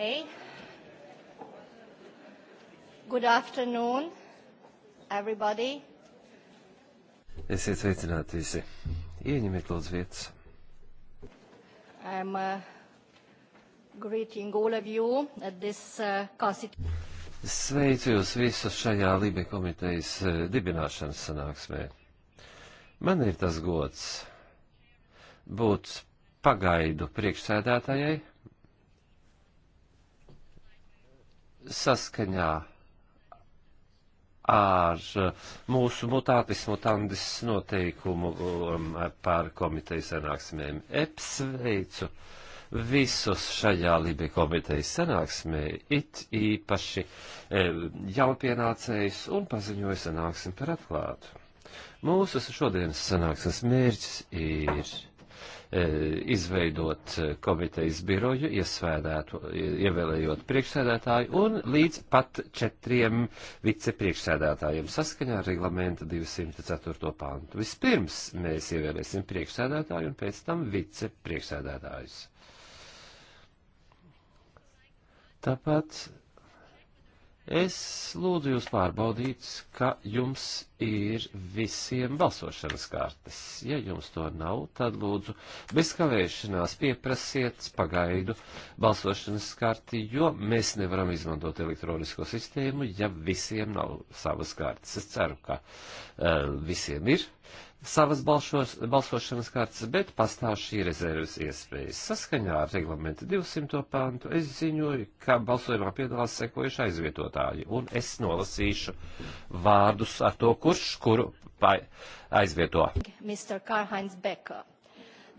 Okay. Good afternoon, everybody. Esiet sveicināti visi. Ieņemiet lūdzu vietas. I'm uh, greeting all of you at this uh, Sveicu jūs visus šajā Libe komitejas uh, dibināšanas sanāksmē. Man ir tas gods būt pagaidu priekšsēdētājai saskaņā ar uh, mūsu mutātis mutandis noteikumu um, par komitejas sanāksmēm. EPS veicu visus šajā Libi komitejas sanāksmē, it īpaši e, jaunpienācējus un paziņoja sanāksmi par atklātu. Mūsu šodienas sanāksmes mērķis ir E, izveidot e, komitejas biroju, ievēlējot priekšsēdētāju un līdz pat četriem vicepriekšsēdētājiem saskaņā ar reglamenta 204. pantu. Vispirms mēs ievēlēsim priekšsēdētāju un pēc tam vicepriekšsēdētājus. Tāpat Es lūdzu jūs pārbaudīt, ka jums ir visiem balsošanas kartes. Ja jums to nav, tad lūdzu bez kavēšanās pieprasiet pagaidu balsošanas karti, jo mēs nevaram izmantot elektronisko sistēmu, ja visiem nav savas kartes. Es ceru, ka uh, visiem ir. Uh, savas balšos, balsošanas kartas, bet pastāv šī rezerves iespējas. Saskaņā ar reglamentu 200. pantu es ziņoju, ka balsojumā piedalās sekojuši aizvietotāji, un es nolasīšu vārdus ar to, kurš kuru aizvieto. Mr. Karheinz Becker,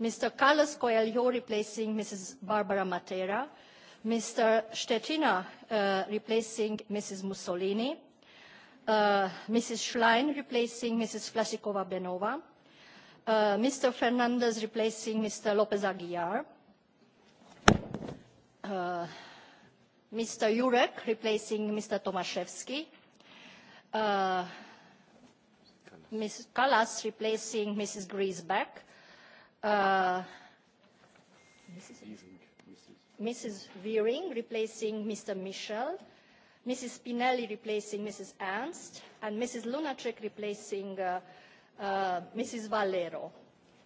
Mr. Carlos Coelho replacing Mrs. Barbara Matera, Mr. Stetina uh, replacing Mrs. Mussolini, uh, Mrs. Schlein replacing Mrs. Flasikova Benova, uh, Mr. Fernandez replacing Mr. Lopez Aguiar, uh, Mr. Jurek replacing Mr. Tomaszewski, uh, Ms. Callas replacing Mrs. Griesbeck, uh, Mrs. Mrs. Veering replacing Mr. Michel, uh, Mrs. Spinelli replacing Mrs. Ernst, and Mrs. Lunacek replacing uh, uh, Mrs. Valero.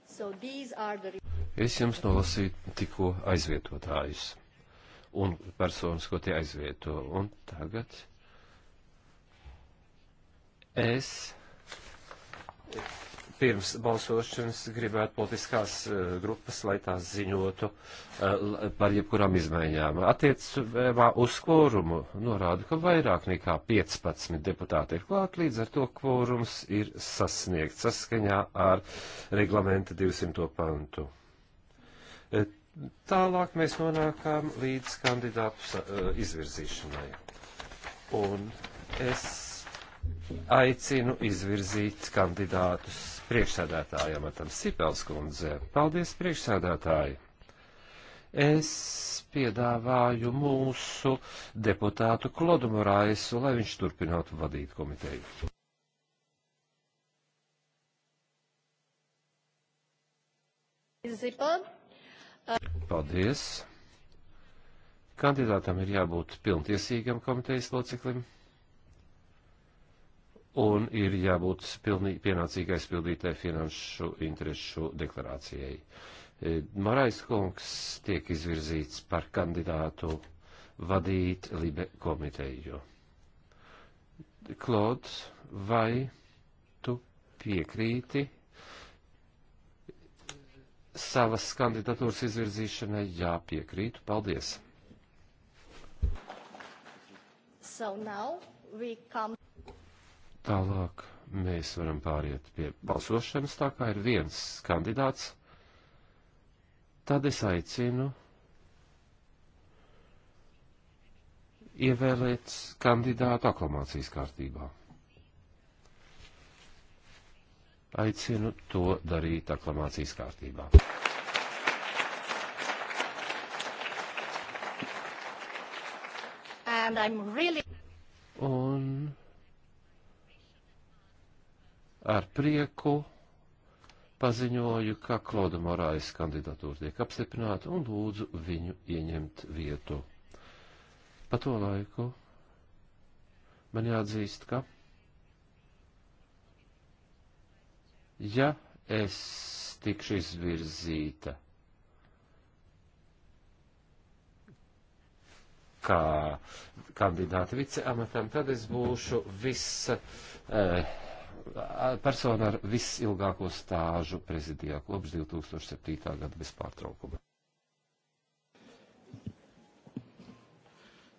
So these are the... Es jums nolasīju tikko aizvietotājus un personas, ko tie aizvieto. Un tagad es pirms balsošanas gribētu politiskās eh, grupas, lai tās ziņotu eh, par jebkurām izmaiņām. Attiecībā uz kvorumu norāda, ka vairāk nekā 15 deputāti ir klāt, līdz ar to kvorums ir sasniegts saskaņā ar reglamenta 200. pantu. Eh, tālāk mēs nonākām līdz kandidātu izvirzīšanai. Un es aicinu izvirzīt kandidātus priekšsēdētājam Atam Sipelskundze. Paldies, priekšsēdētāji! Es piedāvāju mūsu deputātu Klodu Moraisu, lai viņš turpinātu vadīt komiteju. Paldies. Kandidātam ir jābūt pilntiesīgam komitejas loceklim un ir jābūt pilnī, pienācīgai spildītai finanšu interesu deklarācijai. E, Marais kungs tiek izvirzīts par kandidātu vadīt Libe komiteju. Klod, vai tu piekrīti savas kandidatūras izvirzīšanai? Jā, piekrītu. Paldies. So now we come Tālāk mēs varam pāriet pie balsošanas, tā kā ir viens kandidāts. Tad es aicinu ievēlēt kandidātu aklamācijas kārtībā. Aicinu to darīt aklamācijas kārtībā. Really... Un ar prieku paziņoju, ka Klauda Morājas kandidatūra tiek apstiprināta un lūdzu viņu ieņemt vietu. Pa to laiku man jāatzīst, ka ja es tikšu izvirzīta kā kandidāta viceamatam, tad es būšu viss. Eh, persona ar visilgāko stāžu prezidijā kopš 2007. gada bez pārtraukuma.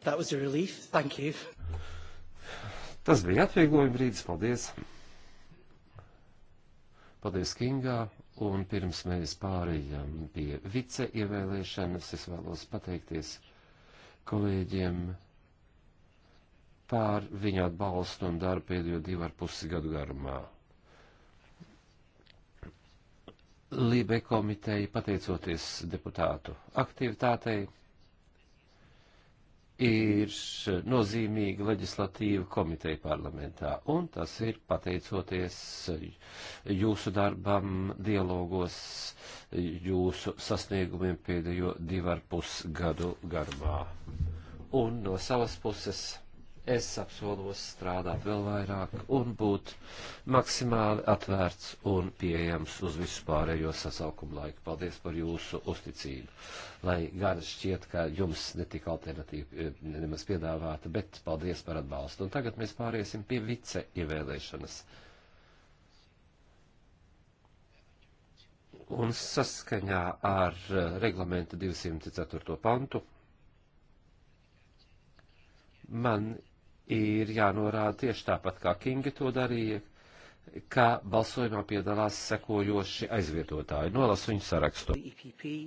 That was a relief. Thank you. Tas bija atvieglojuma brīdis. Paldies! Paldies, Kingā! Un pirms mēs pārējām pie vice ievēlēšanas, es vēlos pateikties kolēģiem pār viņa atbalstu un darbu pēdējo divu ar pusi gadu garumā. Lībe komiteja, pateicoties deputātu aktivitātei, ir nozīmīga leģislatīva komiteja parlamentā, un tas ir pateicoties jūsu darbam, dialogos, jūsu sasniegumiem pēdējo divu ar pus gadu garumā. Un no savas puses Es apsolos strādāt vēl vairāk un būt maksimāli atvērts un pieejams uz visu pārējo sasaukumu laiku. Paldies par jūsu uzticību. Lai gan šķiet, ka jums netika alternatīva eh, nemaz piedāvāta, bet paldies par atbalstu. Un tagad mēs pāriesim pie vice ievēlēšanas. Un saskaņā ar eh, reglamenta 204. pantu man ir jānorāda tieši tāpat, kā Kinga to darīja, ka balsojumā piedalās sekojoši aizvietotāji. Nolasu viņu sarakstu. EPP, e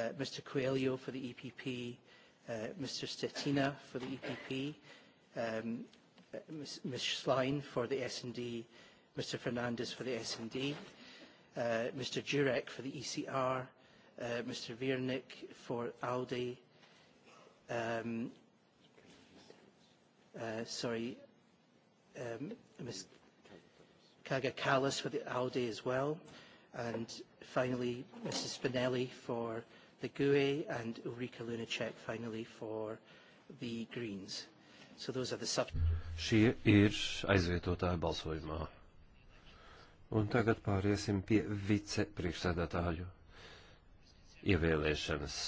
uh, Mr. Coelho for the EPP, uh, Mr. Stetina for the EPP, um, Ms. Ms. Schlein for the S&D, Mr. Fernandez for the S&D, uh, Mr. Jurek for the ECR, uh, Mr. Viernik for ALDE, um, Uh, sorry, um, Ms. Kaga Callas for the ALDE as well. And finally, Mrs. Spinelli for the GUE and Ulrika Lunacek finally for the Greens. So those are the sub Šie ir aizvietotāji balsojumā. Un tagad pāriesim pie vicepriekšsēdētāju ievēlēšanas.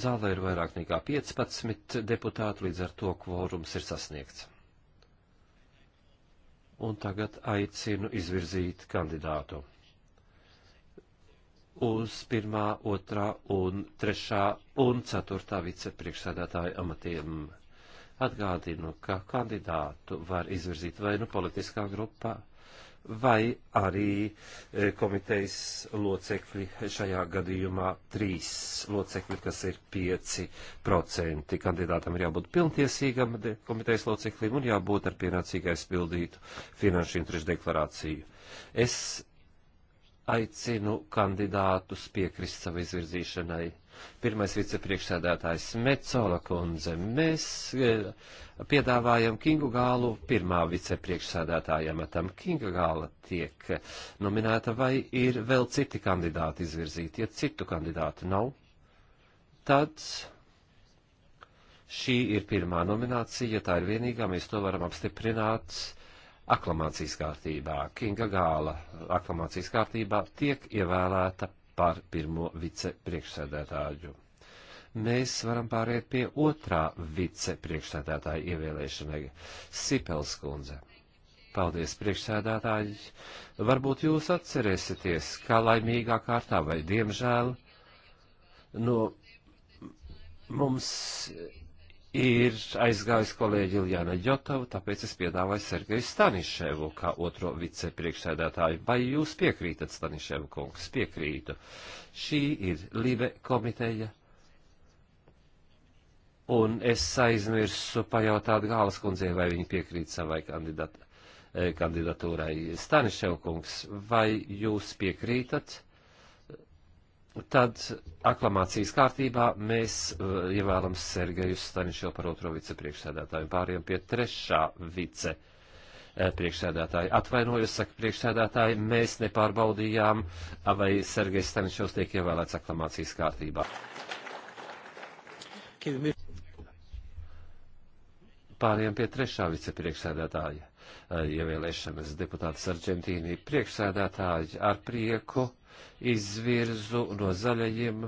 Zālē ir vairāk nekā 15 deputātu, līdz ar to kvorums ir sasniegts. Un tagad aicinu izvirzīt kandidātu. Uz pirmā, otrā un trešā un ceturtā vicepriekšsēdētāja amatiem atgādinu, ka kandidātu var izvirzīt vai nu politiskā grupā vai arī eh, komitejas locekļi šajā gadījumā trīs locekļi, kas ir 5%. Kandidātam ir jābūt pilntiesīgam komitejas loceklim un jābūt ar pienācīgai spildītu finanšu interešu deklarāciju. Es aicinu kandidātus piekrist savai izvirzīšanai pirmais vicepriekšsēdētājs Mecola kundze. Mēs e, piedāvājam Kingu Gālu pirmā vicepriekšsēdētāja amatam. Kinga Gāla tiek nominēta vai ir vēl citi kandidāti izvirzīti? Ja citu kandidātu nav, tad šī ir pirmā nominācija, ja tā ir vienīgā, mēs to varam apstiprināt aklamācijas kārtībā. Kinga Gāla aklamācijas kārtībā tiek ievēlēta par pirmo vicepriekšsēdētāju. Mēs varam pāriet pie otrā vicepriekšsēdētāja ievēlēšanai - Sipels kundze. Paldies, priekšsēdētāji! Varbūt jūs atcerēsieties, kā laimīgā kārtā vai diemžēl no mums ir aizgājis kolēģi Iljāna Ļotava, tāpēc es piedāvāju Sergeju Staniševu kā otro vicepriekšsēdētāju. Vai jūs piekrītat, Staniševu kungs? Piekrītu. Šī ir Libe komiteja. Un es aizmirsu pajautāt Gālas kundzei, vai viņa piekrīt savai kandidat, eh, kandidatūrai. Stanišev kungs, vai jūs piekrītat? tad aklamācijas kārtībā mēs uh, ievēlam Sergeju Staniševu par otro vicepriekšsēdētāju un pāriem pie trešā vice eh, priekšsēdētāji. Atvainojos, saka priekšsēdētāji, mēs nepārbaudījām, vai Sergejs Stanišovs tiek ievēlēts aklamācijas kārtībā. Pāriem pie trešā vicepriekšsēdētāja eh, ievēlēšanas deputāta Sargentīnī priekšsēdētāji ar prieku izvirzu no zaļajiem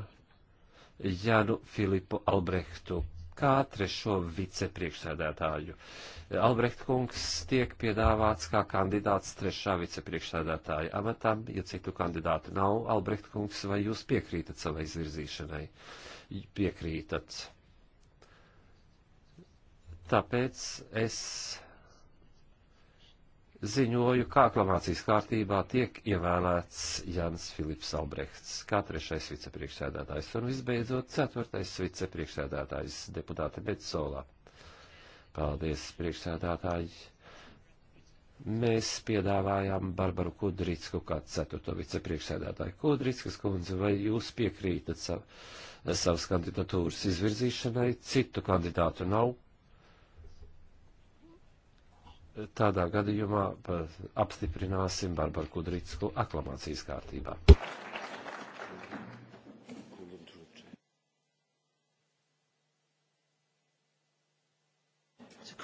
Janu Filipu Albrehtu kā trešo vicepriekšsēdētāju. Albrecht kungs tiek piedāvāts kā kandidāts trešā vicepriekšsēdētāja amatam, ja citu kandidātu nav. Albrecht kungs, vai jūs piekrītat savai izvirzīšanai? Piekrītat. Tāpēc es ziņoju, kā aklamācijas kārtībā tiek ievēlēts Jans Filips Albrechts, kā trešais vicepriekšsēdētājs un visbeidzot ceturtais vicepriekšsēdētājs deputāte Betsolā. Paldies, priekšsēdētāji! Mēs piedāvājām Barbaru Kudricku kā ceturto vicepriekšsēdētāju. Kudrickas kundze, vai jūs piekrītat sav, savas kandidatūras izvirzīšanai? Citu kandidātu nav tādā gadījumā apstiprināsim Barbaru Kudricku aklamācijas kārtībā.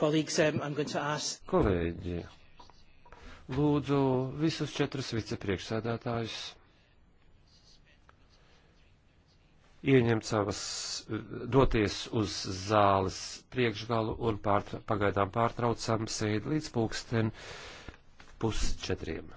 Um, Kolēģi, lūdzu visus četrus vicepriekšsēdētājus ieņemt savas, eh, doties uz zāles priekšgalu un pār, pagaidām pārtraucam sēdi līdz pulksten pusčetriem.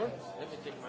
Sure. Let me take my.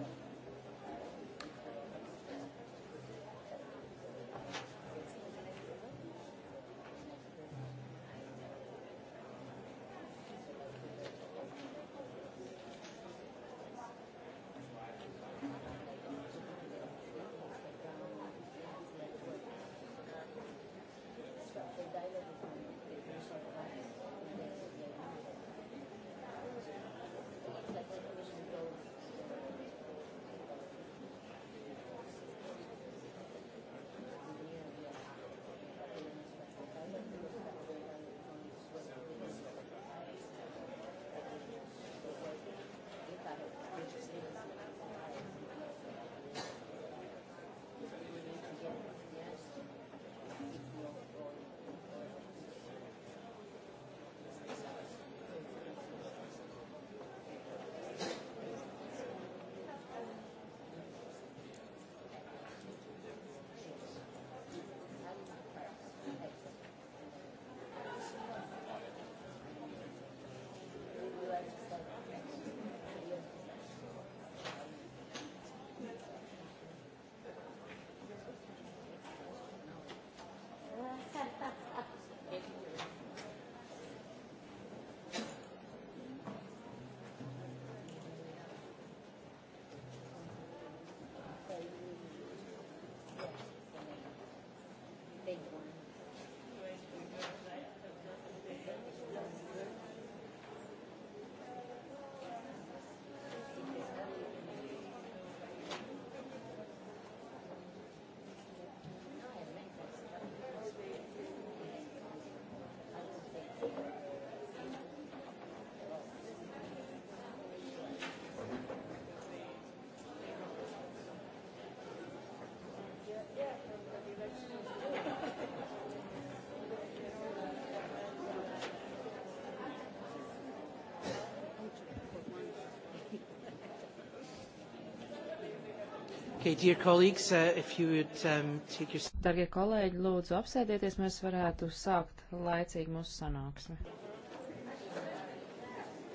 Okay, dear colleagues, uh, if you would um, take your... Dargie kolēģi, lūdzu apsēdieties, mēs varētu sākt laicīgi mūsu sanāksmi.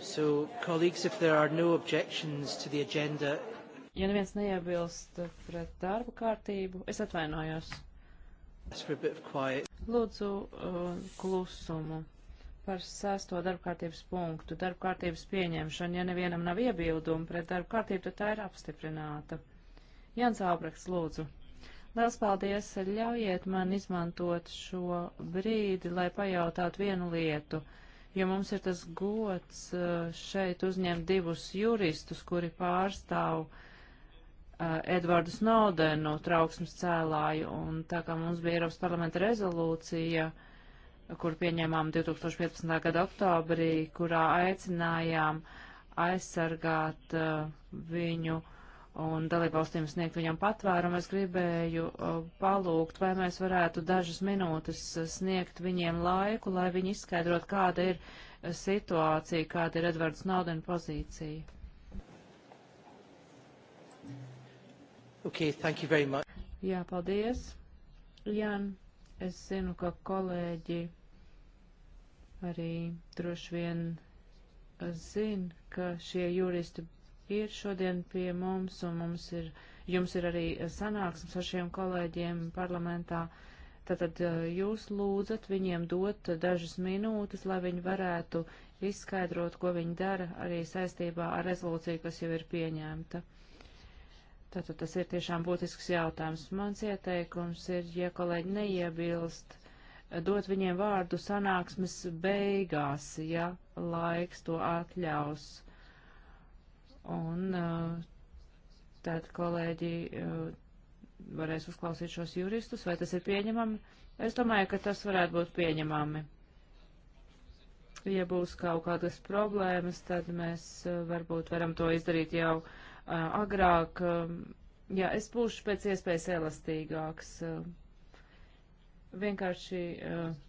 So, colleagues, if there are no objections to the agenda... Ja neviens neiebilst pret darbu kārtību, es atvainojos. Lūdzu uh, klusumu par sesto darba kārtības punktu, darba kārtības pieņemšanu. Ja nevienam nav iebildumu pret darba kārtību, tad tā ir apstiprināta. Jans Ābreks, lūdzu. Liels paldies! Ļaujiet man izmantot šo brīdi, lai pajautātu vienu lietu, jo mums ir tas gods eh, šeit uzņemt divus juristus, kuri pārstāv eh, Edvardu Snowdenu trauksmes cēlāju, un tā kā mums bija Eiropas parlamenta rezolūcija, kur pieņēmām 2015. gada oktobrī, kurā aicinājām aizsargāt eh, viņu uh, un dalībvalstīm sniegt viņam patvērumu. Es gribēju uh, palūgt, vai mēs varētu dažas minūtes uh, sniegt viņiem laiku, lai viņi izskaidrot, kāda ir uh, situācija, kāda ir Edvards Naudena pozīcija. Okay, thank you very much. Jā, paldies. Jan, es zinu, ka kolēģi arī droši vien zina, ka šie juristi ir šodien pie mums, un mums ir, jums ir arī sanāksmes ar šiem kolēģiem parlamentā. Tātad eh, jūs lūdzat viņiem dot dažas minūtes, lai viņi varētu izskaidrot, ko viņi dara arī saistībā ar rezolūciju, kas jau ir pieņemta. Tātad tas ir tiešām būtisks jautājums. Mans ieteikums ir, ja kolēģi neiebilst, dot viņiem vārdu sanāksmes beigās, ja laiks to atļaus. Un uh, tad kolēģi uh, varēs uzklausīt šos juristus, vai tas ir pieņemami. Es domāju, ka tas varētu būt pieņemami. Ja būs kaut kādas problēmas, tad mēs uh, varbūt varam to izdarīt jau uh, agrāk. Um, jā, es būšu pēc iespējas elastīgāks. Uh, vienkārši uh,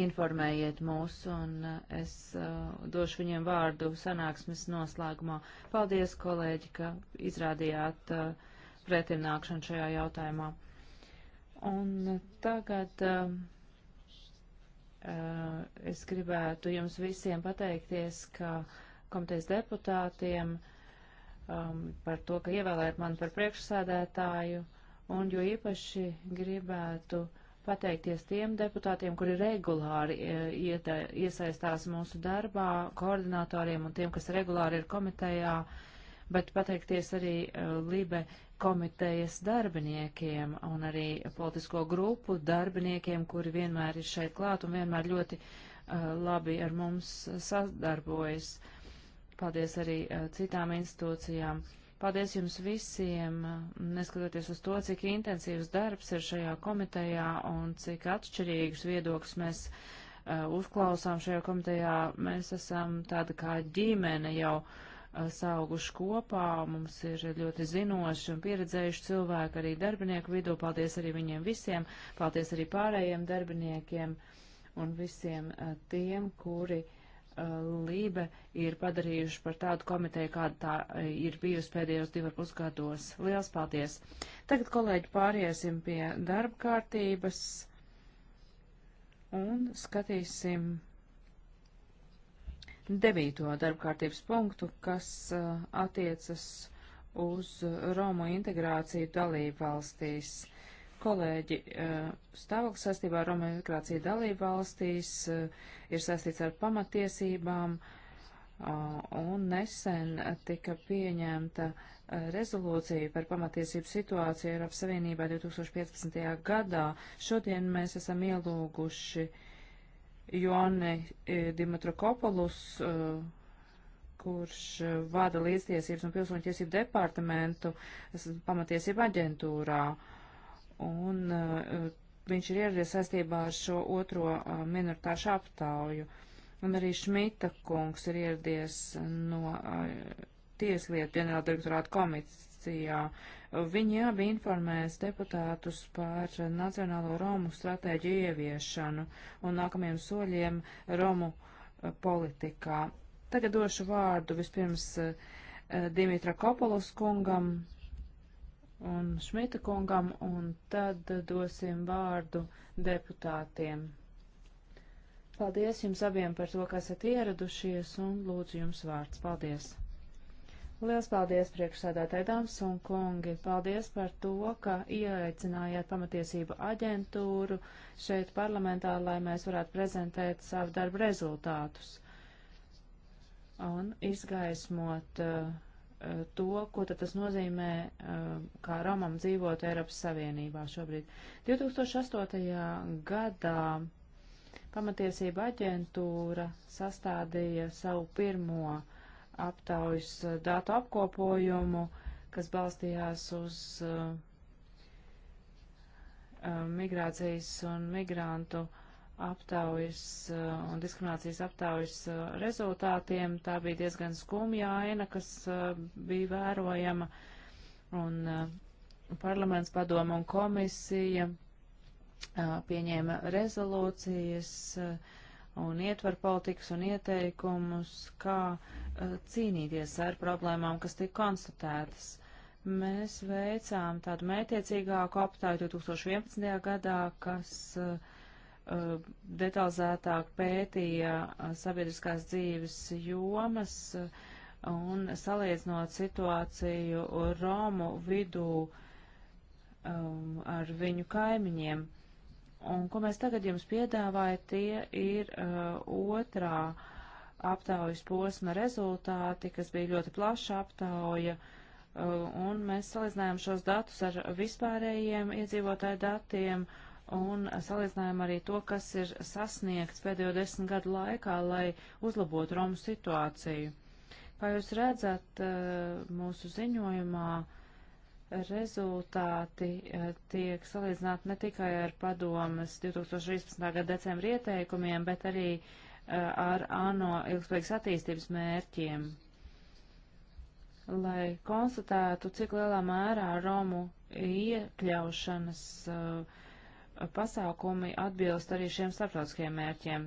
informējiet mūs, un uh, es uh, došu viņiem vārdu sanāksmes noslēgumā. Paldies, kolēģi, ka izrādījāt uh, pretimnākšanu šajā jautājumā. Un tagad uh, uh, es gribētu jums visiem pateikties, ka komitejas deputātiem um, par to, ka ievēlēt mani par priekšsēdētāju, un jo īpaši gribētu uh, pateikties tiem deputātiem, kuri regulāri e, ieta, e, iesaistās mūsu darbā, koordinatoriem un tiem, kas regulāri ir komitejā, bet pateikties arī e, Libe komitejas darbiniekiem un arī politisko grupu darbiniekiem, kuri vienmēr ir šeit klāt un vienmēr ļoti uh, labi ar mums sadarbojas. Paldies arī uh, citām institūcijām. Uh, Paldies jums visiem, neskatoties uz to, cik intensīvs darbs ir šajā komitejā un cik atšķirīgus viedokļus mēs uh, uzklausām šajā komitejā. Mēs esam tāda kā ģimene jau uh, sauguši kopā, mums ir ļoti zinoši un pieredzējuši cilvēki arī darbinieku vidū. Paldies arī viņiem visiem, paldies arī pārējiem darbiniekiem un visiem uh, tiem, kuri uh, Eh, Lībe ir padarījuši par tādu komiteju, kāda tā eh, ir bijusi pēdējos divar pusgados. Liels paldies! Tagad, kolēģi, pāriesim pie darba kārtības un skatīsim devīto darba kārtības punktu, kas eh, attiecas uz Romu integrāciju dalību valstīs. Kolēģi, stāvoklis saistībā ar Roma imigrāciju dalību valstīs ir saistīts ar pamatiesībām, un nesen tika pieņemta rezolūcija par pamatiesību situāciju Eiropas Savienībā 2015. gadā. Šodien mēs esam ielūguši Joni Dimitrakopolus, kurš vada līdztiesības un pilsoņu tiesību departamentu pamatiesību aģentūrā. Uh, un uh, viņš ir ieradies saistībā ar šo otro uh, minoritāšu aptauju. Un arī Šmita kungs ir ieradies no uh, Tieslietu ģenerāldirektorāta komisijā. Viņi abi informēs deputātus par Nacionālo Romu stratēģiju ieviešanu un nākamajiem soļiem Romu politikā. Tagad došu vārdu vispirms Dimitra Kopolus kungam, un Šmita kungam, un tad dosim vārdu deputātiem. Paldies jums abiem par to, ka esat ieradušies, un lūdzu jums vārds. Paldies! Liels paldies priekšsēdētāji dāmas un kungi! Paldies par to, ka ieaicinājāt pamatiesību aģentūru šeit parlamentā, lai mēs varētu prezentēt savu darbu rezultātus un izgaismot uh, to, ko tad tas nozīmē, um, kā Romam dzīvot Eiropas Savienībā šobrīd. 2008. gadā pamatiesība aģentūra sastādīja savu pirmo aptaujas uh, datu apkopojumu, kas balstījās uz uh, uh, migrācijas un migrantu uh, aptaujas uh, un diskriminācijas aptaujas uh, rezultātiem. Tā bija diezgan skumja aina, kas uh, bija vērojama, un parlaments padoma un komisija pieņēma rezolūcijas un ietver politikas un ieteikumus, kā cīnīties ar problēmām, kas tika konstatētas. Mēs veicām tādu mētiecīgāku aptāju 2011. gadā, kas uh, Uh, detalizētāk pētīja uh, sabiedriskās dzīves jomas uh, un salīdzinot situāciju Romu vidū um, ar viņu kaimiņiem. Un ko mēs tagad jums piedāvājam, tie ir uh, otrā aptaujas posma rezultāti, kas bija ļoti plaša aptauja, uh, un mēs salīdzinājām šos datus ar vispārējiem iedzīvotāju datiem un salīdzinājumu arī to, kas ir sasniegts pēdējo desmit gadu laikā, lai uzlabotu Romu situāciju. Kā jūs redzat, eh, mūsu ziņojumā rezultāti eh, tiek salīdzināti ne tikai ar padomas 2013. gada decembra ieteikumiem, bet arī eh, ar ANO ilgspējīgas attīstības mērķiem lai konstatētu, cik lielā mērā Romu iekļaušanas uh, pasākumi atbilst arī šiem starptautiskajiem mērķiem.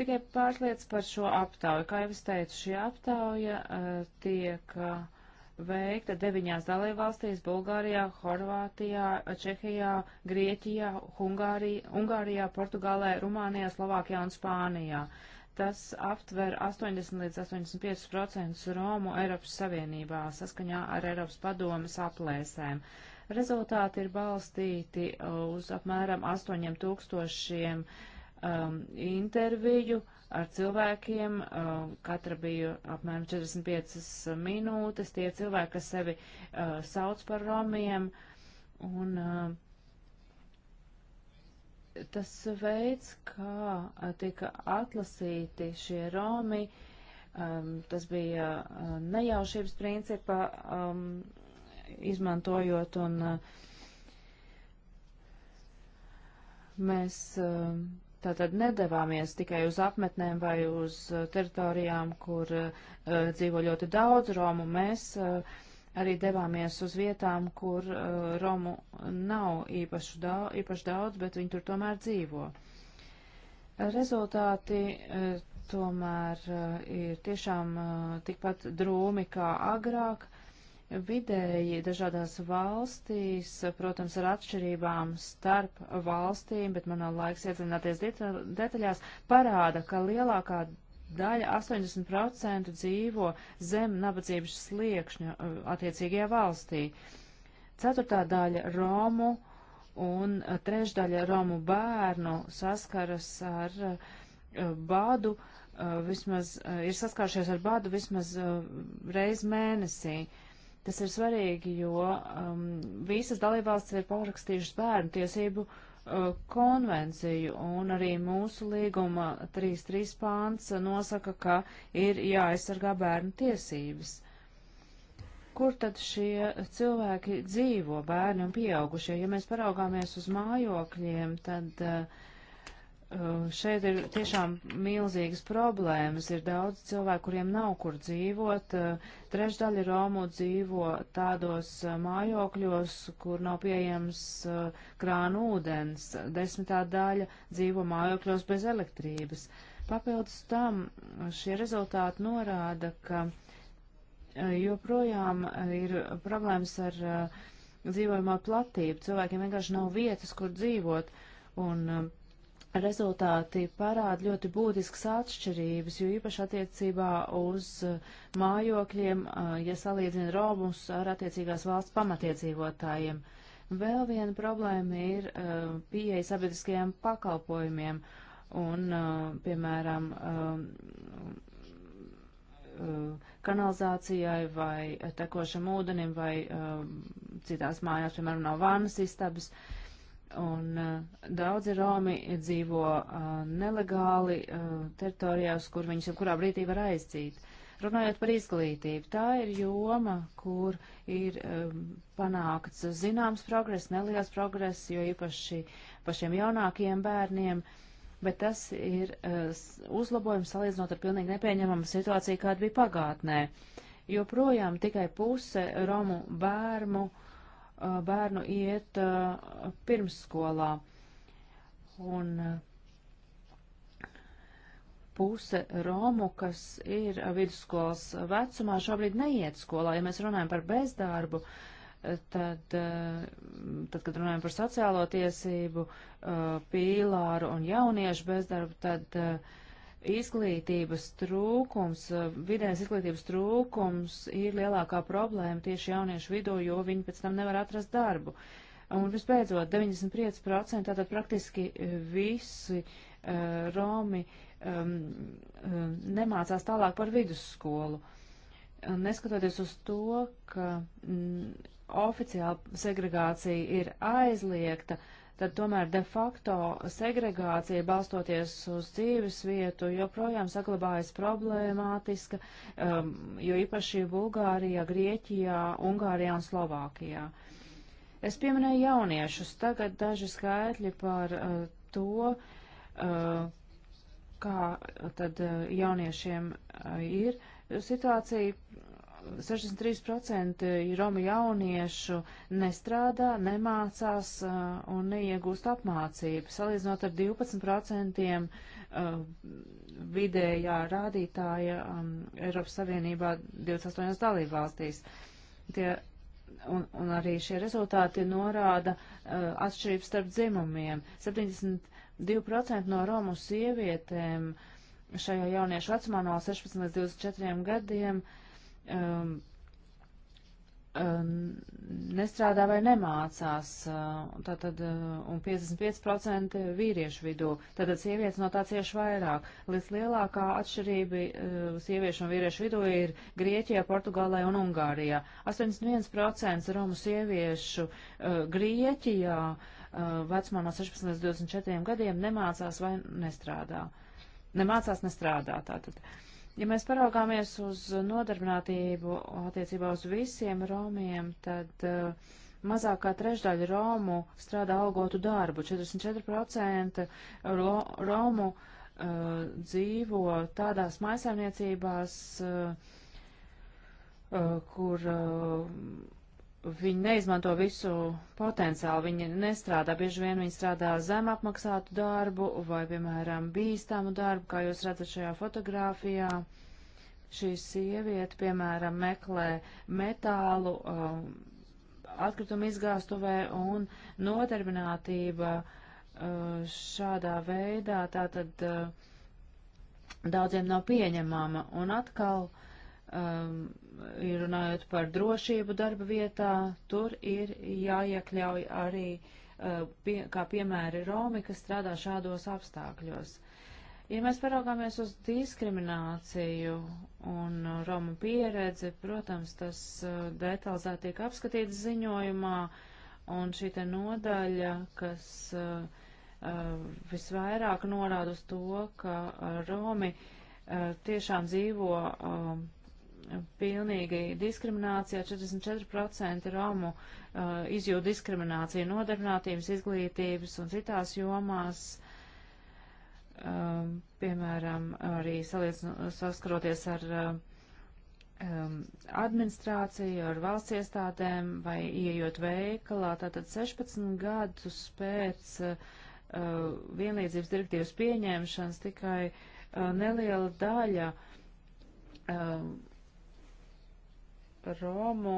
Tikai pāris lietas par šo aptauju. Kā jau es teicu, šī aptauja uh, tiek uh, veikta deviņās dalībvalstīs - Bulgārijā, Horvātijā, Čehijā, Grieķijā, Hungārijā, Ungārijā, Portugālē, Rumānijā, Slovākijā un Spānijā. Tas aptver 80 līdz 85% Romu Eiropas Savienībā saskaņā ar Eiropas padomas aplēsēm. Uh, Rezultāti ir balstīti uz apmēram 8000 um, interviju ar cilvēkiem, um, katra bija apmēram 45 minūtes, tie cilvēki, kas sevi uh, sauc par romiem, un uh, tas veids, kā uh, tika atlasīti šie romi, um, tas bija uh, nejaušības principa um, izmantojot un uh, mēs uh, tātad nedavāmies tikai uz apmetnēm vai uz uh, teritorijām, kur dzīvo ļoti daudz Romu. Mēs arī devāmies uz vietām, kur Romu nav īpaši daudz, īpaši daudz bet viņi tur tomēr dzīvo. Rezultāti tomēr ir tiešām tikpat drūmi kā agrāk. Vidēji dažādās valstīs, protams, ar atšķirībām starp valstīm, bet man nav laiks iedzināties detaļās, parāda, ka lielākā daļa 80% dzīvo zem nabadzības sliekšņa uh, attiecīgajā valstī. Ceturtā daļa Romu un uh, trešdaļa Romu bērnu saskaras ar uh, badu, vismaz, ir saskāršies ar badu vismaz reiz mēnesī. Uh, Tas ir svarīgi, jo um, visas dalībvalstis ir parakstījušas bērnu tiesību uh, konvenciju, un arī mūsu līguma 3.3 pāns nosaka, ka ir jāaizsargā bērnu tiesības. Kur tad šie cilvēki dzīvo, bērni un pieaugušie? Ja mēs paraugāmies uz mājokļiem, tad uh, Uh, šeit ir tiešām milzīgas problēmas. Ir daudz cilvēku, kuriem nav kur dzīvot. Uh, trešdaļa Romu dzīvo tādos uh, mājokļos, kur nav pieejams krānu ūdens. Desmitā daļa dzīvo mājokļos bez elektrības. Papildus tam šie rezultāti norāda, ka joprojām ir problēmas ar dzīvojumā platību. Cilvēkiem vienkārši nav vietas, kur dzīvot. Un rezultāti parāda ļoti būtiskas atšķirības, jo īpaši attiecībā uz uh, mājokļiem, uh, ja salīdzina Romus ar attiecīgās valsts pamatiedzīvotājiem. Vēl viena problēma ir uh, pieeja sabiedriskajiem pakalpojumiem un, piemēram, um, kanalizācijai vai tekošam ūdenim vai um, citās mājās, piemēram, nav vannas istabas. Uh, Un uh, daudzi Romi dzīvo uh, nelegāli uh, teritorijās, kur viņus jebkurā brīdī var aizcīt. Runājot par izglītību, tā ir joma, kur ir um, panākts zināms progress, neliels progress, jo īpaši pašiem jaunākajiem bērniem, bet tas ir uh, uzlabojums salīdzinot ar pilnīgi nepieņemamu situāciju, kāda bija pagātnē. Joprojām tikai puse Romu bērnu uh, bērnu iet pirmsskolā. Un puse Romu, kas ir vidusskolas vecumā, šobrīd neiet skolā. Ja mēs runājam par bezdarbu, tad, tad kad runājam par sociālo tiesību, pīlāru un jauniešu bezdarbu, tad uh, izglītības trūkums, eh, vidējas izglītības trūkums ir lielākā problēma tieši jauniešu vidū, jo viņi pēc tam nevar atrast darbu. Un visbeidzot, 95% tātad praktiski eh, visi uh, Romi um, nemācās tālāk par vidusskolu. Un neskatoties uz to, ka mm, oficiāli segregācija ir aizliegta, uh, tad tomēr de facto segregācija balstoties uz dzīves vietu joprojām saglabājas problemātiska, um, jo īpaši Bulgārijā, Grieķijā, Ungārijā un Slovākijā. Es pieminēju jauniešus, tagad daži skaitļi par uh, to, uh, kā tad uh, jauniešiem uh, ir situācija 63% Romu jauniešu nestrādā, nemācās uh, un neiegūst apmācību, salīdzinot ar 12% uh, vidējā rādītāja um, Eiropas Savienībā 28 dalībvalstīs. Tie, un, un arī šie rezultāti norāda uh, atšķirības starp dzimumiem. 72% no Romu sievietēm šajā jauniešu vecumā no 16 līdz 24 gadiem uh, um, um, nestrādā vai nemācās, uh, tātad, uh, un 55% vīriešu vidū, tātad sievietes no tā cieši vairāk. Līdz lielākā atšķirība uh, sieviešu un vīriešu vidū ir Grieķijā, Portugālē un Ungārijā. 81% romu sieviešu uh, Grieķijā uh, vecumā no 16 līdz 24 gadiem nemācās vai nestrādā. Nemācās nestrādā tātad. Uh, Ja mēs paraugāmies uz nodarbinātību attiecībā uz visiem romiem, tad uh, eh, mazāk kā trešdaļa romu strādā algotu darbu, 44% lo, romu uh, dzīvo tādās maisaimniecībās, uh, kur viņi neizmanto visu potenciālu, viņi nestrādā, bieži vien viņi strādā zem apmaksātu darbu vai, piemēram, bīstamu darbu, kā jūs redzat šajā fotogrāfijā. Šī sieviete, piemēram, meklē metālu um, atkritumu izgāstuvē un nodarbinātība uh, šādā veidā tātad uh, daudziem nav pieņemama. Un atkal uh, um, runājot par drošību darba vietā, tur ir jāiekļauj arī, uh, pie, kā piemēri, Romi, kas strādā šādos apstākļos. Ja mēs paraugāmies uz diskrimināciju un Romu pieredzi, protams, tas uh, detalizēti tiek apskatīts ziņojumā, un šī te nodaļa, kas uh, uh, visvairāk norāda uz to, ka uh, Romi uh, tiešām dzīvo uh, pilnīgi diskriminācijā. 44% Romu uh, izjūt diskrimināciju nodarbinātības, izglītības un citās jomās. Um, piemēram, arī saskaroties ar uh, um, administrāciju, ar valsts iestādēm vai ieejot veikalā, tātad 16 gadus pēc uh, vienlīdzības direktīvas pieņemšanas tikai uh, neliela daļa uh, Romu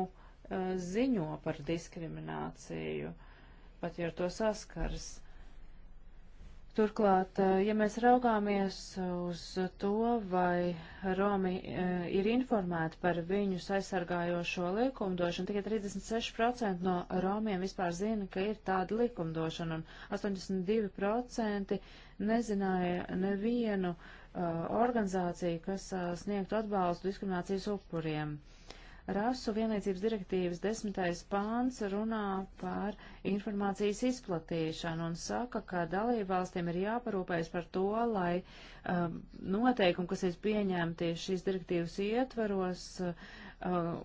eh, ziņo par diskrimināciju, pat ja ar to saskars. Turklāt, eh, ja mēs raugāmies uz to, vai Romi eh, ir informēti par viņu aizsargājošo likumdošanu, tikai 36% no Romiem vispār zina, ka ir tāda likumdošana, un 82% nezināja nevienu uh, organizāciju, kas uh, sniegtu atbalstu diskriminācijas upuriem. Uh, Rasu vienlīdzības direktīvas desmitais pāns runā par informācijas izplatīšanu un saka, ka dalībvalstīm ir jāparūpējas par to, lai um, noteikumi, kas ir pieņemti šīs direktīvas ietvaros, uh,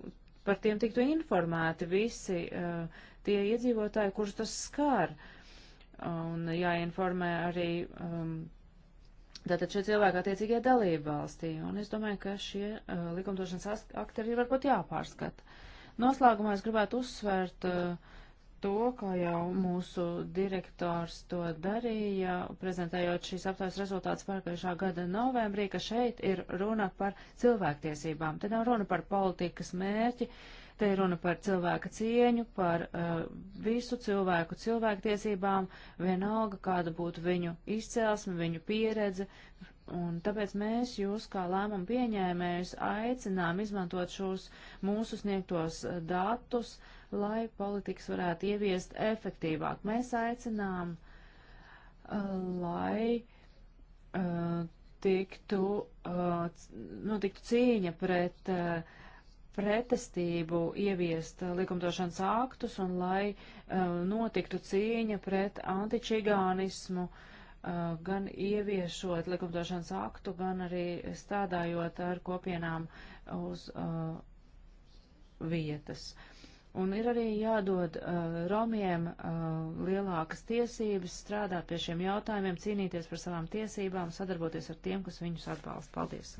par tiem tiktu informēti visi uh, tie iedzīvotāji, kurus tas skar. Un jāinformē arī um, Tātad šie cilvēki attiecīgie dalība valstī, un es domāju, ka šie uh, likumdošanas akti arī varbūt jāpārskata. Noslēgumā es gribētu uzsvērt uh, to, kā jau mūsu direktors to darīja, prezentējot šīs aptaujas rezultātus pārkājušā gada novembrī, ka šeit ir runa par cilvēktiesībām. Te nav runa par politikas mērķi, uh, Te ir runa par cilvēka cieņu, par uh, visu cilvēku cilvēktiesībām, vienalga, kāda būtu viņu izcelsme, viņu pieredze. Un tāpēc mēs jūs, kā lēmumu pieņēmējus, aicinām izmantot šos mūsu sniegtos eh, datus, lai politikas varētu ieviest efektīvāk. Mēs aicinām, uh, lai uh, tiktu, uh, notiktu cīņa pret uh, pretestību ieviest likumdošanas aktus un lai uh, notiktu cīņa pret antičigānismu, uh, gan ieviešot likumdošanas aktu, gan arī stādājot ar kopienām uz uh, vietas. Un ir arī jādod uh, romiem uh, lielākas tiesības strādāt pie šiem jautājumiem, cīnīties par savām tiesībām, sadarboties ar tiem, kas viņus atbalsta. Paldies!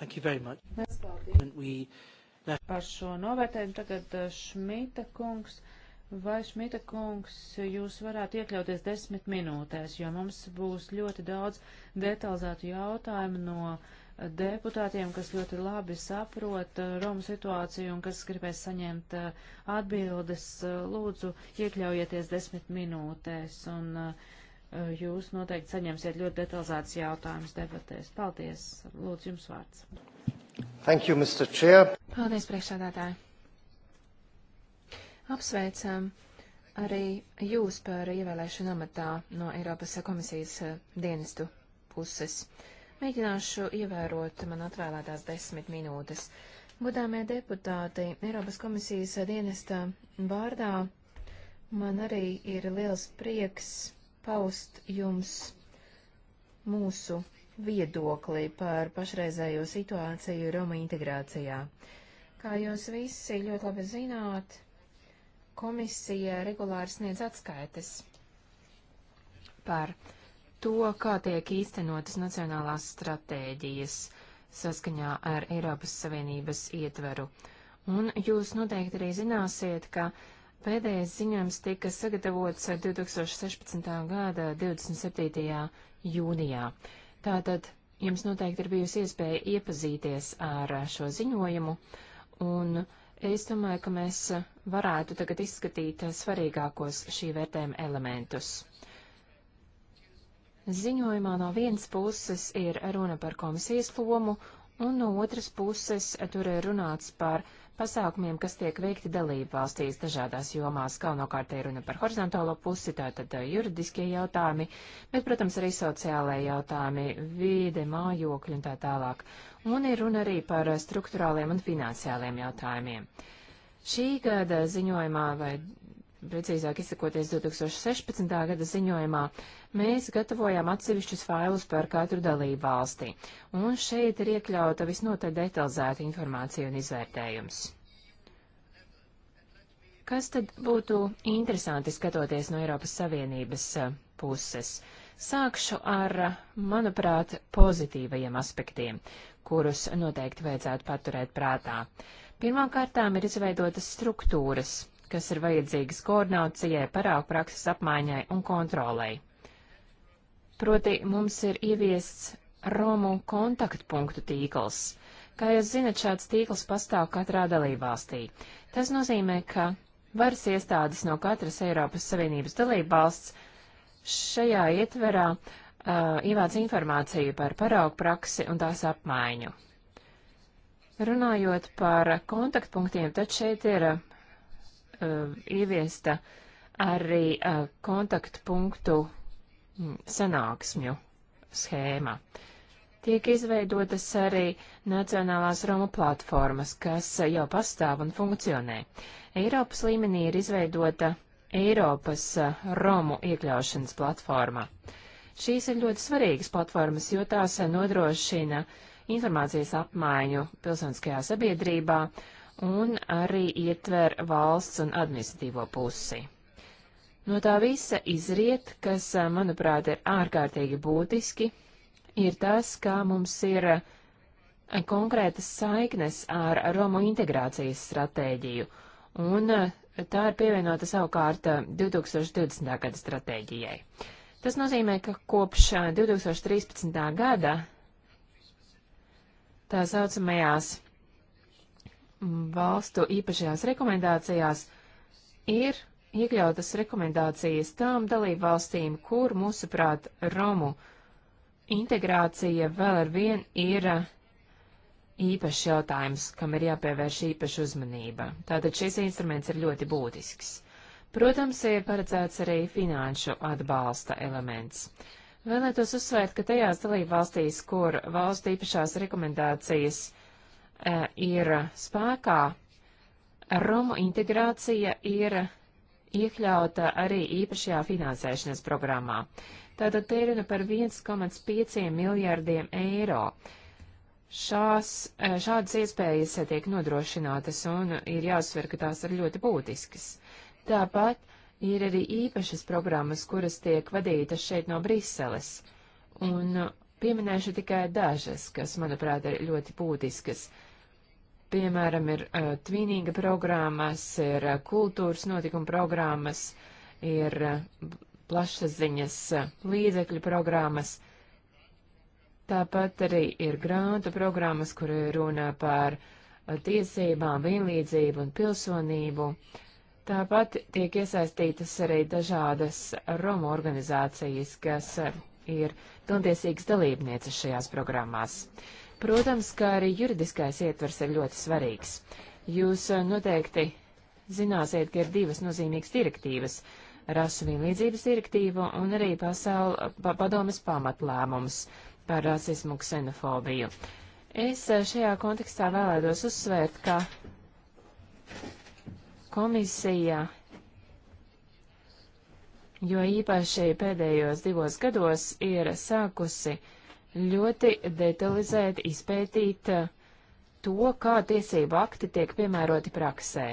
Thank you very much. Mēs paldies. Par šo novērtējumu tagad uh, Šmita kungs. Vai Šmita kungs jūs varētu iekļauties desmit minūtēs, jo mums būs ļoti daudz detalizētu jautājumu no uh, deputātiem, kas ļoti labi saprot uh, Romu situāciju un kas gribēs saņemt atbildes. Lūdzu, iekļaujieties desmit minūtēs. Un, uh, Eh, jūs noteikti saņemsiet ļoti detalizētas jautājumas debatēs. Paldies. Lūdzu, jums vārds. Thank you, Mr. Chair. Paldies, priekšsādātāji. Apsveicam arī jūs par ievēlēšanu amatā no Eiropas komisijas eh, dienestu puses. Mēģināšu ievērot man atvēlētās desmit minūtes. Godāmie deputāti, Eiropas komisijas dienesta vārdā man arī ir liels prieks paust jums mūsu viedokli par pašreizējo situāciju Roma integrācijā. Kā jūs visi ļoti labi zināt, komisija regulāri sniedz atskaites par to, kā tiek īstenotas nacionālās stratēģijas saskaņā ar Eiropas Savienības ietveru. Un jūs noteikti arī zināsiet, ka uh, Pēdējais ziņojums tika sagatavots 2016. gada 27. jūnijā. Tātad jums noteikti ir bijusi iespēja iepazīties ar šo ziņojumu, un es domāju, ka mēs varētu tagad izskatīt svarīgākos šī vērtējuma elementus. Ziņojumā no vienas puses ir runa par komisijas lomu, un no otras puses tur ir runāts par pasākumiem, kas tiek veikti dalību valstīs dažādās jomās. Galvenokārt ir runa par horizontālo pusi, tātad juridiskie jautājumi, bet, protams, arī sociālajie jautājumi, vīde, mājokļi un tā tālāk. Un ir runa arī par struktūrāliem un finansiāliem jautājumiem. Šī gada ziņojumā vai precīzāk izsakoties 2016. gada ziņojumā, mēs gatavojām atsevišķus failus par katru dalību valsti, un šeit ir iekļauta visnotaļ detalizēta informācija un izvērtējums. Kas tad būtu interesanti skatoties no Eiropas Savienības eh, puses? Sākšu ar, eh, manuprāt, pozitīvajiem aspektiem, kurus noteikti vajadzētu paturēt prātā. Pirmkārtām ir izveidotas struktūras, kas ir vajadzīgas koordinācijai, parāku prakses apmaiņai un kontrolai. Proti mums ir ieviests Romu kontaktpunktu tīkls. Kā jūs zinat, šāds tīkls pastāv katrā dalībvalstī. Tas nozīmē, ka varas iestādes no katras Eiropas Savienības dalībvalsts šajā ietverā uh, ievāc informāciju par paraugu praksi un tās apmaiņu. Runājot par kontaktpunktiem, tad šeit ir uh, ieviesta arī uh, kontaktpunktu mm, sanāksmju schēma. Tiek izveidotas arī Nacionālās Roma platformas, kas jau pastāv un funkcionē. Eiropas līmenī ir izveidota Eiropas eh, Romu iekļaušanas platforma. Šīs ir ļoti svarīgas platformas, jo tās nodrošina informācijas apmaiņu pilsoniskajā sabiedrībā un arī ietver valsts un administratīvo pusi. No tā visa izriet, kas, manuprāt, ir ārkārtīgi būtiski, ir tas, kā mums ir konkrētas saiknes ar Romu integrācijas stratēģiju, un tā ir pievienota savukārt 2020. gada stratēģijai. Tas nozīmē, ka kopš 2013. gada tā saucamajās valstu īpašajās rekomendācijās ir iekļautas rekomendācijas tām dalību valstīm, kur, mūsuprāt, Romu integrācija vēl ar vien ir uh, īpašs jautājums, kam ir jāpievērš īpaša uzmanība. Tātad šis instruments ir ļoti būtisks. Protams, ir paredzēts arī finanšu atbalsta elements. Vēlētos uzsvērt, ka tajās dalību valstīs, kur valsts īpašās rekomendācijas E, ir spēkā, Romu integrācija ir iekļauta arī īpašajā finansēšanas programmā. Tātad te ir par 1,5 miljārdiem eiro. Šās, e, šādas iespējas tiek nodrošinātas un ir jāuzsver, ka tās ir ļoti būtiskas. Tāpat ir arī īpašas programmas, kuras tiek vadītas šeit no Briseles. Un pieminēšu tikai dažas, kas, manuprāt, ir ļoti būtiskas. Uh, Piemēram, ir uh, tvīnīga programmas, ir uh, kultūras notikuma programmas, ir uh, plašsaziņas uh, līdzekļu programmas. Tāpat arī ir grāntu programmas, kur ir runa par uh, tiesībām, vienlīdzību un pilsonību. Tāpat tiek iesaistītas arī dažādas Romu organizācijas, kas uh, ir pilntiesīgas dalībnieces šajās programmās. Uh, Protams, ka arī juridiskais ietvers ir ļoti svarīgs. Jūs eh, noteikti zināsiet, ka ir divas nozīmīgas direktīvas - rasu vienlīdzības direktīva un arī pasaul, pa, padomas pamatlēmums par rasismu ksenofobiju. Es eh, šajā kontekstā vēlētos uzsvērt, ka komisija, jo īpaši pēdējos divos gados ir sākusi uh, ļoti detalizēti izpētīt eh, to, kā tiesību akti tiek piemēroti praksē.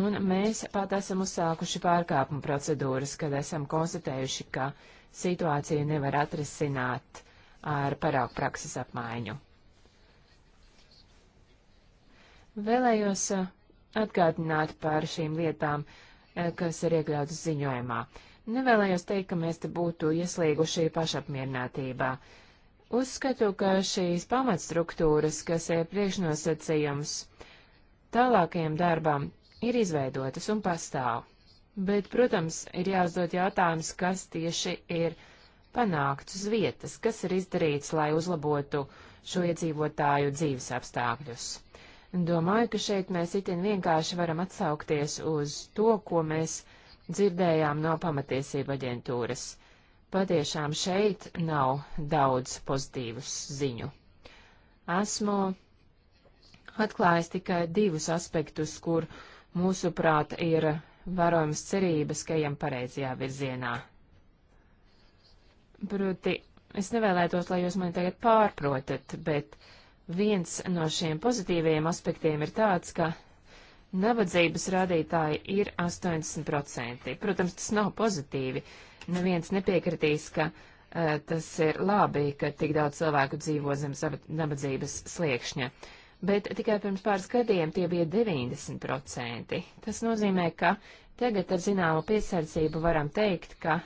Un mēs pat esam uzsākuši pārkāpumu procedūras, kad esam konstatējuši, ka situāciju nevar atrisināt ar paraugu prakses apmaiņu. Vēlējos eh, atgādināt par šīm lietām, eh, kas ir iekļautas ziņojumā. Nevēlējos teikt, ka mēs te būtu ieslīguši pašapmierinātībā. Uh, Uzskatu, ka šīs pamatstruktūras, kas ir priekšnosacījums tālākajam darbam, ir izveidotas un pastāv. Bet, protams, ir jāuzdod jautājums, kas tieši ir panākts uz vietas, kas ir izdarīts, lai uzlabotu šo iedzīvotāju dzīves apstākļus. Domāju, ka šeit mēs itin vienkārši varam atsaukties uz to, ko mēs dzirdējām no pamatiesība aģentūras patiešām šeit nav daudz pozitīvas ziņu. Esmu atklājis tikai divus aspektus, kur mūsuprāt ir varojamas cerības, ka ejam pareizajā virzienā. Proti, es nevēlētos, lai jūs mani tagad pārprotat, bet viens no šiem pozitīviem aspektiem ir tāds, ka nabadzības rādītāji ir 80%. Protams, tas nav pozitīvi, neviens nepiekritīs, ka uh, tas ir labi, ka tik daudz cilvēku dzīvo zem nabadzības sliekšņa. Bet tikai pirms pāris gadiem tie bija 90%. Tas nozīmē, ka tagad ar zināmu piesardzību varam teikt, ka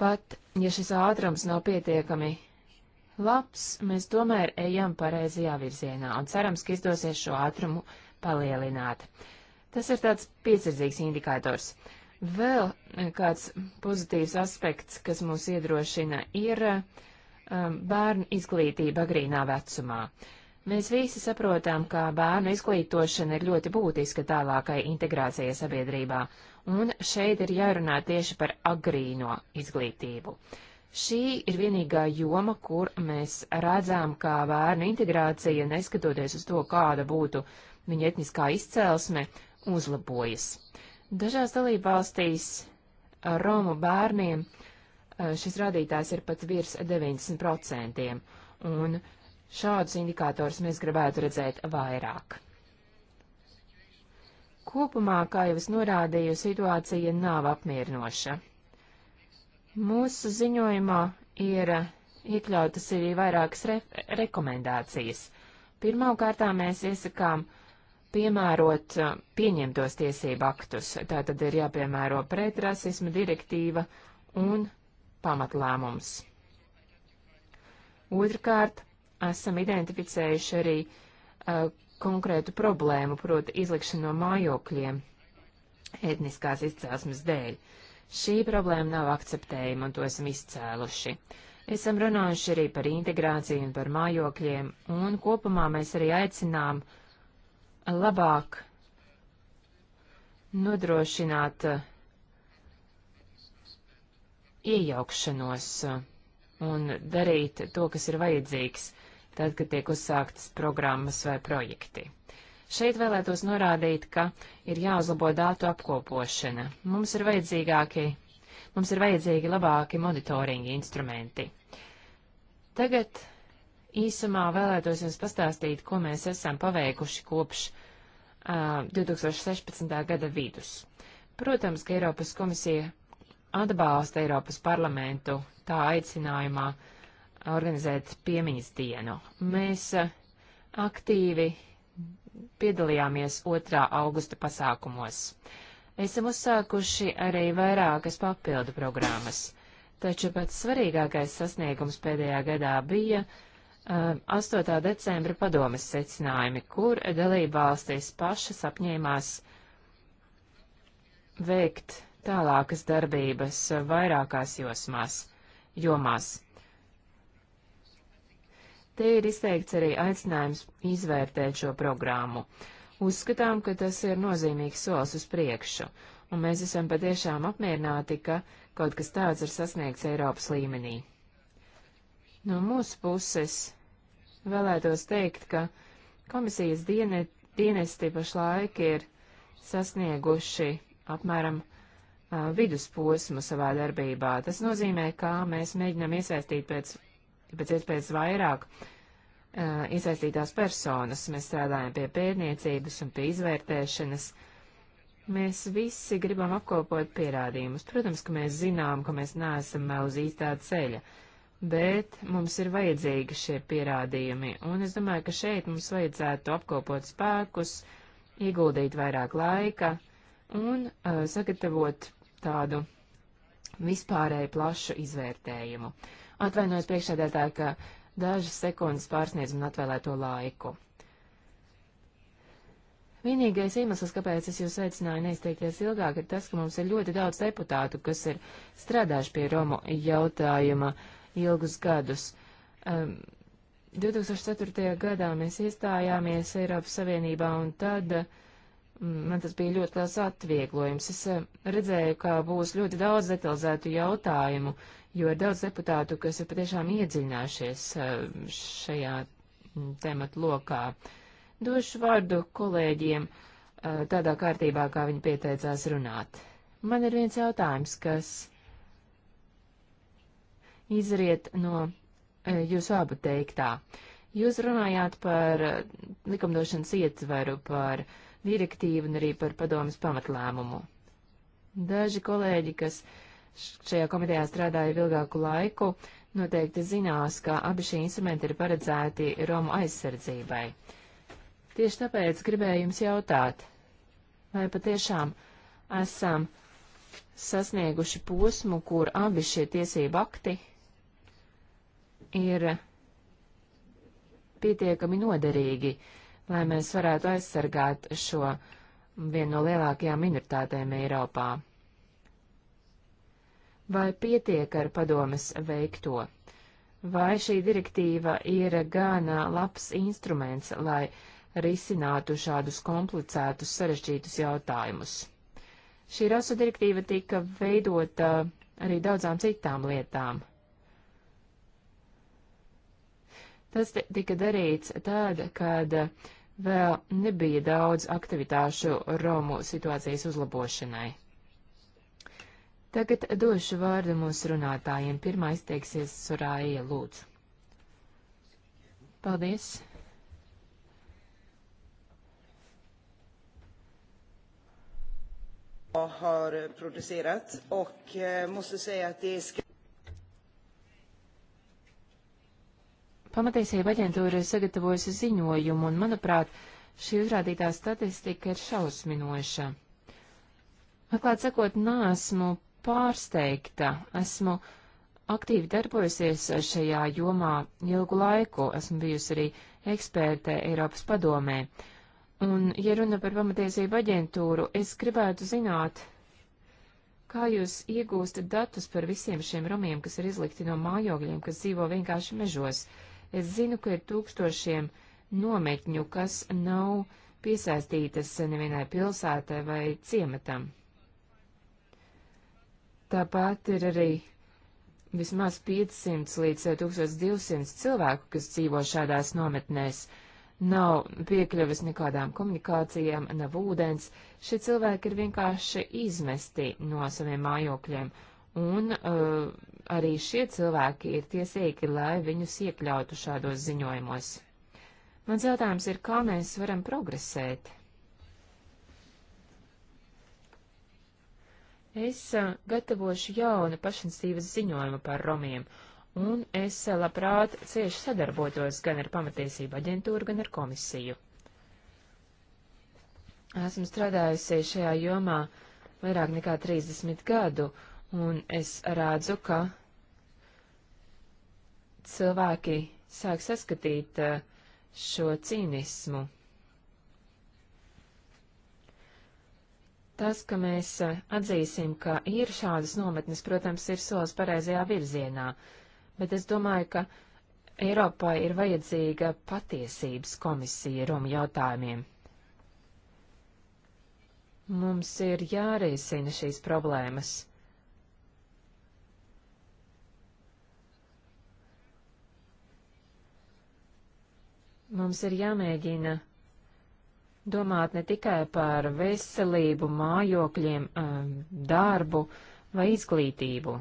pat ja šis ātrums nav pietiekami labs, mēs tomēr ejam pareizajā virzienā un cerams, ka izdosies šo ātrumu palielināt. Tas ir tāds piesardzīgs indikators. Uh, Vēl kāds pozitīvs aspekts, kas mūs iedrošina, ir um, bērnu izglītība agrīnā vecumā. Mēs visi saprotam, ka bērnu izglītošana ir ļoti būtiska tālākai integrācijai sabiedrībā, un šeit ir jārunā tieši par agrīno izglītību. Šī ir vienīgā joma, kur mēs redzam, kā bērnu integrācija, neskatoties uz to, kāda būtu viņa etniskā izcelsme, uzlabojas. Dažās dalībvalstīs Romu bērniem šis rādītājs ir pat virs 90%, un šādus indikātors mēs gribētu redzēt vairāk. Kopumā, kā jau es norādīju, situācija nav apmierinoša. Mūsu ziņojumā ir iekļautas arī vairākas re rekomendācijas. Pirmkārtām mēs iesakām uh, piemērot eh, pieņemtos tiesību aktus. Tā tad ir jāpiemēro pretrasisma direktīva un pamatlēmums. Otrkārt, esam identificējuši arī uh, konkrētu problēmu, proti izlikšanu no mājokļiem etniskās izcelsmes dēļ. Šī problēma nav akceptējama, un to esam izcēluši. Esam runājuši arī par integrāciju un par mājokļiem, un kopumā mēs arī aicinām uh, labāk nodrošināt uh, iejaukšanos uh, un darīt to, kas ir vajadzīgs, tad, kad tiek uzsāktas programmas vai projekti. Šeit vēlētos norādīt, ka ir jāuzlabo dātu apkopošana. Mums ir vajadzīgāki, mums ir vajadzīgi labāki monitoringi instrumenti. Tagad Īsumā vēlētos jums pastāstīt, ko mēs esam paveikuši kopš uh, 2016. gada vidus. Protams, ka Eiropas komisija atbalsta Eiropas parlamentu tā aicinājumā organizēt piemiņas dienu. Mēs uh, aktīvi piedalījāmies 2. augusta pasākumos. Esam uzsākuši arī vairākas papildu programmas, taču pats svarīgākais sasniegums pēdējā gadā bija uh, 8. decembra padomas secinājumi, kur dalībvalstis pašas apņēmās veikt tālākas darbības vairākās josmās, jomās. Te ir izteikts arī aicinājums izvērtēt šo programmu. Uzskatām, ka tas ir nozīmīgs solis uz priekšu, un mēs esam patiešām apmierināti, ka kaut kas tāds ir sasniegts Eiropas līmenī. No mūsu puses vēlētos teikt, ka komisijas diene, dienesti pašlaik ir sasnieguši apmēram uh, vidusposmu savā darbībā. Tas nozīmē, ka mēs mēģinām iesaistīt pēc, pēc iespējas vairāk uh, iesaistītās personas. Mēs strādājam pie pērniecības un pie izvērtēšanas. Mēs visi gribam apkopot pierādījumus. Protams, ka mēs zinām, ka mēs neesam uz īstā ceļa. Uh, bet mums ir vajadzīgi šie pierādījumi, un es domāju, ka šeit mums vajadzētu apkopot spēkus, ieguldīt vairāk laika un uh, sagatavot tādu vispārēju plašu izvērtējumu. Atvainojos priekšādētāji, ka dažas sekundes pārsniedz man atvēlēto laiku. Vienīgais iemesls, kāpēc es jūs aicināju neizteikties ilgāk, ir tas, ka mums ir ļoti daudz deputātu, kas ir strādājuši pie Romu jautājuma uh, ilgus gadus. Um, 2004. gadā mēs iestājāmies Eiropas Savienībā, un tad mm, man tas bija ļoti liels atvieglojums. Es eh, redzēju, ka būs ļoti daudz detalizētu jautājumu, jo ir daudz deputātu, kas ir patiešām iedziļinājušies eh, šajā mm, tematu lokā. Došu vārdu kolēģiem eh, tādā kārtībā, kā viņi pieteicās runāt. Man ir viens jautājums, kas izriet no e, jūsu abu teiktā. Jūs runājāt par e, likumdošanas ietveru, par direktīvu un arī par padomas pamatlēmumu. Daži kolēģi, kas šajā komitejā strādāja ilgāku laiku, noteikti zinās, ka abi šie instrumenti ir paredzēti Romu aizsardzībai. Tieši tāpēc gribēju jums jautāt, vai patiešām esam sasnieguši posmu, kur abi šie tiesību akti ir pietiekami noderīgi, lai mēs varētu aizsargāt šo vienu no lielākajām minoritātēm Eiropā. Vai pietiek ar padomes veikto? Vai šī direktīva ir gan labs instruments, lai risinātu šādus komplicētus, sarežģītus jautājumus? Šī rasu direktīva tika veidota arī daudzām citām lietām. Tas tika darīts tad, kad vēl nebija daudz aktivitāšu Romu situācijas uzlabošanai. Tagad došu vārdu mūsu runātājiem. Pirmā izteiksies Sorāja Lūdzu. Paldies! har producerat och måste säga att det är Pamatiesība aģentūra ir sagatavojusi ziņojumu, un, manuprāt, šī uzrādītā statistika ir šausminoša. Atklāt sakot, nāsmu pārsteigta, esmu aktīvi darbojusies šajā jomā ilgu laiku, esmu bijusi arī eksperte Eiropas padomē. Un, ja runa par pamatiesību aģentūru, es gribētu zināt, kā jūs iegūstat datus par visiem šiem romiem, kas ir izlikti no mājokļiem, kas dzīvo vienkārši mežos. Uh, Es zinu, ka ir tūkstošiem nometņu, kas nav piesaistītas nevienai pilsētai vai ciematam. Tāpat ir arī vismaz 500 līdz 1200 cilvēku, kas dzīvo šādās nometnēs. Nav piekļuvis nekādām komunikācijām, nav ūdens. Šie cilvēki ir vienkārši izmesti no saviem mājokļiem un uh, arī šie cilvēki ir tiesīgi, lai viņus iekļautu šādos ziņojumos. Mans jautājums ir, kā mēs varam progresēt? Es uh, gatavošu jaunu pašinstīvas ziņojumu par romiem, un es uh, labprāt cieši sadarbotos gan ar pamatiesību aģentūru, gan ar komisiju. Esmu strādājusi šajā jomā vairāk nekā 30 gadu, uh, un es redzu, ka cilvēki sāk saskatīt eh, šo cīnismu. Tas, ka mēs eh, atzīsim, ka ir šādas nometnes, protams, ir solis pareizajā virzienā, bet es domāju, ka Eiropai ir vajadzīga patiesības komisija Romu jautājumiem. Mums ir jārēsina šīs problēmas. Mums ir jāmēģina domāt ne tikai par veselību, mājokļiem, um, darbu vai izglītību.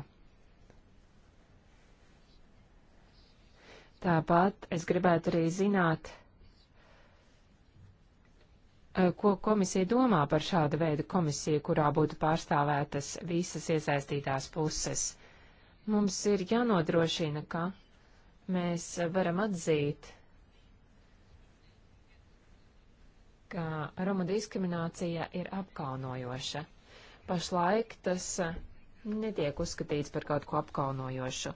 Tāpat es gribētu arī zināt, uh, ko komisija domā par šādu veidu komisiju, kurā būtu pārstāvētas visas iesaistītās puses. Mums ir jānodrošina, ka mēs varam atzīt ka Roma diskriminācija ir apkaunojoša. Pašlaik tas eh, netiek uzskatīts par kaut ko apkaunojošu.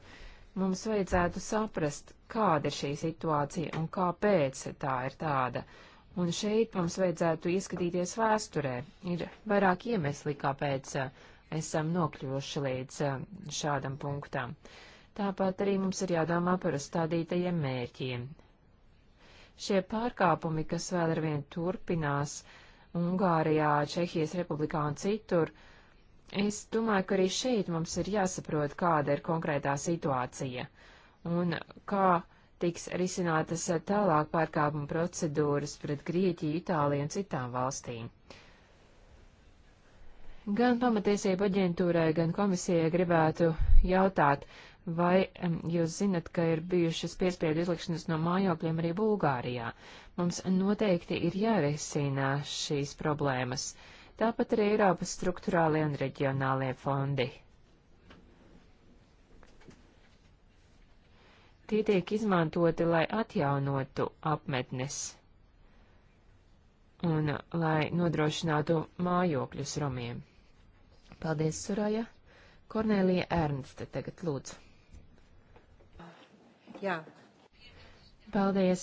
Mums vajadzētu saprast, kāda ir šī situācija un kāpēc tā ir tāda. Un šeit mums vajadzētu ieskatīties vēsturē. Ir vairāk iemesli, kāpēc eh, esam nokļuvuši līdz eh, šādam punktam. Tāpat arī mums ir jādomā par uzstādītajiem mērķiem. Šie pārkāpumi, kas vēl ar vien turpinās Ungārijā, Čehijas republikā un citur, es domāju, ka arī šeit mums ir jāsaprot, kāda ir konkrētā situācija un kā tiks risinātas tālāk pārkāpuma procedūras pret Grieķiju, Itāliju un citām valstīm. Gan pamatiesība aģentūrai, gan komisijai gribētu jautāt, Vai um, jūs zinat, ka ir bijušas piespiedu izlikšanas no mājokļiem arī Bulgārijā? Mums noteikti ir jārisina šīs problēmas. Tāpat arī Eiropas struktūrālie un reģionālie fondi. Tie tiek izmantoti, lai atjaunotu apmetnes un lai nodrošinātu mājokļus romiem. Paldies, Suraja! Kornēlija Ernste tagad lūdzu jā. Paldies!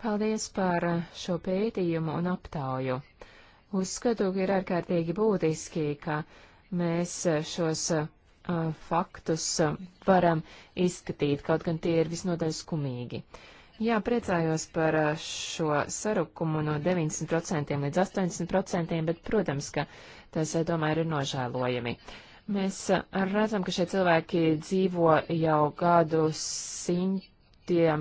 Paldies par eh, šo pētījumu un aptauju. Uzskatu, ka ir ārkārtīgi būtiski, ka mēs eh, šos uh, faktus varam izskatīt, kaut gan tie ir visnotaļ skumīgi. Jā, priecājos par šo sarukumu no 90% līdz 80%, bet, protams, ka tas, domāju, ir nožēlojami. Uh, Mēs redzam, ka šie cilvēki dzīvo jau gadu simtiem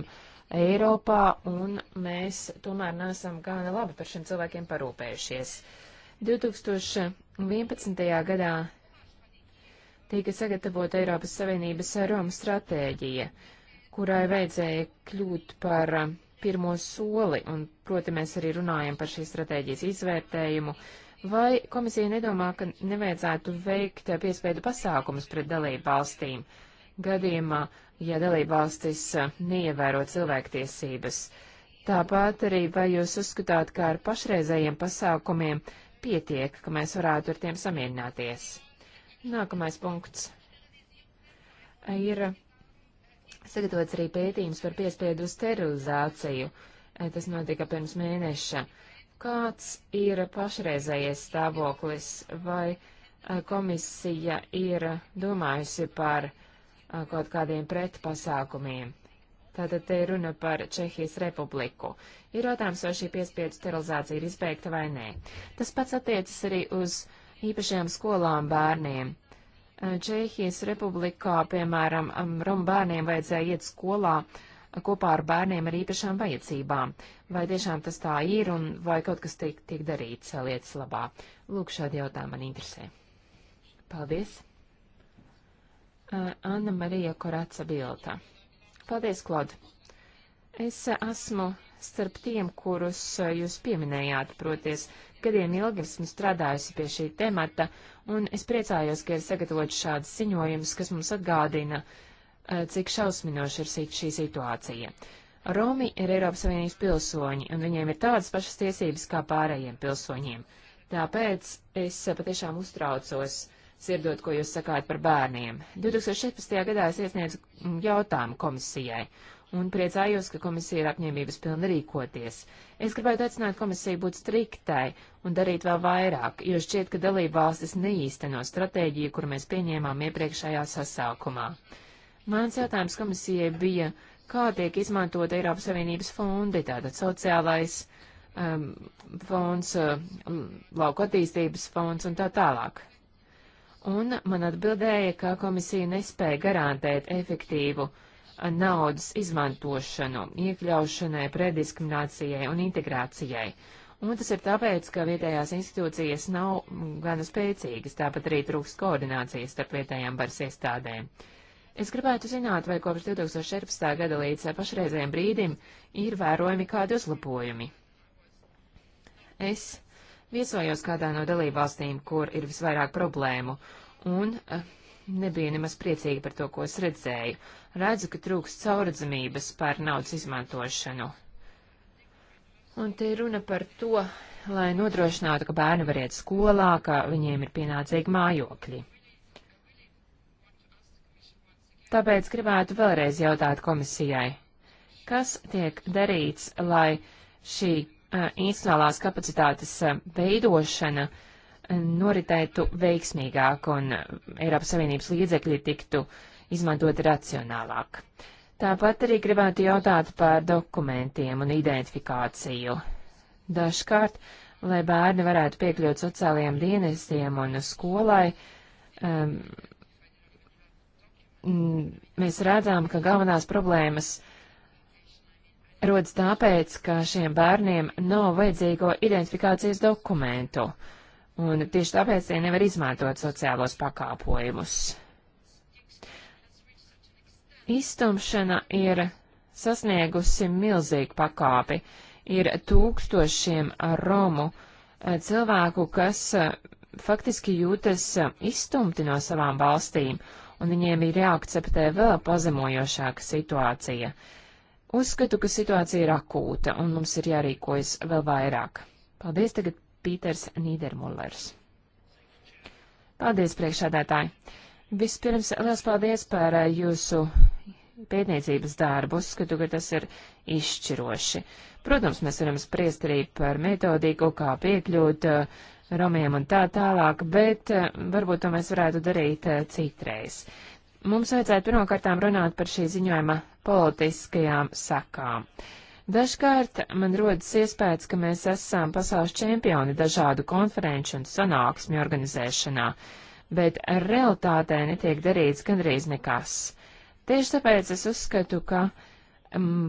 Eiropā, un mēs tomēr nesam gana labi par šiem cilvēkiem parūpējušies. 2011. gadā tika sagatavota Eiropas Savienības Romas stratēģija, kurai vajadzēja kļūt par pirmo soli, un, proti, mēs arī runājam par šīs stratēģijas izvērtējumu, Vai komisija nedomā, ka nevajadzētu veikt piespēdu pasākumus pret dalību valstīm gadījumā, ja dalību valstis eh, neievēro cilvēktiesības? Tāpat arī vai jūs uzskatāt, ka ar pašreizējiem pasākumiem pietiek, ka mēs varētu ar tiem samierināties? Nākamais punkts ir sagatavots arī pētījums par piespiedu sterilizāciju. Eh, tas notika pirms mēneša. Uh, Kāds ir pašreizējais stāvoklis vai eh, komisija ir domājusi par eh, kaut kādiem pretpasākumiem? Tātad te ir runa par Čehijas republiku. Ir jautājums, vai šī piespiedu sterilizācija ir izbeigta vai nē. Tas pats attiecas arī uz īpašajām skolām bērniem. Eh, Čehijas republikā, piemēram, um, Romu bērniem vajadzēja iet skolā uh, kopā ar bērniem ar īpašām vajadzībām. Vai tiešām tas tā ir un vai kaut kas tiek, tiek darīts eh, lietas labā? Lūk, šādi jautājumi man interesē. Paldies! Eh, Anna Marija Koraca Bilta. Paldies, Klod! Es eh, esmu starp tiem, kurus jūs pieminējāt, proties, gadiem ilgi esmu strādājusi pie šī temata, un es priecājos, ka ir sagatavots šāds ziņojums, kas mums atgādina uh, Eh, cik šausminoša ir šī situācija. Romi ir Eiropas Savienības pilsoņi, un viņiem ir tādas pašas tiesības kā pārējiem pilsoņiem. Tāpēc es eh, patiešām uztraucos dzirdot, ko jūs sakāt par bērniem. 2016. gadā es iesniedzu jautājumu komisijai, un priecājos, ka komisija ir apņēmības pilna rīkoties. Es gribētu aicināt komisiju būt striktai un darīt vēl vairāk, jo šķiet, ka dalība valstis neīsteno stratēģiju, kur mēs pieņēmām iepriekšējā sasaukumā. Mans jautājums komisijai bija, kā tiek izmantota Eiropas Savienības fondi, tātad sociālais um, fonds, um, lauku attīstības fonds un tā tālāk. Un man atbildēja, ka komisija nespēja garantēt efektīvu uh, naudas izmantošanu, iekļaušanai, prediskriminācijai un integrācijai. Un tas ir tāpēc, ka vietējās institūcijas nav mm, gana spēcīgas, tāpat arī trūkst koordinācijas starp vietējām varas iestādēm. Uh, Es gribētu zināt, vai kopš 2014. gada līdz pašreizējiem brīdim ir vērojami kādi uzlabojumi. Es viesojos kādā no dalībvalstīm, kur ir visvairāk problēmu, un eh, nebija nemaz priecīga par to, ko es redzēju. Redzu, ka trūks caurdzamības par naudas izmantošanu. Un te ir runa par to, lai nodrošinātu, ka bērni var iet skolā, ka viņiem ir pienācīgi mājokļi. Tāpēc gribētu vēlreiz jautāt komisijai, kas tiek darīts, lai šī uh, institucionālās kapacitātes uh, veidošana uh, noritētu veiksmīgāk un Eiropas Savienības līdzekļi tiktu izmantoti racionālāk. Tāpat arī gribētu jautāt par dokumentiem un identifikāciju. Dažkārt, lai bērni varētu piekļūt sociālajiem dienestiem un skolai, um, Mm, mēs redzam, ka galvenās problēmas rodas tāpēc, ka šiem bērniem nav vajadzīgo identifikācijas dokumentu, un tieši tāpēc tie nevar izmantot sociālos pakāpojumus. Iztumšana ir sasniegusi milzīgu pakāpi. Ir tūkstošiem romu eh, cilvēku, kas eh, faktiski jūtas eh, izstumti no savām valstīm, un viņiem ir jāakceptē vēl pazemojošāka situācija. Uzskatu, ka situācija ir akūta, un mums ir jārīkojas vēl vairāk. Paldies tagad Pīters Nīdermullers. Paldies, priekšādātāji! Vispirms liels paldies par eh, jūsu pētniecības darbu. Uzskatu, ka tas ir izšķiroši. Protams, mēs varam spriest arī par metodiku, kā piekļūt uh, romiem un tā tālāk, bet eh, varbūt to mēs varētu darīt eh, citreiz. Mums vajadzētu pirmkārtām runāt par šī ziņojuma politiskajām sakām. Dažkārt man rodas iespējas, ka mēs esam pasaules čempioni dažādu konferenču un sanāksmju organizēšanā, bet realitātē netiek darīts gandrīz nekas. Tieši tāpēc es uzskatu, ka uh,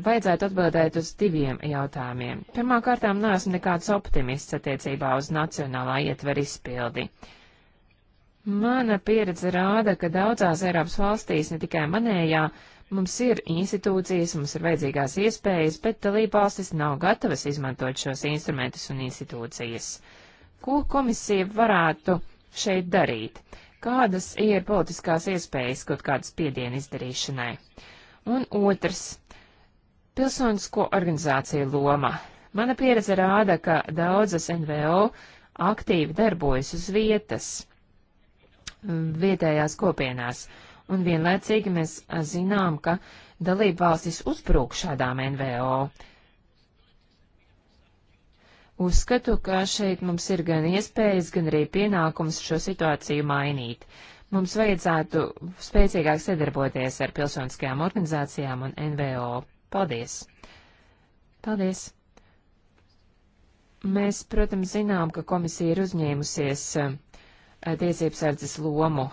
vajadzētu atbildēt uz diviem jautājumiem. Pirmkārt, neesmu nekāds optimists attiecībā uz nacionālā ietver izpildi. Mana pieredze rāda, ka daudzās Eiropas valstīs, ne tikai manējā, mums ir institūcijas, mums ir vajadzīgās iespējas, bet dalībvalstis nav gatavas izmantot šos instrumentus un institūcijas. Ko komisija varētu šeit darīt? Kādas ir politiskās iespējas kaut kādas piedienu izdarīšanai? Un otrs Pilsonisko organizāciju loma. Mana pieredze rāda, ka daudzas NVO aktīvi darbojas uz vietas, vietējās kopienās, un vienlaicīgi mēs zinām, ka dalībvalstis uzbrūk šādām NVO. Uzskatu, ka šeit mums ir gan iespējas, gan arī pienākums šo situāciju mainīt. Mums vajadzētu spēcīgāk sadarboties ar pilsoniskajām organizācijām un NVO. Paldies! Paldies! Mēs, protams, zinām, ka komisija ir uzņēmusies eh, tiesības sardzes lomu.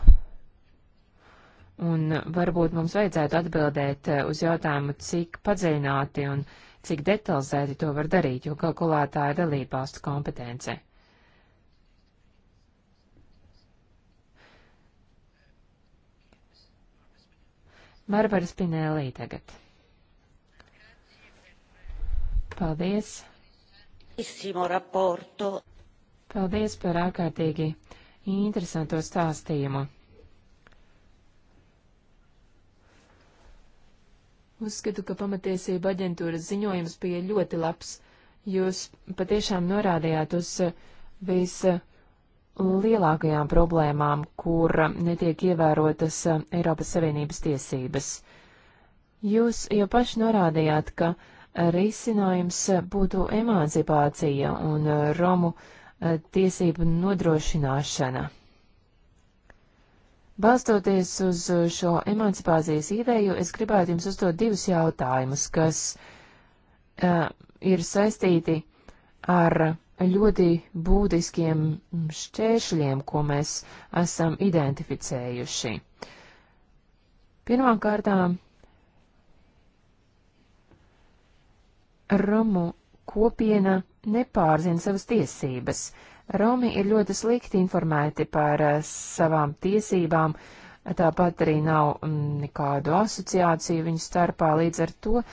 Un varbūt mums vajadzētu atbildēt eh, uz jautājumu, cik padziļināti un cik detalizēti to var darīt, jo kalkulētā ir dalībvalsts kompetence. Barbara Spinēlī tagad. Paldies! Paldies par ārkārtīgi interesanto stāstījumu. Uzskatu, ka pamatiesība aģentūras ziņojums bija ļoti labs. Jūs patiešām norādījāt uz vislielākajām problēmām, kur netiek ievērotas Eiropas Savienības tiesības. Jūs jau paši norādījāt, ka risinājums būtu emancipācija un eh, Romu eh, tiesību nodrošināšana. Balstoties uz eh, šo emancipācijas ideju, es gribētu jums uzdot divus jautājumus, kas uh, ir saistīti ar ļoti būtiskiem mm, šķēršļiem, ko mēs esam identificējuši. Pirmkārtām, Romu kopiena nepārzina savas tiesības. Romi ir ļoti slikti informēti par uh, savām tiesībām, tāpat arī nav mm, nekādu asociāciju viņu starpā, līdz ar to uh,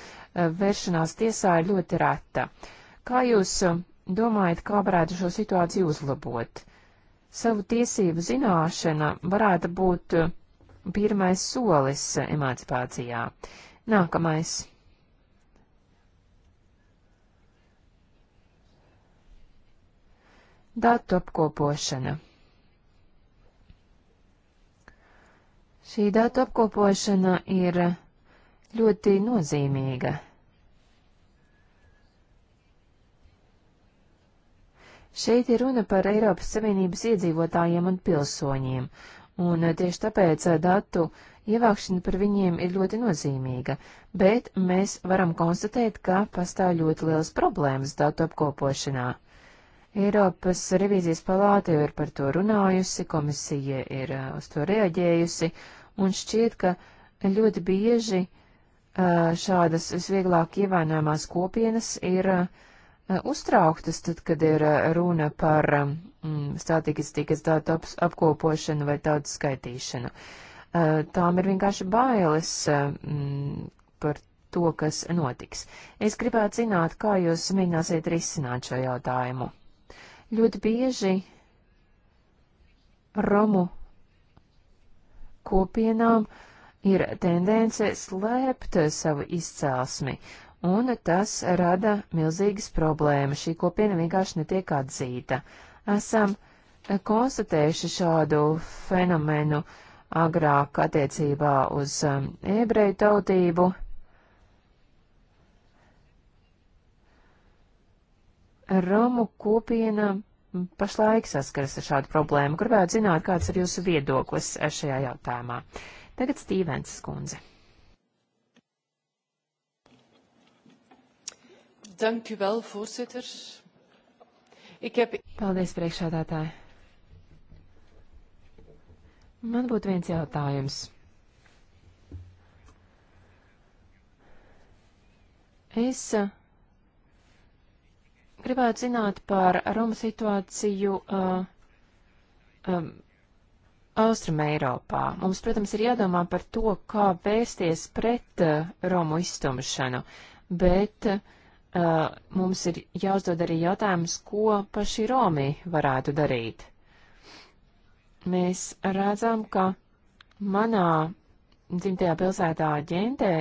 vēršanās tiesā ir ļoti reta. Kā jūs uh, domājat, kā varētu šo situāciju uzlabot? Savu tiesību zināšana varētu būt pirmais solis emancipācijā. Nākamais. Datu apkopošana. Šī datu apkopošana ir ļoti nozīmīga. Šeit ir runa par Eiropas Savienības iedzīvotājiem un pilsoņiem, un tieši tāpēc datu ievākšana par viņiem ir ļoti nozīmīga, bet mēs varam konstatēt, ka pastāv ļoti liels problēmas datu apkopošanā. Eiropas revīzijas palāta jau ir par to runājusi, komisija ir uh, uz to reaģējusi, un šķiet, ka ļoti bieži uh, šādas visvieglāk ievainojamās kopienas ir uh, uztrauktas, tad, kad ir runa par um, statistikas datu apkopošanu vai tādu skaitīšanu. Tām ir vienkārši bailes mm, par to, kas notiks. Es gribētu zināt, kā jūs mēģināsiet risināt šo jautājumu. Ļoti bieži Romu kopienām ir tendence slēpt savu izcelsmi, un tas rada milzīgas problēmas. Šī kopiena vienkārši netiek atzīta. Esam konstatējuši šādu fenomenu agrāk attiecībā uz um, ebreju tautību Romu kopiena pašlaik saskaras ar šādu problēmu. Gribētu zināt, kāds ir jūsu viedoklis šajā jautājumā. Tagad Stīvens Skundze. Dank u wel, voorzitter. Ik heb... Paldies, priekšādātāji. Man būtu viens jautājums. Es Gribētu zināt par Romu situāciju uh, um, Austrum Eiropā. Mums, protams, ir jādomā par to, kā vērsties pret uh, Romu iztumšanu, bet uh, mums ir jāuzdod arī jautājums, ko paši Romi varētu darīt. Mēs redzam, ka manā dzimtajā pilsētā ģentē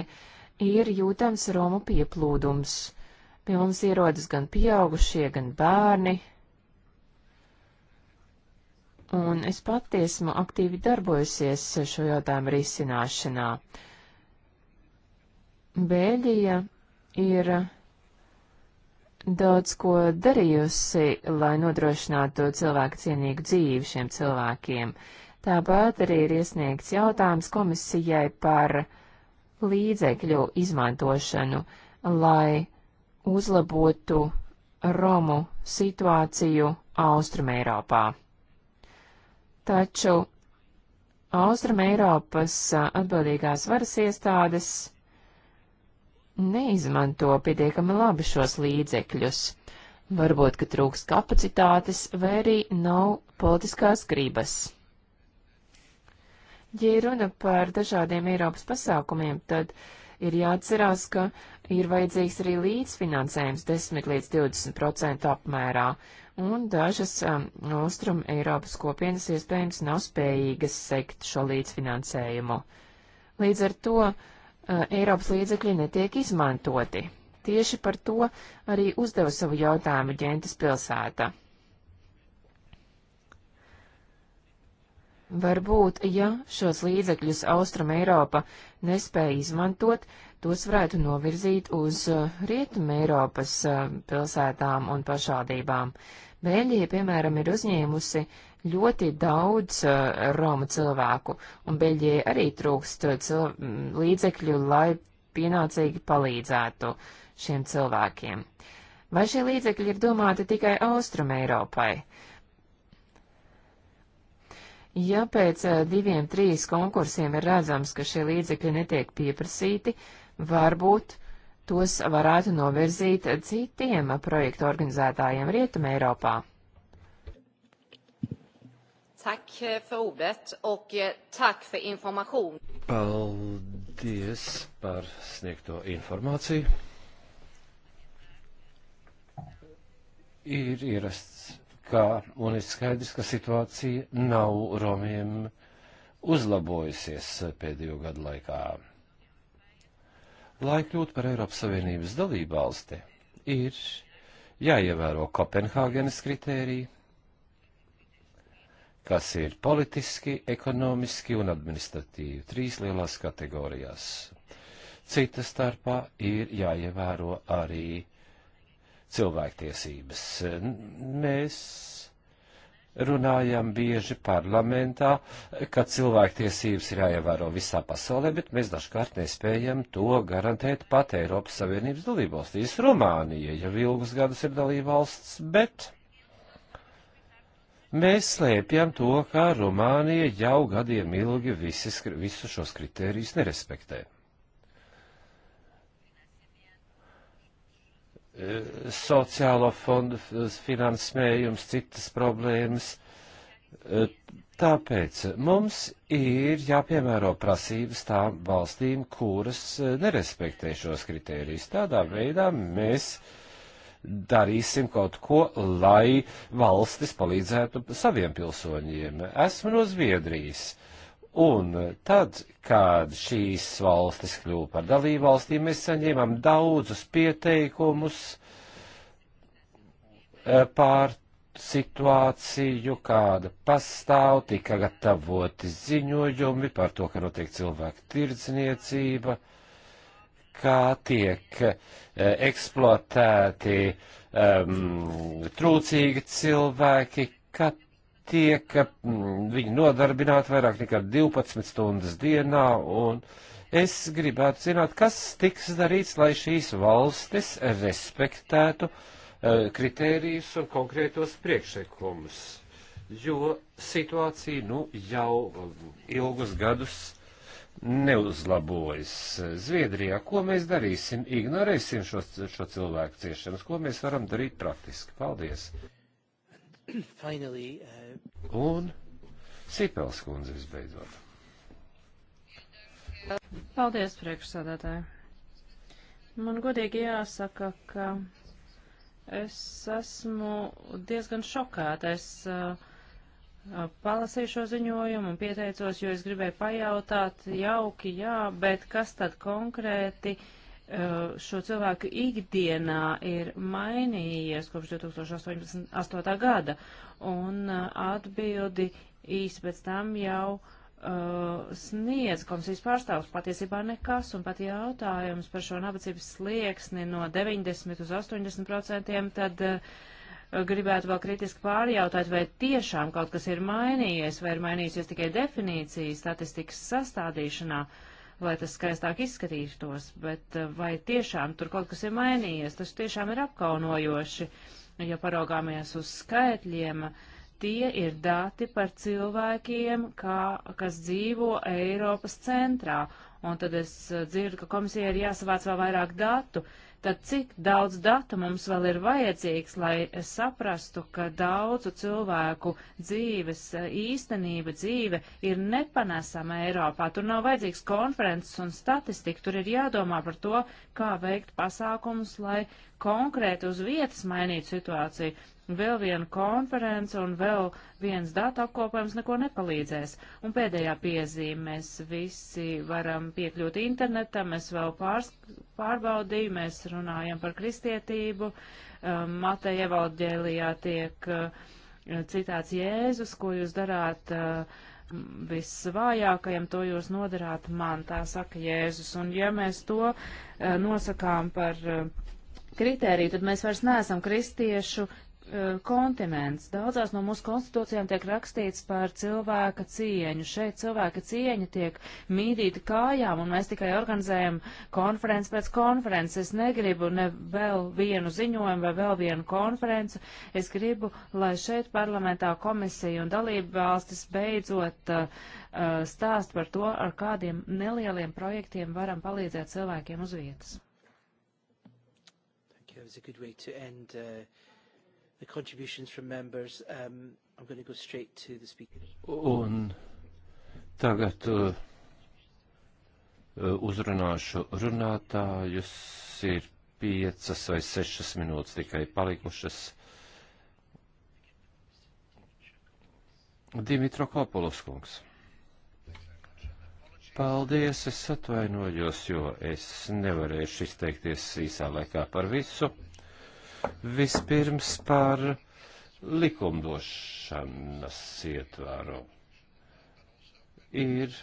ir jūtams Romu pieplūdums. Uh, Pie mums ierodas gan pieaugušie, gan bērni. Un es pati esmu aktīvi darbojusies šo jautājumu risināšanā. Bēļģija ir daudz ko darījusi, lai nodrošinātu cilvēku cienīgu dzīvi šiem cilvēkiem. Tāpat arī ir iesniegts jautājums komisijai par līdzekļu izmantošanu, lai uzlabotu Romu situāciju Austrumēropā. Taču Austrumēropas atbildīgās varas iestādes neizmanto pietiekami labi šos līdzekļus. Varbūt, ka trūks kapacitātes vai arī nav politiskās gribas. Ja runa par dažādiem Eiropas pasākumiem, tad ir jāatcerās, ka uh, ir vajadzīgs arī līdzfinansējums 10 līdz 20% apmērā, un dažas um, Austrum Eiropas kopienas iespējams nav spējīgas sekt šo līdzfinansējumu. Līdz ar to uh, Eiropas līdzekļi netiek izmantoti. Tieši par to arī uzdeva savu jautājumu ģentas pilsēta. Varbūt, ja šos līdzekļus Austrum Eiropa nespēja izmantot, tos varētu novirzīt uz eh, Rietumē Eiropas eh, pilsētām un pašvaldībām. Bēļģija, piemēram, ir uzņēmusi ļoti daudz eh, Roma cilvēku, un Beļģijai arī trūkst cilv... Mm, līdzekļu, lai pienācīgi palīdzētu šiem cilvēkiem. Vai šie līdzekļi ir domāti tikai Austrum Eiropai? Ja pēc diviem, trīs konkursiem ir redzams, ka šie līdzekļi netiek pieprasīti, uh, Varbūt tos varētu novirzīt citiem projektu organizētājiem Rietumē Eiropā. Tack eh, för ordet och eh, tack för information. Paldies par sniegto informāciju. Ir ierasts, kā un ir skaidrs, ka situācija nav romiem uzlabojusies pēdējo gadu laikā. Lai kļūtu par Eiropas Savienības dalību valsti, ir jāievēro Kopenhāgenes kritēriji, kas ir politiski, ekonomiski un administratīvi, trīs lielās kategorijās. Cita starpā ir jāievēro arī cilvēktiesības. Mēs runājam bieži parlamentā, ka cilvēktiesības ir jāievēro visā pasaulē, bet mēs dažkārt nespējam to garantēt pat Eiropas Savienības dalībvalstīs. Rumānija jau ilgus gadus ir dalībvalsts, bet mēs slēpjam to, ka Rumānija jau gadiem ilgi visus, visus šos kritērijus nerespektē. Eh, sociālo fondu finansējums, citas problēmas. Eh, tāpēc mums ir jāpiemēro prasības tām valstīm, kuras eh, nerespektē šos kritērijus. Tādā veidā mēs darīsim kaut ko, lai valstis palīdzētu saviem pilsoņiem. Esmu no Zviedrijas. Uh, Un tad, kad šīs valstis kļuva par dalībvalstīm, mēs saņēmām daudzus pieteikumus e, pār situāciju, kāda pastāv, tika gatavoti ziņojumi par to, ka notiek cilvēku tirdzniecība, kā tiek e, eksploatēti um, trūcīgi cilvēki, ka tiek mm, viņi nodarbināti vairāk nekā 12 stundas dienā, un es gribētu zināt, kas tiks darīts, lai šīs valstis respektētu uh, kritērijus un konkrētos priekšlikumus, jo situācija nu jau ilgus gadus neuzlabojas. Zviedrijā, ko mēs darīsim? Ignorēsim šo, šo cilvēku ciešanas, ko mēs varam darīt praktiski. Paldies! Finally, uh... Un Sipels kundze visbeidzot. Paldies, priekšsādātāji. Man godīgi jāsaka, ka es esmu diezgan šokēta. Es uh, palasīju šo ziņojumu un pieteicos, jo es gribēju pajautāt jauki, jā, bet kas tad konkrēti uh, Eh, šo cilvēku ikdienā ir mainījies kopš 2018. gada, un eh, atbildi īsi pēc tam jau uh, sniedz komisijas pārstāvs patiesībā nekas, un pat jautājums par šo nabadzības slieksni no 90 uz 80 procentiem, tad uh, gribētu vēl kritiski pārjautāt, vai tiešām kaut kas ir mainījies, vai ir mainījusies tikai definīcija statistikas sastādīšanā. Uh, lai tas skaistāk izskatītos, bet eh, vai tiešām tur kaut kas ir mainījies, tas tiešām ir apkaunojoši, ja paraugāmies uz skaitļiem. Tie ir dati par cilvēkiem, kā, kas dzīvo Eiropas centrā, un tad es eh, dzirdu, ka komisija ir jāsavāc vēl vairāk datu. Uh, tad cik daudz datu mums vēl ir vajadzīgs, lai saprastu, ka daudzu cilvēku dzīves eh, īstenība, dzīve ir nepanesama Eiropā. Tur nav vajadzīgs konferences un statistika, tur ir jādomā par to, kā veikt pasākumus, lai konkrēti uz vietas mainītu situāciju. Vēl viena konference un vēl viens datu apkopojums neko nepalīdzēs. Un pēdējā piezīme, mēs visi varam piekļūt internetam, mēs vēl pārs, pārbaudīju, mēs runājam par kristietību, um, Mateja evalģēlijā tiek uh, citāts Jēzus, ko jūs darāt. Uh, visvājākajam to jūs nodarāt man, tā saka Jēzus. Un ja mēs to uh, nosakām par uh, kritēriju, tad mēs vairs neesam kristiešu Eh, kontinents. Daudzās no mūsu konstitūcijām tiek rakstīts par cilvēka cieņu. Šeit cilvēka cieņa tiek mīdīta kājām, un mēs tikai organizējam konferences pēc konferences. Es negribu ne vēl vienu ziņojumu vai vēl vienu konferenci. Es gribu, lai šeit parlamentā komisija un dalība valstis beidzot uh, stāst par to, ar kādiem nelieliem projektiem varam palīdzēt cilvēkiem uz vietas. Thank you. That was a good way to end uh, the contributions from members. Um, I'm going to go straight to the speaker. Un tagad uh, uh, uzrunāšu runātājus. Ir piecas vai sešas minūtes tikai palikušas. Dimitro Kopulos kungs. Paldies, es atvainojos, jo es nevarēšu izteikties īsā laikā par visu. Vispirms par likumdošanas ietvaru. Ir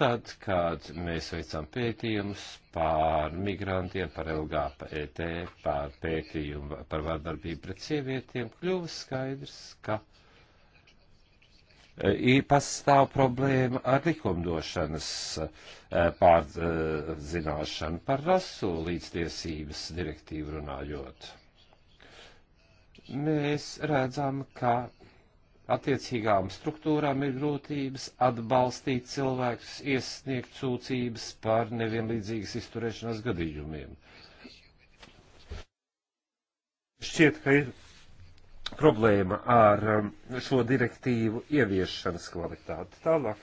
tad, kad mēs veicam pētījumus pār migrantiem, par LGPT, pār pētījumu par vārdarbību pret sievietiem, kļuva skaidrs, ka pastāv problēma ar likumdošanas eh, pārzināšanu par rasu līdztiesības direktīvu runājot. Mēs redzam, ka attiecīgām struktūrām ir grūtības atbalstīt cilvēkus, iesniegt sūdzības par nevienlīdzīgas izturēšanās gadījumiem. Šķiet, ka ir problēma ar um, šo direktīvu ieviešanas kvalitāti. Tālāk.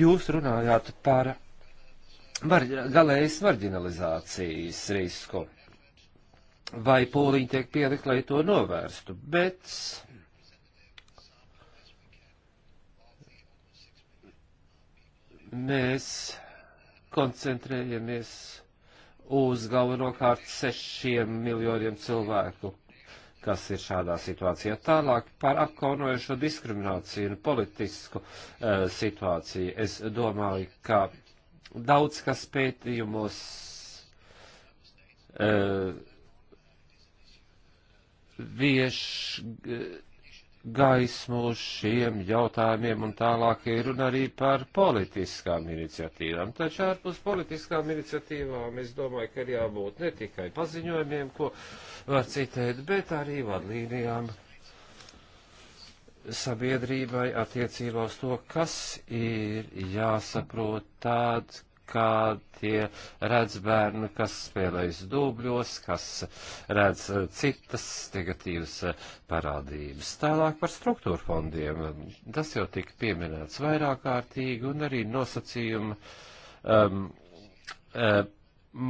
Jūs runājāt par var, galējas marginalizācijas risku. Vai pūliņi tiek pielikt, lai to novērstu, bet mēs koncentrējamies uz galvenokārt sešiem miljoniem cilvēku, kas ir šādā situācijā. Tālāk par apkaunojušo diskrimināciju un politisku uh, situāciju. Es domāju, ka daudz kas pētījumos uh, vieš. Uh, gaismu uz šiem jautājumiem un tālāk ir runa arī par politiskām iniciatīvām. Taču ārpus politiskām iniciatīvām es domāju, ka ir jābūt ne tikai paziņojumiem, ko var citēt, bet arī vadlīnijām sabiedrībai attiecībā uz to, kas ir jāsaprot tāds, kā tie redz bērni, kas spēlējas dubļos, kas redz eh, citas negatīvas eh, parādības. Tālāk par struktūra fondiem. Tas jau tika pieminēts vairāk kārtīgi un arī nosacījuma. Um, ehm, um, eh,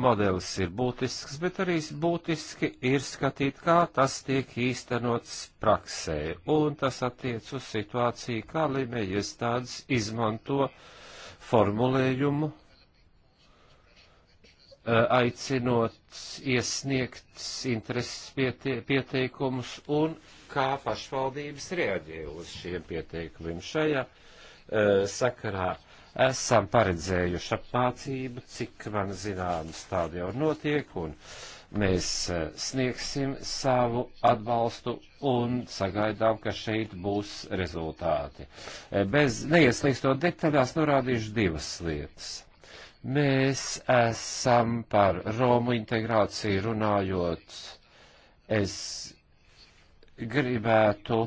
Modelis ir būtisks, bet arī būtiski ir skatīt, kā tas tiek īstenots praksē, un tas attiec uz situāciju, kā līmeja iestādes izmanto formulējumu Eh, aicinot iesniegt intereses piete pieteikumus un kā pašvaldības reaģē uz šiem pieteikumiem. Šajā uh, sakarā esam paredzējuši apmācību, cik man zināms tāda jau notiek, un mēs eh, sniegsim savu atbalstu un sagaidām, ka šeit būs rezultāti. Bez neieslīgstot detaļās norādīšu divas lietas. Mēs esam par Romu integrāciju runājot. Es gribētu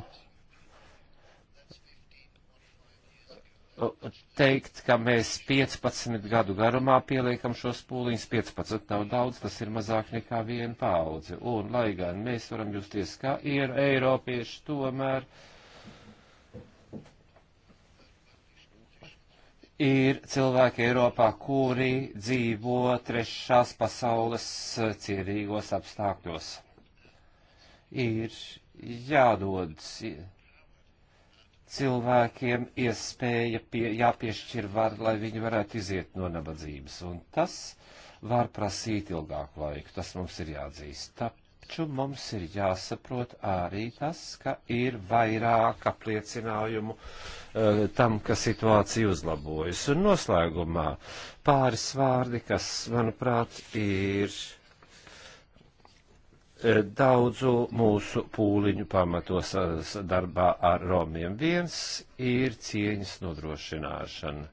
teikt, ka mēs 15 gadu garumā pieliekam šos pūliņus. 15 nav daudz, tas ir mazāk nekā viena paudze. Un, lai gan mēs varam justies kā ir eiropieši, tomēr uh, ir cilvēki Eiropā, kuri dzīvo trešās pasaules eh, cierīgos apstākļos. Ir jādod cilvēkiem iespēja, pie, jāpiešķir var, lai viņi varētu iziet no nabadzības. Un tas var prasīt ilgāku laiku, tas mums ir jāatzīst. Taču mums ir jāsaprot arī tas, ka ir vairāk apliecinājumu uh, tam, ka situācija uzlabojas. Un noslēgumā pāris vārdi, kas, manuprāt, ir eh, daudzu mūsu pūliņu pamatos darbā ar Romiem. Viens ir cieņas nodrošināšana.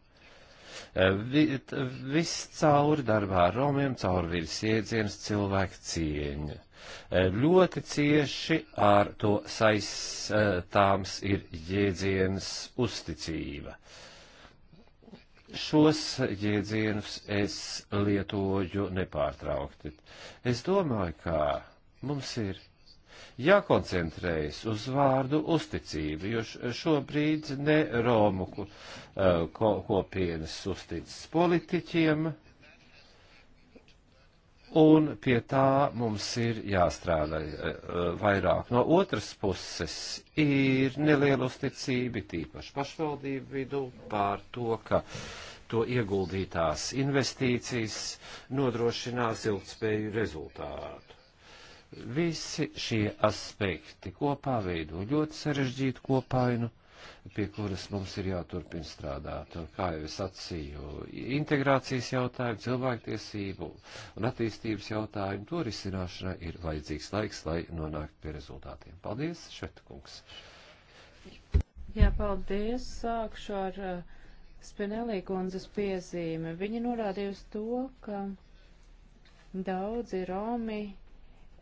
Eh, vi, viss cauri darbā ar Romiem, cauri virs iedzienas cilvēka cieņa. Ļoti cieši ar to saistāms eh, ir jēdziens uzticība. Šos jēdzienus es lietoju nepārtraukti. Es domāju, ka mums ir jākoncentrējas uz vārdu uzticību, jo šobrīd ne Romu eh, kopienas uzticas politiķiem, Un pie tā mums ir jāstrādā eh, eh, vairāk. No otras puses ir neliela uzticība, tīpaši pašvaldību vidū, pār to, ka to ieguldītās investīcijas nodrošinās ilgspēju rezultātu. Visi šie aspekti kopā veido ļoti sarežģītu kopainu. Ja pie kuras mums ir jāturpina strādāt. Un, kā jau es atsīju, integrācijas jautājumi, cilvēktiesību un attīstības jautājumi, to risināšanai ir vajadzīgs laiks, lai nonāktu pie rezultātiem. Paldies, Švetkungs! Jā, paldies. Sākšu ar uh, eh, Spinelī kundzes piezīme. Viņa norādīja uz to, ka daudzi Romi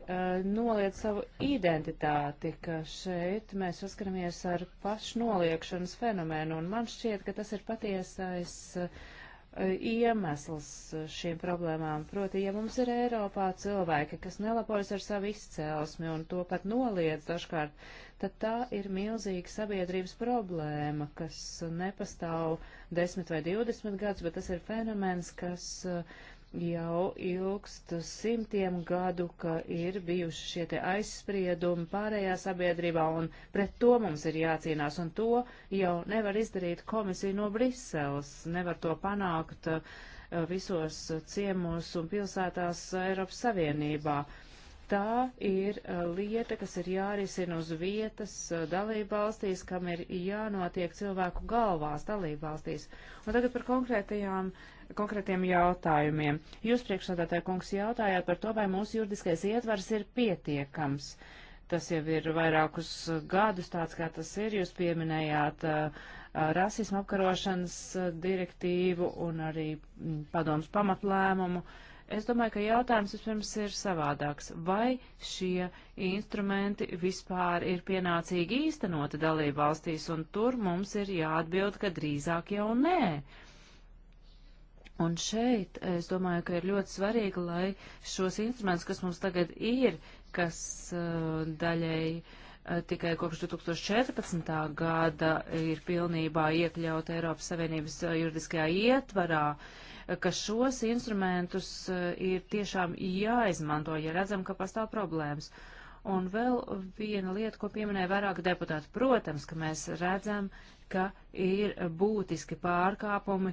Eh, noliec savu identitāti, ka šeit mēs saskaramies ar pašnoliekšanas fenomenu, un man šķiet, ka tas ir patiesais eh, iemesls šīm problēmām. Proti, ja mums ir Eiropā cilvēki, kas nelabojas ar savu izcēlesmi un to pat noliedz dažkārt, tad tā ir milzīga sabiedrības problēma, kas nepastāv 10 vai 20 gadus, bet tas ir fenomens, kas uh, jau ilgst simtiem gadu, ka ir bijuši šie te aizspriedumi pārējā sabiedrībā, un pret to mums ir jācīnās, un to jau nevar izdarīt komisija no Briseles, nevar to panākt uh, visos ciemos un pilsētās Eiropas Savienībā. Tā ir uh, lieta, kas ir jārisina uz vietas uh, dalībvalstīs, kam ir jānotiek cilvēku galvās dalībvalstīs. Un tagad par konkrētajām konkrētiem jautājumiem. Jūs priekšsādātāja kungs jautājāt par to, vai mūsu juridiskais ietvars ir pietiekams. Tas jau ir vairākus gadus tāds, kā tas ir. Jūs pieminējāt uh, rasismu apkarošanas direktīvu un arī padomus pamatlēmumu. Es domāju, ka jautājums vispirms ir savādāks. Vai šie instrumenti vispār ir pienācīgi īstenoti dalību valstīs, un tur mums ir jāatbild, ka drīzāk jau nē. Uh, Un šeit es domāju, ka ir ļoti svarīgi, lai šos instrumentus, kas mums tagad ir, kas uh, daļēji uh, tikai kopš 2014. gada ir pilnībā iekļauta Eiropas Savienības uh, juridiskajā ietvarā, uh, ka šos instrumentus uh, ir tiešām jāizmanto, ja redzam, ka pastāv problēmas. Uh, Un vēl viena lieta, ko pieminēja vairāk deputāti, protams, ka mēs redzam, ka ir būtiski pārkāpumi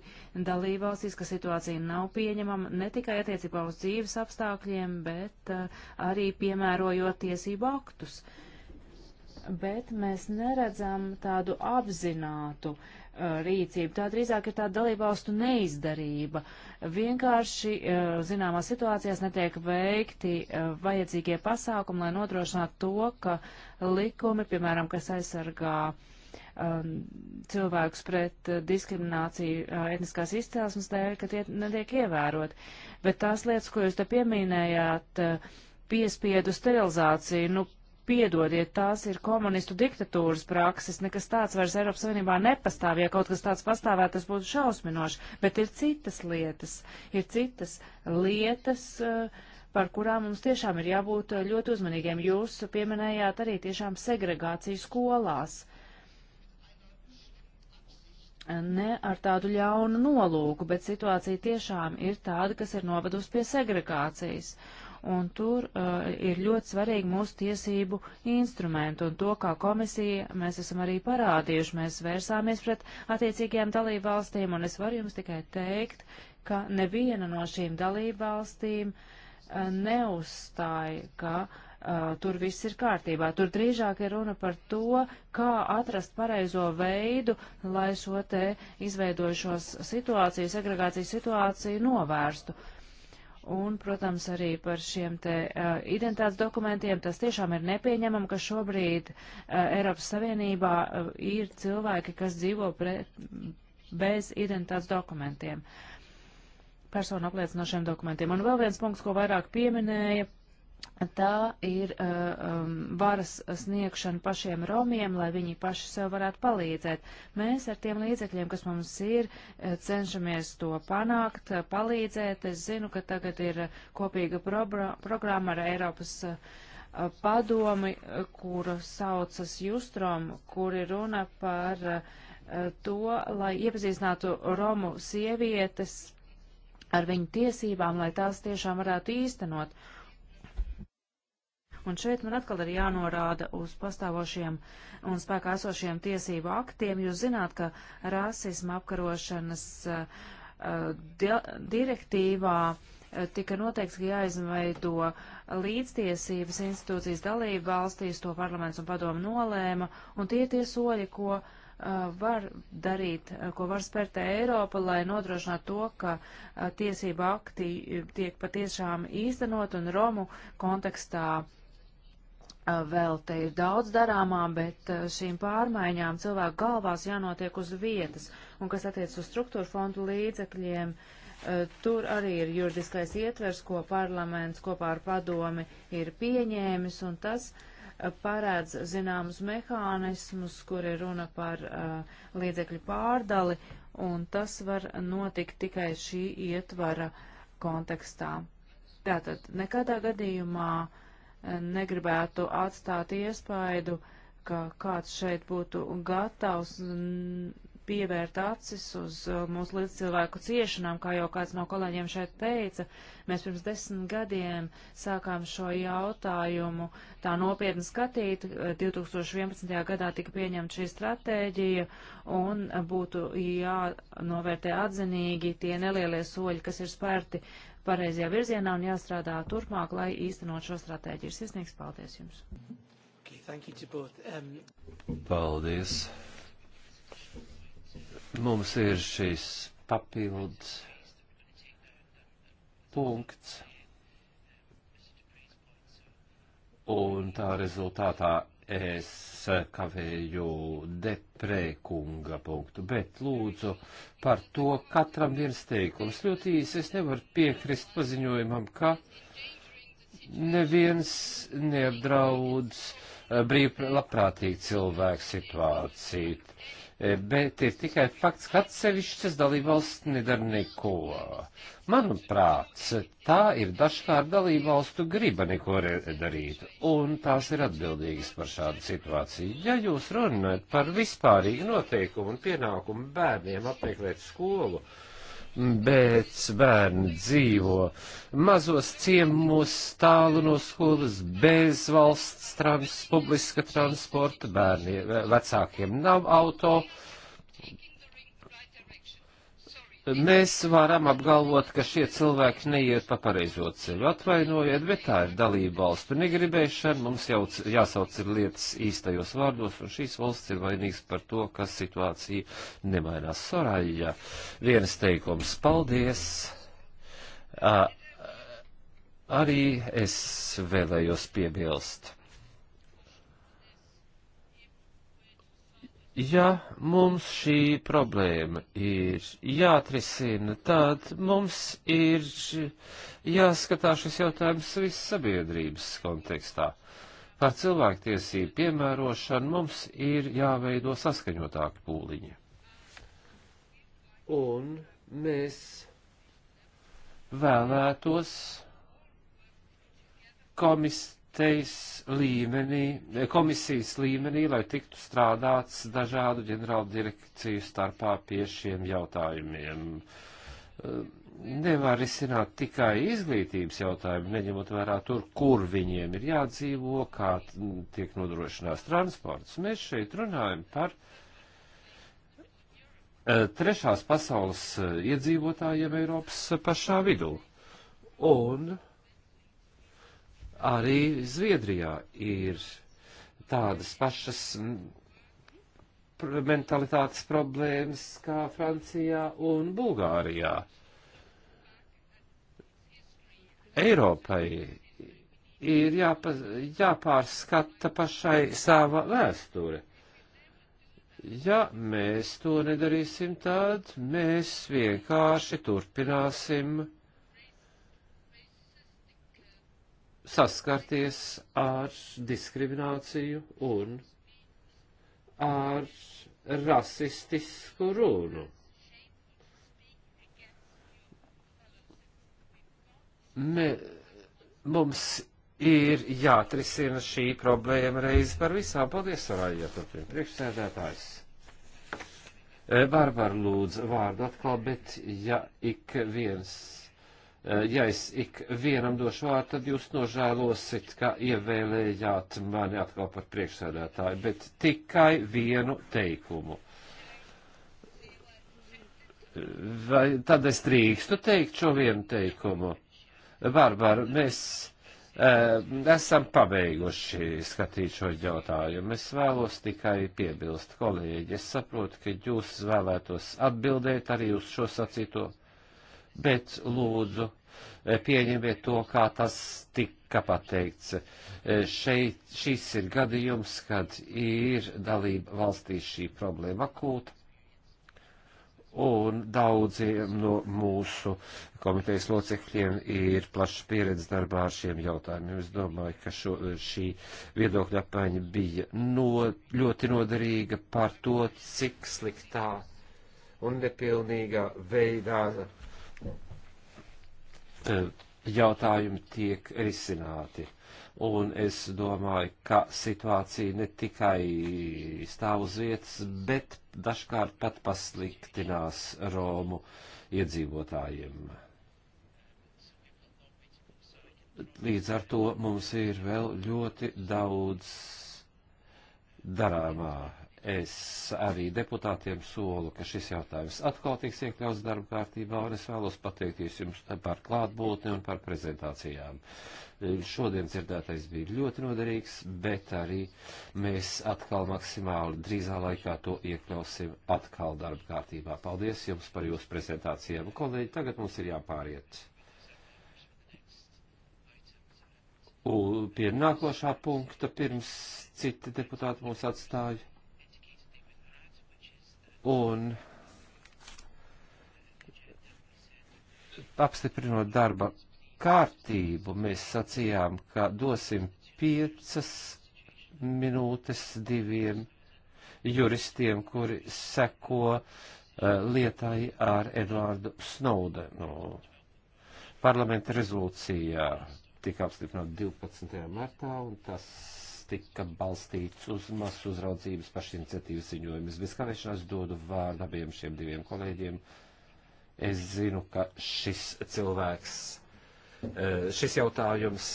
dalībvalstīs, ka situācija nav pieņemama ne tikai attiecībā uz dzīves apstākļiem, bet uh, arī piemērojot tiesību aktus. Bet mēs neredzam tādu apzinātu uh, Uh, rīcība. Tā drīzāk ir tāda dalībvalstu neizdarība. Vienkārši uh, zināmās situācijās netiek veikti uh, vajadzīgie pasākumi, lai nodrošinātu to, ka likumi, piemēram, kas aizsargā um, cilvēkus pret diskrimināciju etniskās izcelsmes dēļ, ka tie netiek ievērot. Bet tās lietas, ko jūs te pieminējāt, piespiedu sterilizāciju, nu, piedodiet, tās ir komunistu diktatūras prakses, nekas tāds vairs Eiropas Savienībā nepastāv. Ja kaut kas tāds pastāvētu, tas būtu šausminoši, bet ir citas lietas, ir citas lietas, eh, par kurām mums tiešām ir jābūt eh, ļoti uzmanīgiem. Jūs pieminējāt arī tiešām segregāciju skolās. Ne ar tādu ļaunu nolūku, bet situācija tiešām ir tāda, kas ir novedusi pie segregācijas. Uh, un tur uh, ir ļoti svarīgi mūsu tiesību instrumentu, un to, kā komisija, mēs esam arī parādījuši, mēs vērsāmies pret attiecīgajām dalību valstīm, un es varu jums tikai teikt, ka neviena no šīm dalību valstīm uh, eh, neuzstāja, ka uh, Uh, tur viss ir kārtībā. Tur drīzāk ir runa par to, kā atrast pareizo veidu, lai šo te izveidojušos situāciju, segregācijas situāciju novērstu. Uh, un, protams, arī par šiem te uh, identitātes dokumentiem. Tas tiešām ir nepieņemam, ka šobrīd uh, Eiropas Savienībā uh, ir cilvēki, kas dzīvo pre, bez identitātes dokumentiem personu apliecinošiem dokumentiem. Un vēl viens punkts, ko vairāk pieminēja tā ir uh, um, varas sniegšana pašiem romiem, lai viņi paši sev varētu palīdzēt. Mēs ar tiem līdzekļiem, kas mums ir, uh, cenšamies to panākt, uh, palīdzēt. Es zinu, ka tagad ir uh, kopīga pro programma ar Eiropas uh, padomi, kuru saucas Justrom, kur ir runa par uh, to, lai iepazīstinātu romu sievietes ar viņu tiesībām, lai tās tiešām varētu īstenot. Uh, Un šeit man atkal ir jānorāda uz pastāvošiem un spēkā esošiem tiesību aktiem. Jūs zināt, ka rasisma apkarošanas uh, di direktīvā eh, tika noteikts, ka jāizveido līdztiesības institūcijas dalību valstīs, to parlaments un padomu nolēma, un tie tie soļi, ko uh, var darīt, ko var spērt Eiropa, lai nodrošinātu to, ka uh, tiesība akti tiek patiešām īstenot un Romu kontekstā Vēl te ir daudz darāmā, bet šīm pārmaiņām cilvēku galvās jānotiek uz vietas. Un kas attiec uz struktūra fondu līdzekļiem, tur arī ir juridiskais ietvers, ko parlaments kopā ar padomi ir pieņēmis, un tas parādz zināmus mehānismus, kur ir runa par uh, līdzekļu pārdali, un tas var notikt tikai šī ietvara kontekstā. Tātad nekādā gadījumā uh, negribētu atstāt iespaidu, ka kāds šeit būtu gatavs mm, pievērt acis uz uh, mūsu līdzcilvēku ciešanām, kā jau kāds no kolēģiem šeit teica. Mēs pirms desmit gadiem sākām šo jautājumu tā nopietni skatīt. 2011. Uh, gadā tika pieņemta šī stratēģija un būtu jānovērtē atzinīgi tie nelielie soļi, kas ir spērti pareizajā virzienā un jāstrādā turpmāk, lai īstenot šo stratēģiju. Sirsnīgs paldies jums! Okay, um... Paldies! Mums ir šis papildus punkts. Un tā rezultātā es kavēju deprēkunga punktu, bet lūdzu par to katram viens teikums. Ļoti īsi es nevaru piekrist paziņojumam, ka neviens neapdraudz eh, brīvprātīgi cilvēku situāciju. E, bet ir tikai fakts, ka atsevišķas dalībvalsts nedara neko. Manuprāt, tā ir dažkārt dalībvalstu griba neko darīt, un tās ir atbildīgas par šādu situāciju. Ja jūs runājat par vispārīgu noteikumu un pienākumu bērniem apmeklēt skolu, uh, bet bērni dzīvo mazos ciemos, tālu no skolas, bez valsts trans, publiska transporta, bērni, vecākiem nav auto, mēs varam apgalvot, ka šie cilvēki neiet pa pareizo ceļu. Atvainojiet, bet tā ir dalība valstu negribēšana. Mums jau jāsauc ir lietas īstajos vārdos, un šīs valsts ir vainīgas par to, ka situācija nemainās. Soraļa, viens teikums, paldies. Arī es vēlējos piebilst Ja mums šī problēma ir jāatrisina, tad mums ir jāskatās šis jautājums visas sabiedrības kontekstā. Par cilvēktiesību piemērošanu mums ir jāveido saskaņotāki pūliņi. Un mēs vēlētos komist komitejas līmenī, komisijas līmenī, lai tiktu strādāts dažādu ģenerālu direkciju starpā pie šiem jautājumiem. Uh, nevar risināt tikai izglītības jautājumu, neņemot vērā tur, kur viņiem ir jādzīvo, kā tiek nodrošinās transports. Mēs šeit runājam par uh, trešās pasaules uh, iedzīvotājiem Eiropas pašā vidū. Un Arī Zviedrijā ir tādas pašas mentalitātes problēmas kā Francijā un Bulgārijā. Eiropai ir jāpa, jāpārskata pašai sava vēsture. Ja mēs to nedarīsim, tad mēs vienkārši turpināsim uh, saskarties ar diskrimināciju un ar rasistisku runu. Me, mums ir jāatrisina šī problēma reizi par visām. Paldies, Sarāja, turpina priekšsēdētājs. E, Barbara lūdz vārdu atkal, bet ja ik viens Eh, ja es ik vienam došu vārdu, tad jūs nožēlosit, ka ievēlējāt mani atkal par priekšsēdētāju, bet tikai vienu teikumu. Vai tad es drīkstu teikt šo vienu teikumu? Barbara, mēs e, esam pabeiguši skatīt šo jautājumu. Es vēlos tikai piebilst, kolēģi, es saprotu, ka jūs vēlētos atbildēt arī uz šo sacīto bet lūdzu eh, pieņemiet to, kā tas tika pateikts. Eh, šeit, šis ir gadījums, kad ir dalība valstīs šī problēma akūta. Un daudziem no mūsu komitejas locekļiem ir plaša pieredze darbā ar šiem jautājumiem. Es domāju, ka šo, šī viedokļa apmaiņa bija no, ļoti noderīga par to, cik sliktā un nepilnīgā veidā uh, E, jautājumi tiek risināti. Un es domāju, ka situācija ne tikai stāv uz vietas, bet dažkārt pat pasliktinās Romu iedzīvotājiem. Līdz ar to mums ir vēl ļoti daudz darāmā Es arī deputātiem solu, ka šis jautājums atkal tiks iekļauts darba kārtībā, un es vēlos pateikties jums par klātbūtni un par prezentācijām. Šodien dzirdētais bija ļoti noderīgs, bet arī mēs atkal maksimāli drīzā laikā to iekļausim atkal darba kārtībā. Paldies jums par jūsu prezentācijām. Kolēģi, tagad mums ir jāpāriet. U, pie nākošā punkta pirms citi deputāti mūs atstāja un apstiprinot darba kārtību, mēs sacījām, ka dosim piecas minūtes diviem juristiem, kuri seko uh, lietai ar Eduardu Snowdenu. Parlamenta rezolūcijā tika apstiprināta 12. martā, un tas tika balstīts uz masu uzraudzības pašiniciatīvas ziņojumus. Bez kavēšanās dodu vārdu abiem šiem diviem kolēģiem. Es zinu, ka šis cilvēks, eh, šis jautājums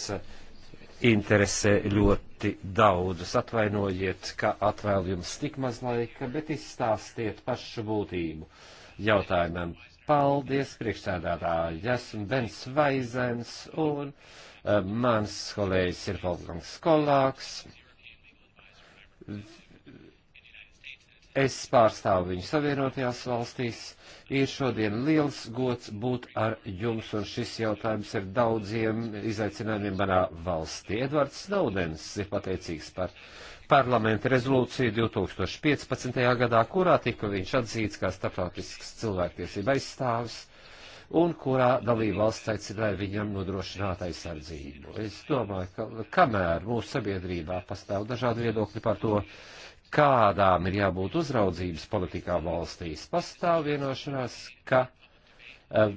interesē ļoti daudzus. Atvainojiet, ka atvēl jums tik maz laika, bet izstāstiet pašu būtību jautājumam. Paldies, priekšsēdētāji! Esmu Bens Vaizens un. Uh, Mans kolēģis ir Volgangs Kolāks. Es pārstāvu viņu Savienotajās valstīs. Ir šodien liels gods būt ar jums, un šis jautājums ir daudziem izaicinājumiem manā valstī. Edvards Snowdens ir pateicīgs par parlamenta rezolūciju 2015. gadā, kurā tika viņš atzīts kā starptautisks cilvēktiesība aizstāvis un kurā dalībvalsts aicināja viņam nodrošināt aizsardzību. Es domāju, ka kamēr mūsu sabiedrībā pastāv dažādi viedokļi par to, kādām ir jābūt uzraudzības politikā valstīs, pastāv vienošanās, ka eh,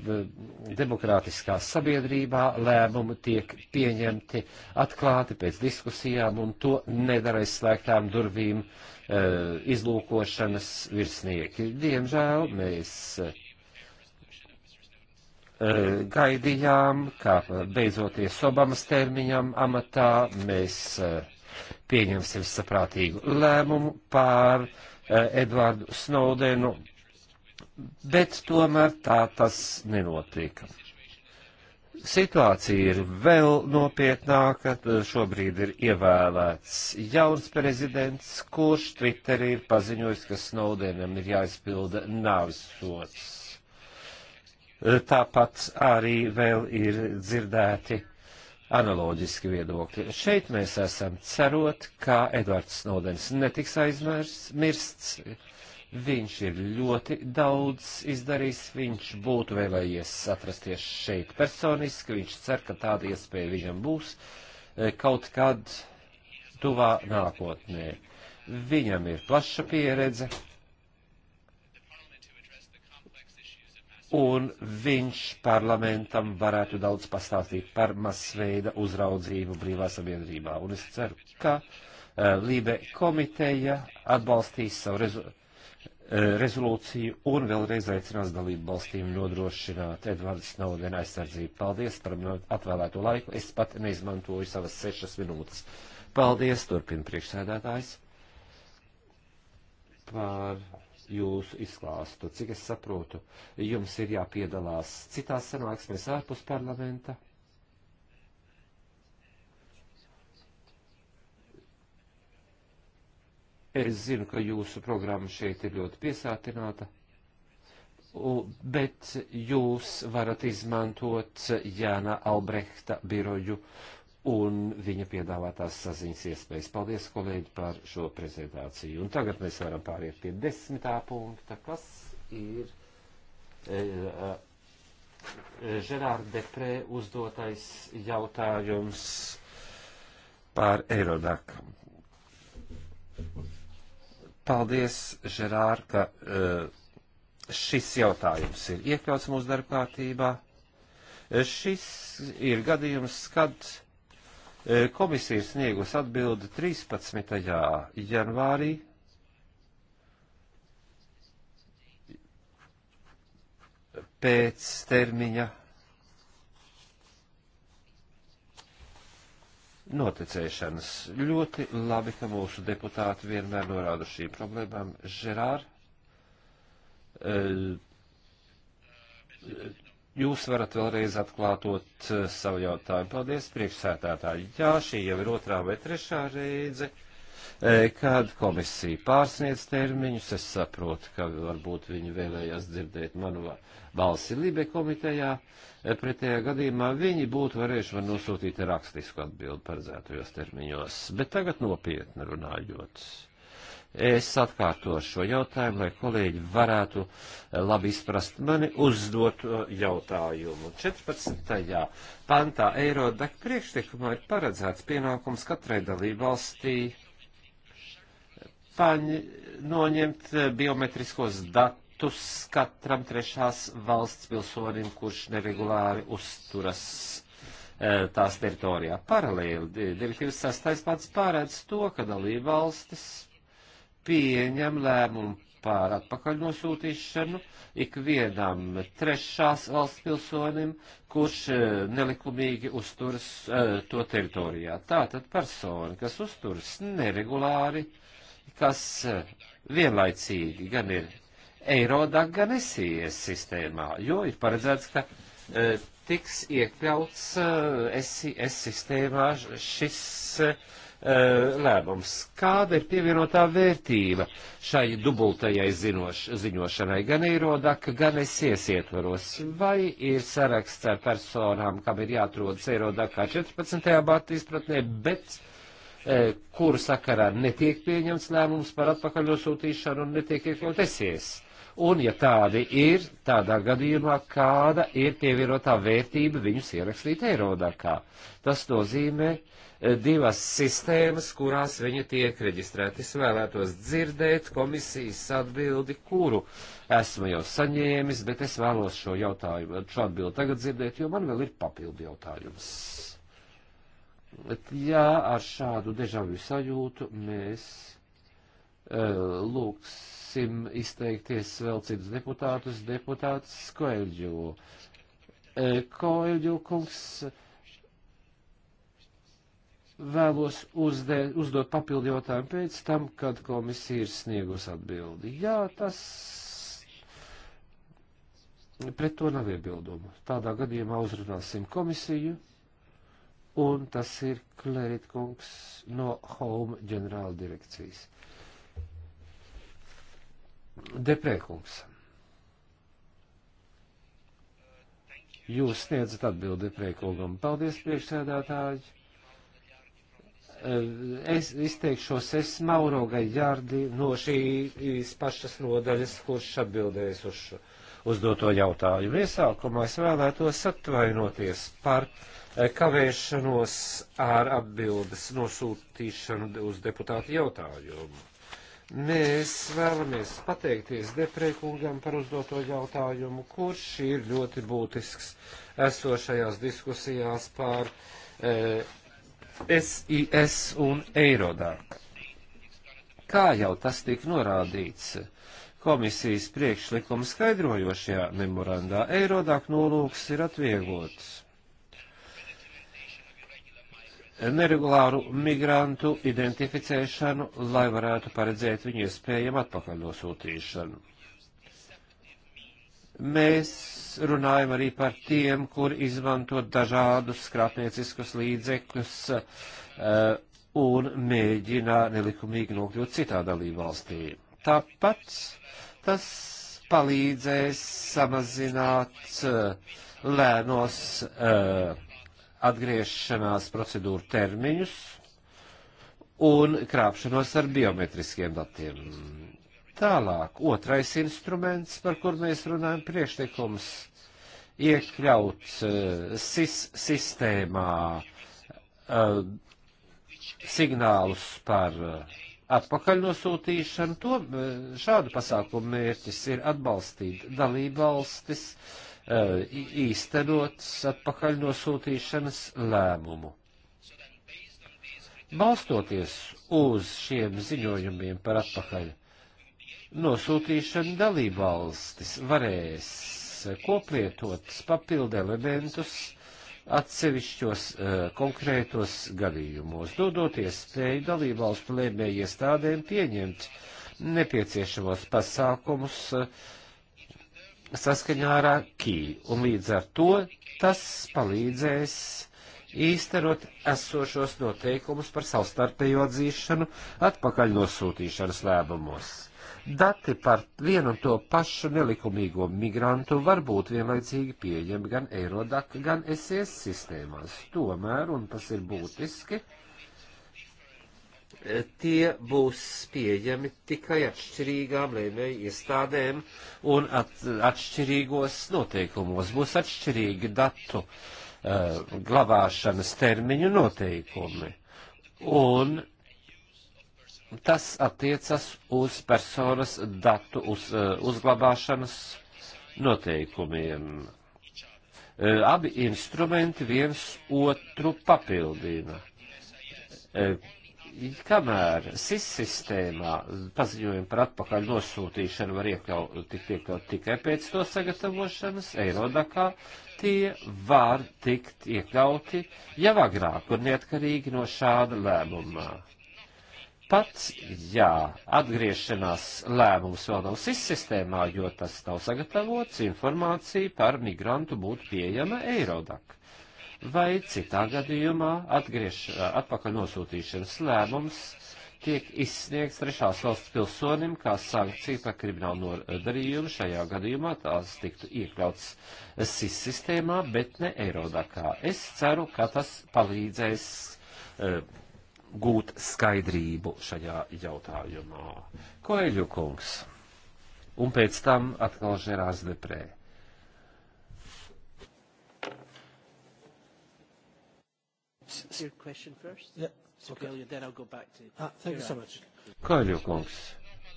demokrātiskā sabiedrībā lēmumi tiek pieņemti atklāti pēc diskusijām un to nedara aizslēgtām durvīm e, izlūkošanas virsnieki. Diemžēl mēs Eh, gaidījām, ka beidzoties Obamas termiņam amatā mēs eh, pieņemsim saprātīgu lēmumu pār eh, Edvardu Snowdenu, bet tomēr tā tas nenotika. Situācija ir vēl nopietnāka, šobrīd ir ievēlēts jauns prezidents, kurš Twitterī ir paziņojis, ka Snowdenam ir jāizpilda nāvis sots Tāpat arī vēl ir dzirdēti analoģiski viedokļi. Šeit mēs esam cerot, ka Edvards Snowdens netiks aizmirsts. Viņš ir ļoti daudz izdarījis, viņš būtu vēlējies atrasties šeit personiski, viņš cer, ka tāda iespēja viņam būs kaut kad tuvā nākotnē. Viņam ir plaša pieredze un viņš parlamentam varētu daudz pastāstīt par masveida uzraudzību brīvā sabiedrībā. Un es ceru, ka uh, Lībe komiteja atbalstīs savu rezu, uh, eh, rezolūciju un vēlreiz aicinās dalību valstīm nodrošināt Edvards Snowden aizsardzību. Paldies par atvēlēto laiku. Es pat neizmantoju savas sešas minūtes. Paldies, turpina priekšsēdētājs. Par jūsu izklāstu. Cik es saprotu, jums ir jāpiedalās citās sanāksmēs ārpus parlamenta. Es zinu, ka jūsu programma šeit ir ļoti piesātināta, bet jūs varat izmantot Jāna Albrehta biroju un viņa piedāvātās saziņas iespējas. Paldies, kolēģi, par šo prezentāciju. Un tagad mēs varam pāriet pie desmitā punkta, kas ir. E, e, Žerāra Deprē uzdotais jautājums par Eirodaku. Paldies, Žerār, ka e, šis jautājums ir iekļauts mūsu darbkārtībā. E, šis ir gadījums, kad E, komisija ir sniegus atbildi 13. janvārī. Pēc termiņa noticēšanas. Ļoti labi, ka mūsu deputāti vienmēr norāda šīm problēmām. Žerār, e, e, Jūs varat vēlreiz atklātot eh, savu jautājumu. Paldies, priekšsētātāji. Jā, šī jau ir otrā vai trešā reize, eh, kad komisija pārsniedz termiņus. Es saprotu, ka varbūt viņi vēlējās dzirdēt manu balsi Libe komitejā. Eh, pretējā gadījumā viņi būtu varējuši man nosūtīt rakstisku atbildi paredzētajos termiņos. Bet tagad nopietni runājot. Es atkārtošu šo jautājumu, lai kolēģi varētu eh, labi izprast mani uzdot eh, jautājumu. 14. pantā Eirodak priekšlikumā ir paredzēts pienākums katrai dalībvalstī paņ, noņemt eh, biometriskos datus katram trešās valsts pilsonim, kurš neregulāri uzturas tās teritorijā. Paralēli direktīvas sastais pats pārēdz to, ka dalībvalstis pieņem lēmumu par atpakaļ nosūtīšanu ikvienam trešās valsts pilsonim, kurš eh, nelikumīgi uzturas eh, to teritorijā. Tātad persona, kas uzturas neregulāri, kas eh, vienlaicīgi gan ir Eirodak, gan esies sistēmā, jo ir paredzēts, ka tiks iekļauts esies sistēmā šis Eh, lēmums. Kāda ir pievienotā vērtība šai dubultajai zinoš, ziņošanai, gan Eirodak, gan es iesietvaros? Vai ir saraksts ar personām, kam ir jāatrodas Eirodakā 14. bārta izpratnē, bet e, kuru sakarā netiek pieņemts lēmums par atpakaļ nosūtīšanu un netiek iekļaut esies? un, ja tādi ir, tādā gadījumā kāda ir pievienotā vērtība viņus ierakstīt Eirodakā. Tas nozīmē eh, divas sistēmas, kurās viņi tiek reģistrēti. Es vēlētos dzirdēt komisijas atbildi, kuru esmu jau saņēmis, bet es vēlos šo jautājumu, šo atbildi tagad dzirdēt, jo man vēl ir papildi jautājums. Bet, jā, ar šādu dežavu sajūtu mēs uh, eh, lūksim lūgsim izteikties vēl citus deputātus, deputāts Koeļģu. E, Koeļģu kungs vēlos uzdē, uzdot papildu jautājumu pēc tam, kad komisija ir sniegus atbildi. Jā, tas pret to nav iebildumu. Tādā gadījumā uzrunāsim komisiju, un tas ir Klerit kungs no Home ģenerāla direkcijas. Deprēkungs. Jūs sniedzat atbildi Deprēkungam. Paldies, priekšsēdētāji. Eh, es izteikšos, es Mauro Gaļģārdi no šīs pašas nodaļas, kurš atbildēs uz šo uzdoto jautājumu. Iesākumā es vēlētos atvainoties par eh, kavēšanos ar atbildes nosūtīšanu uz deputātu jautājumu. Mēs vēlamies pateikties Deprēkungam par uzdoto jautājumu, kurš ir ļoti būtisks esošajās diskusijās par e, eh, SIS un Eirodāk. Kā jau tas tika norādīts komisijas priekšlikuma skaidrojošajā memorandā, Eirodāk nolūks ir atvieglots neregulāru migrantu identificēšanu, lai varētu paredzēt viņu iespējamu atpakaļ nosūtīšanu. Mēs runājam arī par tiem, kur izmanto dažādus skrāpnieciskus līdzekļus uh, un mēģina nelikumīgi nokļūt citā dalībvalstī. Tāpat tas palīdzēs samazināt uh, lēnos uh, atgriešanās procedūru termiņus un krāpšanos ar biometriskiem datiem. Tālāk, otrais instruments, par kur mēs runājam, priekšlikums iekļaut uh, SIS sistēmā uh, signālus par uh, eh, atpakaļnosūtīšanu. To, uh, šādu pasākumu mērķis ir atbalstīt dalībvalstis uh, Uh, īstenot atpakaļ nosūtīšanas lēmumu. Balstoties uz šiem ziņojumiem par atpakaļ nosūtīšanu, dalībvalstis varēs koplietot papildu elementus atsevišķos uh, konkrētos gadījumos, dodot iespēju dalībvalstu lēmēju iestādēm pieņemt nepieciešamos pasākumus uh, saskaņā ar akī, un līdz ar to tas palīdzēs īstenot esošos noteikumus par savstarpējo atzīšanu atpakaļ nosūtīšanas lēmumos. Dati par vienu un to pašu nelikumīgo migrantu var būt vienlaicīgi pieejami gan Eirodak, gan SES sistēmās. Tomēr, un tas ir būtiski, tie būs pieejami tikai atšķirīgām lēmēju iestādēm un at, atšķirīgos noteikumos. Būs atšķirīgi datu uh, glabāšanas termiņu noteikumi. Un tas attiecas uz personas datu uz, uh, uzglabāšanas noteikumiem. Uh, abi instrumenti viens otru papildina. Uh, Kamēr SIS sistēmā paziņojumi par atpakaļ nosūtīšanu var iekļaut, tik iekļaut tikai pēc to sagatavošanas, Eirodakā tie var tikt iekļauti jau agrāk un neatkarīgi no šāda lēmumā. Pat, ja atgriešanās lēmums vēl nav SIS sistēmā, jo tas nav sagatavots, informācija par migrantu būtu pieejama Eirodak vai citā gadījumā atgriež, atpakaļ nosūtīšanas lēmums tiek izsniegts trešās valsts pilsonim kā sankcija par kriminālu nodarījumu. Šajā gadījumā tās tiktu iekļauts SIS sistēmā, bet ne Eirodakā. Es ceru, ka tas palīdzēs e, gūt skaidrību šajā jautājumā. Koeļu kungs. Un pēc tam atkal Žerās Deprē. Your question first? Yeah. Okay. okay. Then I'll go back to ah, thank you so much. Koļu kungs,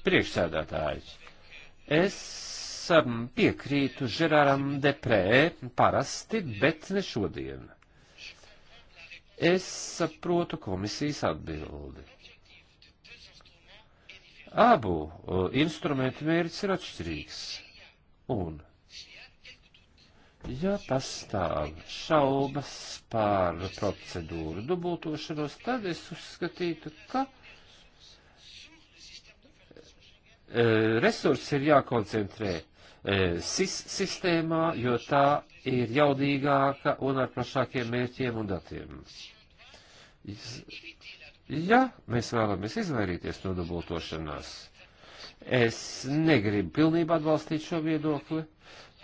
priekšsēdētājs. Es um, piekrītu Žeraram Deprē parasti, bet ne šodien. Es saprotu komisijas atbildi. Abu uh, instrumentu mērķis ir atšķirīgs. Un Ja pastāv šaubas par procedūru dubultošanos, tad es uzskatītu, ka e, resursi ir jākoncentrē e, SIS sistēmā, jo tā ir jaudīgāka un ar plašākiem mērķiem un datiem. Ja mēs vēlamies izvairīties no dubultošanās, es negribu pilnībā atbalstīt šo viedokli,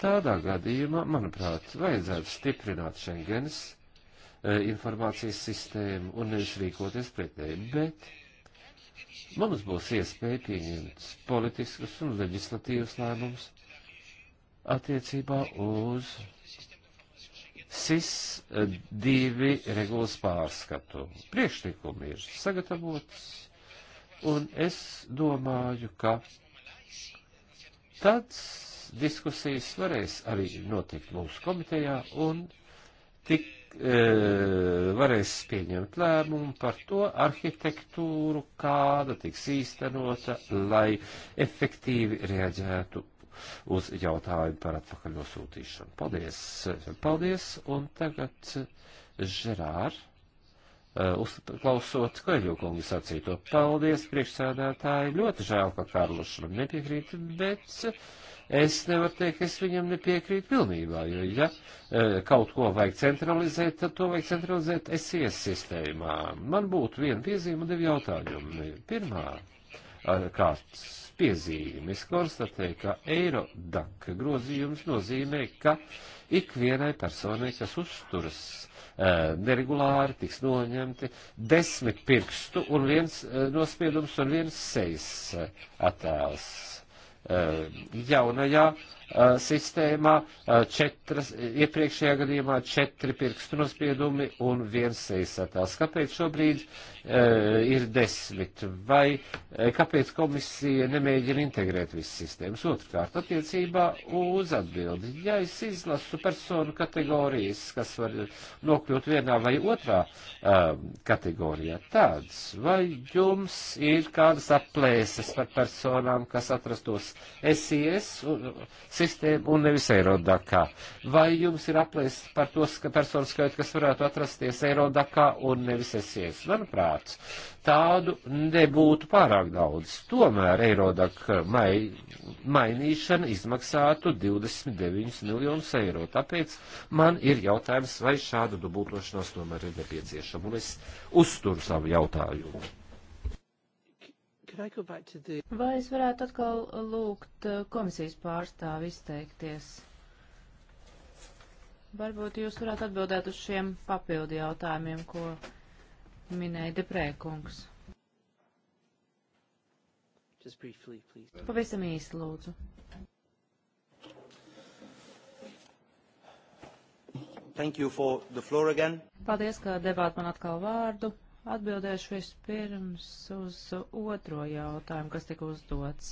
Tādā gadījumā, manuprāt, vajadzētu stiprināt Schengenes e, informācijas sistēmu un nevis rīkoties pretēji, bet mums būs iespēja pieņemt politiskus un leģislatīvus lēmumus attiecībā uz SIS e, divi regulas pārskatu. Priekšlikumi ir sagatavots, un es domāju, ka tāds diskusijas varēs arī notikt mūsu komitejā un tik e, varēs pieņemt lēmumu par to arhitektūru, kāda tiks īstenota, lai efektīvi reaģētu uz jautājumu par atpakaļ nosūtīšanu. Paldies! Paldies! Un tagad Žerār, e, uzklausot Kaļu kungu sacīto. Paldies, priekšsēdētāji! Ļoti žēl, ka Karlušam nepiekrīt, bet Es nevaru teikt, ka es viņam nepiekrītu pilnībā, jo ja e, kaut ko vajag centralizēt, tad to vajag centralizēt SIS sistēmā. Man būtu viena piezīme un divi jautājumi. Pirmā e, kārtas piezīme. Es konstatēju, ka Eirodak grozījums nozīmē, ka ikvienai personai, kas uzturas e, neregulāri, tiks noņemti desmit pirkstu un viens e, nospiedums un viens sejas e, attēls Uh, jaunajā sistēmā, četras, iepriekšējā gadījumā četri pirkstu nospiedumi un viens sejasatās. Kāpēc šobrīd uh, ir desmit? Vai e, kāpēc komisija nemēģina integrēt visas sistēmas? Otrkārt, attiecībā uz atbildi. Ja es izlasu personu kategorijas, kas var nokļūt vienā vai otrā uh, kategorijā, tāds, vai jums ir kādas aplēses par personām, kas atrastos SIS? Un, sistēmu un nevis Eirodakā. Vai jums ir aplēsts par to ka personu skaitu, kas varētu atrasties Eirodakā un nevis esies? Manuprāt, tādu nebūtu pārāk daudz. Tomēr Eirodaka mai, mainīšana izmaksātu 29 miljonus eiro. Tāpēc man ir jautājums, vai šāda dubultošanās tomēr ir nepieciešama. Un es uzturu savu jautājumu. Vai es varētu atkal lūgt uh, komisijas pārstāvi izteikties? Varbūt jūs varētu atbildēt uz šiem papildu jautājumiem, ko minēja Deprēkungs. Briefly, Pavisam īsi, lūdzu. Paldies, ka devāt man atkal vārdu. Atbildēšu vispirms uz otro jautājumu, kas tika uzdots,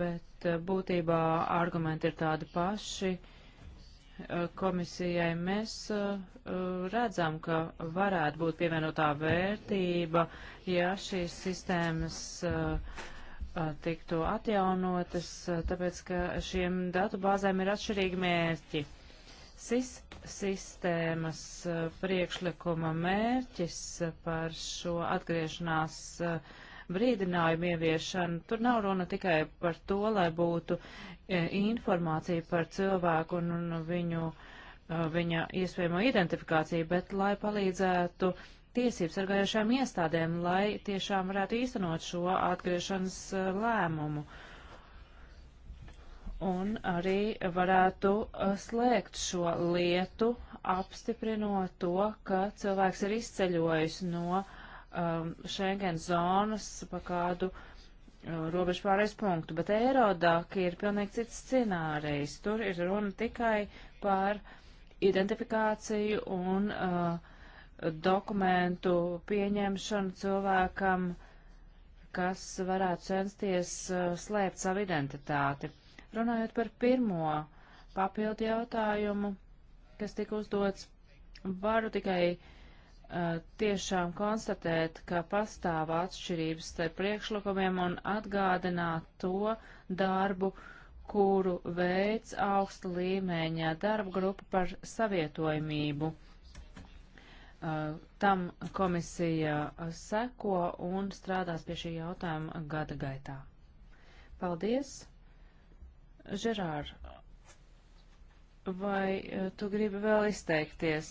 bet eh, būtībā argumenti ir tādi paši eh, komisijai mēs uh, redzam, ka varētu būt pievienotā vērtība, ja šīs sistēmas uh, tiktu atjaunotas, tāpēc, ka šiem datu bāzēm ir atšķirīgi mērķi. SIS sistēmas eh, priekšlikuma mērķis par šo atgriešanās eh, brīdinājumu ieviešanu. Tur nav runa tikai par to, lai būtu eh, informācija par cilvēku un, un viņu, viņa iespējamo identifikāciju, bet lai palīdzētu tiesības sargājošām iestādēm, lai tiešām varētu īstenot šo atgriešanas lēmumu. Uh, un arī varētu uh, slēgt šo lietu, apstiprinot to, ka cilvēks ir izceļojis no um, Schengen zonas pa kādu um, uh, robežu pārējais punktu, bet Eirodak ir pilnīgi cits scenārijs. Tur ir runa tikai par identifikāciju un uh, dokumentu pieņemšanu cilvēkam, kas varētu censties uh, slēpt savu identitāti. Runājot par pirmo papildu jautājumu, kas tika uzdots, varu tikai uh, tiešām konstatēt, ka pastāv atšķirības starp priekšlikumiem un atgādināt to darbu, kuru veids augsta līmeņa darba grupa par savietojamību. Uh, tam komisija seko un strādās pie šī jautājuma gada gaitā. Paldies! Žerār, vai eh, tu gribi vēl izteikties?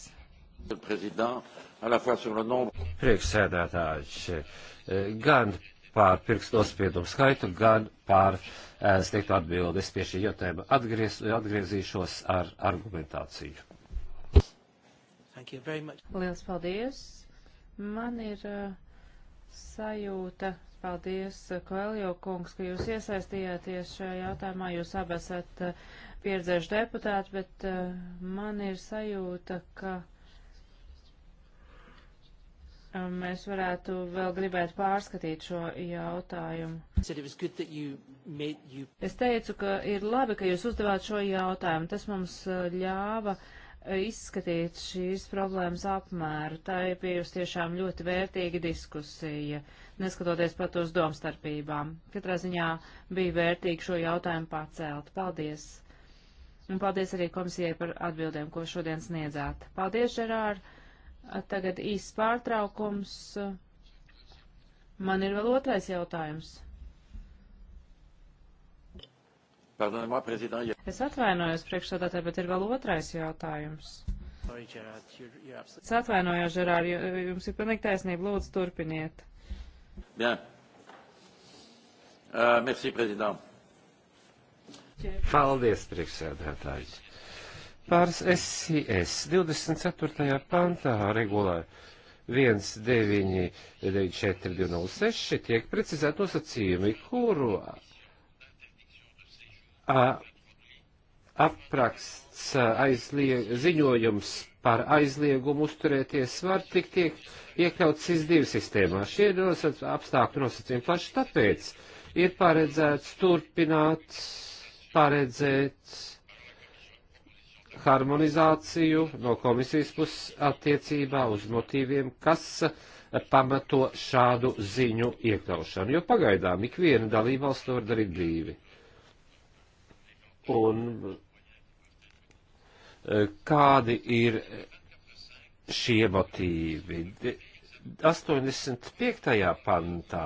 Priekšsēdētājs, eh, gan pār pirkstu nospiedumu skaitu, gan pār eh, sniegtu atbildi. Es pie šī jautājuma atgriez, atgriezīšos ar argumentāciju. Lielas paldies! Man ir uh, sajūta. Paldies, Koeljo kungs, ka jūs iesaistījāties šajā jautājumā. Jūs abi esat eh, pieredzējuši deputāti, bet eh, man ir sajūta, ka eh, mēs varētu vēl gribēt pārskatīt šo jautājumu. Es teicu, ka ir labi, ka jūs uzdevāt šo jautājumu. Tas mums ļāva uh, izskatīt šīs problēmas apmēru. Tā ir bijusi tiešām ļoti vērtīga diskusija, neskatoties pat uz domstarpībām. Katrā ziņā bija vērtīgi šo jautājumu pacelt. Paldies! Un paldies arī komisijai par atbildēm, ko šodien sniedzāt. Paldies, Žerār! Tagad īsts pārtraukums. Man ir vēl otrais jautājums. Pardonamā, prezidentā. Ja... Es atvainojos priekšsādātāji, bet ir vēl otrais jautājums. Sorry, Gerard, you're, you're absolutely... Es atvainojos, Žerār, jums ir pilnīgi taisnība. Lūdzu, turpiniet. Bien. Uh, merci, prezident. Paldies, priekšsēdētājs. Par SIS 24. pantā regulāri. 199406 tiek precizēt nosacījumi, kuru apraksts aizlieg, ziņojums par aizliegumu uzturēties var tik tiek iekļauts SIS-2 sistēmā. Šie nosac, apstākļi nosacījumi paši tāpēc ir paredzēts turpināt, paredzēt harmonizāciju no komisijas puses attiecībā uz motīviem, kas pamato šādu ziņu iekļaušanu, jo pagaidām ikviena dalībvalsts to var darīt brīvi un e, kādi ir šie motīvi. 85. pantā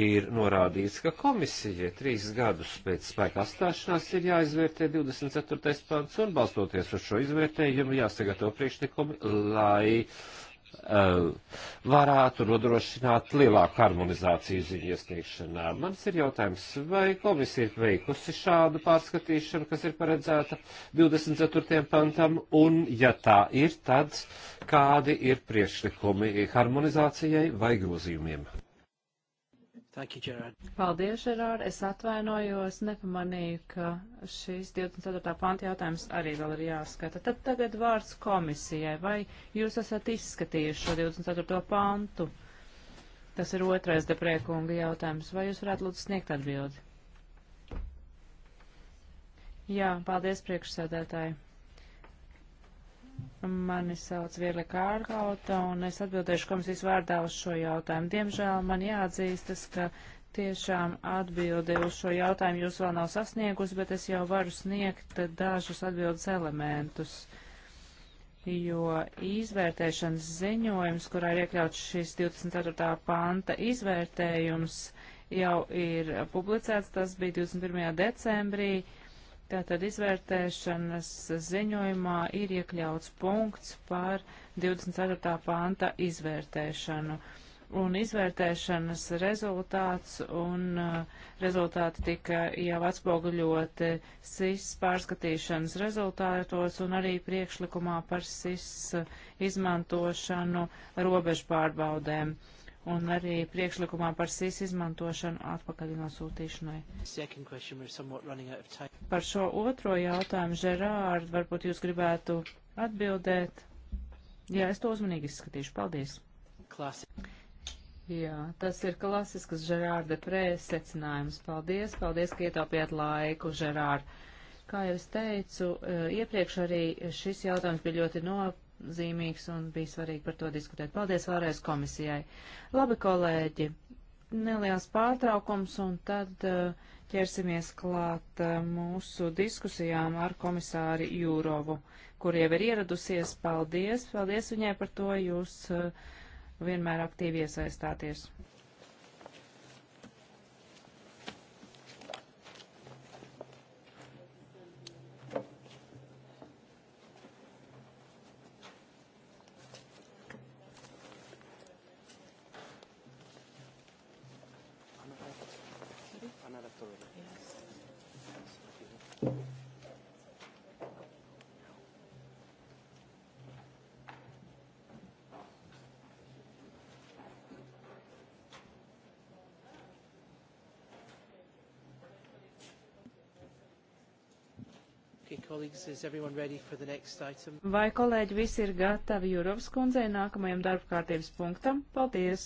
ir norādīts, ka komisijai trīs gadus pēc spēka astāšanās ir jāizvērtē 24. pants un balstoties uz šo izvērtējumu jāsagatavo priekšlikumi, lai Uh, varētu nodrošināt lielāku harmonizāciju ziņu iesniegšanā. Mans ir jautājums, vai komisija ir veikusi šādu pārskatīšanu, kas ir paredzēta 24. pantam, un ja tā ir, tad kādi ir priekšlikumi harmonizācijai vai grozījumiem? Thank you, Gerard. Paldies, Gerard. Es atvainojos, nepamanīju, ka šīs 24. panta jautājums arī vēl ir jāskata. Tad tagad vārds komisijai. Vai jūs esat izskatījuši šo 24. pantu? Tas ir otrais deprēkunga jautājums. Vai jūs varētu lūdzu sniegt atbildi? Jā, paldies priekšsēdētāji. Mani sauc Viela Kārkauta, un es atbildēšu komisijas vārdā uz šo jautājumu. Diemžēl man jāatzīstas, ka tiešām atbildi uz šo jautājumu jūs vēl nav sasniegusi, bet es jau varu sniegt dažus atbildes elementus jo izvērtēšanas ziņojums, kurā ir iekļauts šis 24. panta izvērtējums, jau ir publicēts, tas bija 21. decembrī, Tātad izvērtēšanas ziņojumā ir iekļauts punkts par 24. panta izvērtēšanu. Un izvērtēšanas rezultāts un uh, rezultāti tika jau atspoguļoti SIS pārskatīšanas rezultātos un arī priekšlikumā par SIS uh, izmantošanu robežu pārbaudēm. Uh, un arī priekšlikumā par SIS izmantošanu atpakaļ nosūtīšanai. Par šo otro jautājumu, Žerārd, varbūt jūs gribētu atbildēt. Jā, es to uzmanīgi izskatīšu. Paldies. Klasi. Jā, tas ir klasisks Žerārda prēs secinājums. Paldies, paldies, ka ietaupījāt laiku, Žerārd. Kā jau es teicu, eh, iepriekš arī šis jautājums bija ļoti nopietns nozīmīgs un bija svarīgi par to diskutēt. Paldies vēlreiz komisijai. Labi, kolēģi, neliels pārtraukums un tad uh, ķersimies klāt uh, mūsu diskusijām ar komisāri Jūrovu, kur jau ir ieradusies. Paldies, paldies viņai par to, jūs uh, vienmēr aktīvi iesaistāties. Vai kolēģi visi ir gatavi Jurovas kundzei nākamajam darba kārtības punktam? Paldies!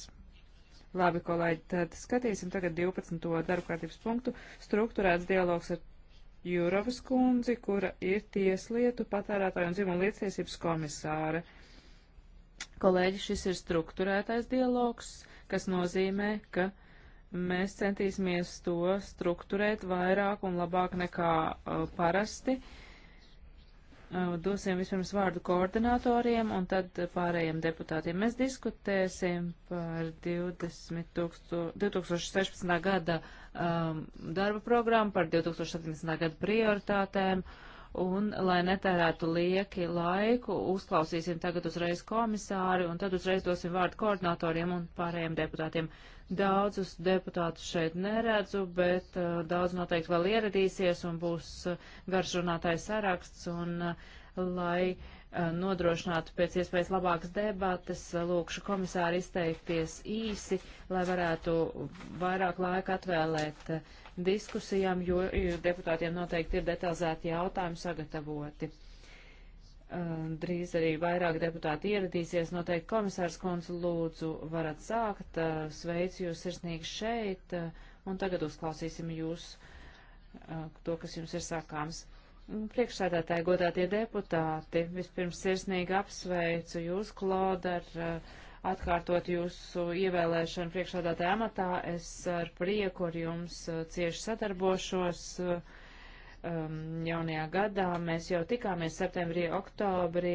Labi, kolēģi, tad skatīsim tagad 12. darba kārtības punktu. Struktūrēts dialogs ar Jurovas kundzi, kura ir tieslietu patērētāju un dzimumu lietiesības komisāre. Kolēģi, šis ir struktūrētais dialogs, kas nozīmē, ka mēs centīsimies to struktūrēt vairāk un labāk nekā uh, parasti. Uh, dosim vispirms vārdu koordinatoriem un tad pārējiem deputātiem. Mēs diskutēsim par 20 tūkstu, 2016. gada um, darba programmu, par 2017. gada prioritātēm. Uh, Un, lai netērētu lieki laiku, uzklausīsim tagad uzreiz komisāri un tad uzreiz dosim vārdu koordinatoriem un pārējiem deputātiem. Daudzus deputātus šeit neredzu, bet uh, daudz noteikti vēl ieradīsies un būs uh, garš runātājs saraksts. Un, uh, lai uh, nodrošinātu pēc iespējas labākas debates, uh, lūkšu komisāru izteikties īsi, lai varētu vairāk laika atvēlēt uh, diskusijām, jo deputātiem noteikti ir detalizēti jautājumi sagatavoti. Uh, drīz arī vairāk deputāti ieradīsies. Noteikti komisārs kundze lūdzu varat sākt. Uh, sveicu jūs sirsnīgi šeit. Uh, un tagad uzklausīsim jūs to, kas jums ir sākāms. Priekšsēdētāji, godātie deputāti, vispirms sirsnīgi apsveicu jūs, Klod, ar uh, atkārtot jūsu ievēlēšanu priekšādātā amatā. Es ar prieku ar jums uh, cieši sadarbošos uh, um, jaunajā gadā. Mēs jau tikāmies septembrī, oktobrī.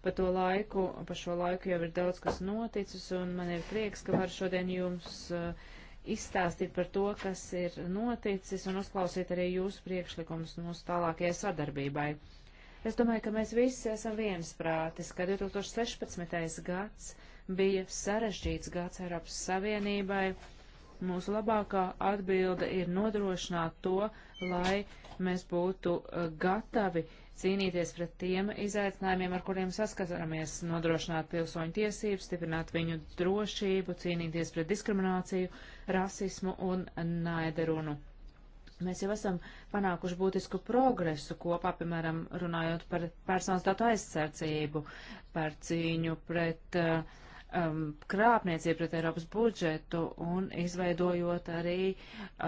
Pa, laiku, pa šo laiku jau ir daudz kas noticis, un man ir prieks, ka varu šodien jums uh, izstāstīt par to, kas ir noticis, un uzklausīt arī jūsu priekšlikumus mūsu tālākajai sadarbībai. Es domāju, ka mēs visi esam viensprātis, ka 2016. gads bija sarežģīts gads Eiropas Savienībai. Mūsu labākā atbilde ir nodrošināt to, lai mēs būtu uh, gatavi cīnīties pret tiem izaicinājumiem, ar kuriem saskaramies, nodrošināt pilsoņu tiesības, stiprināt viņu drošību, cīnīties pret diskrimināciju, rasismu un naiderunu. Mēs jau esam panākuši būtisku progresu kopā, piemēram, runājot par personas datu aizsardzību, par cīņu pret uh, um, krāpniecību pret Eiropas budžetu un izveidojot arī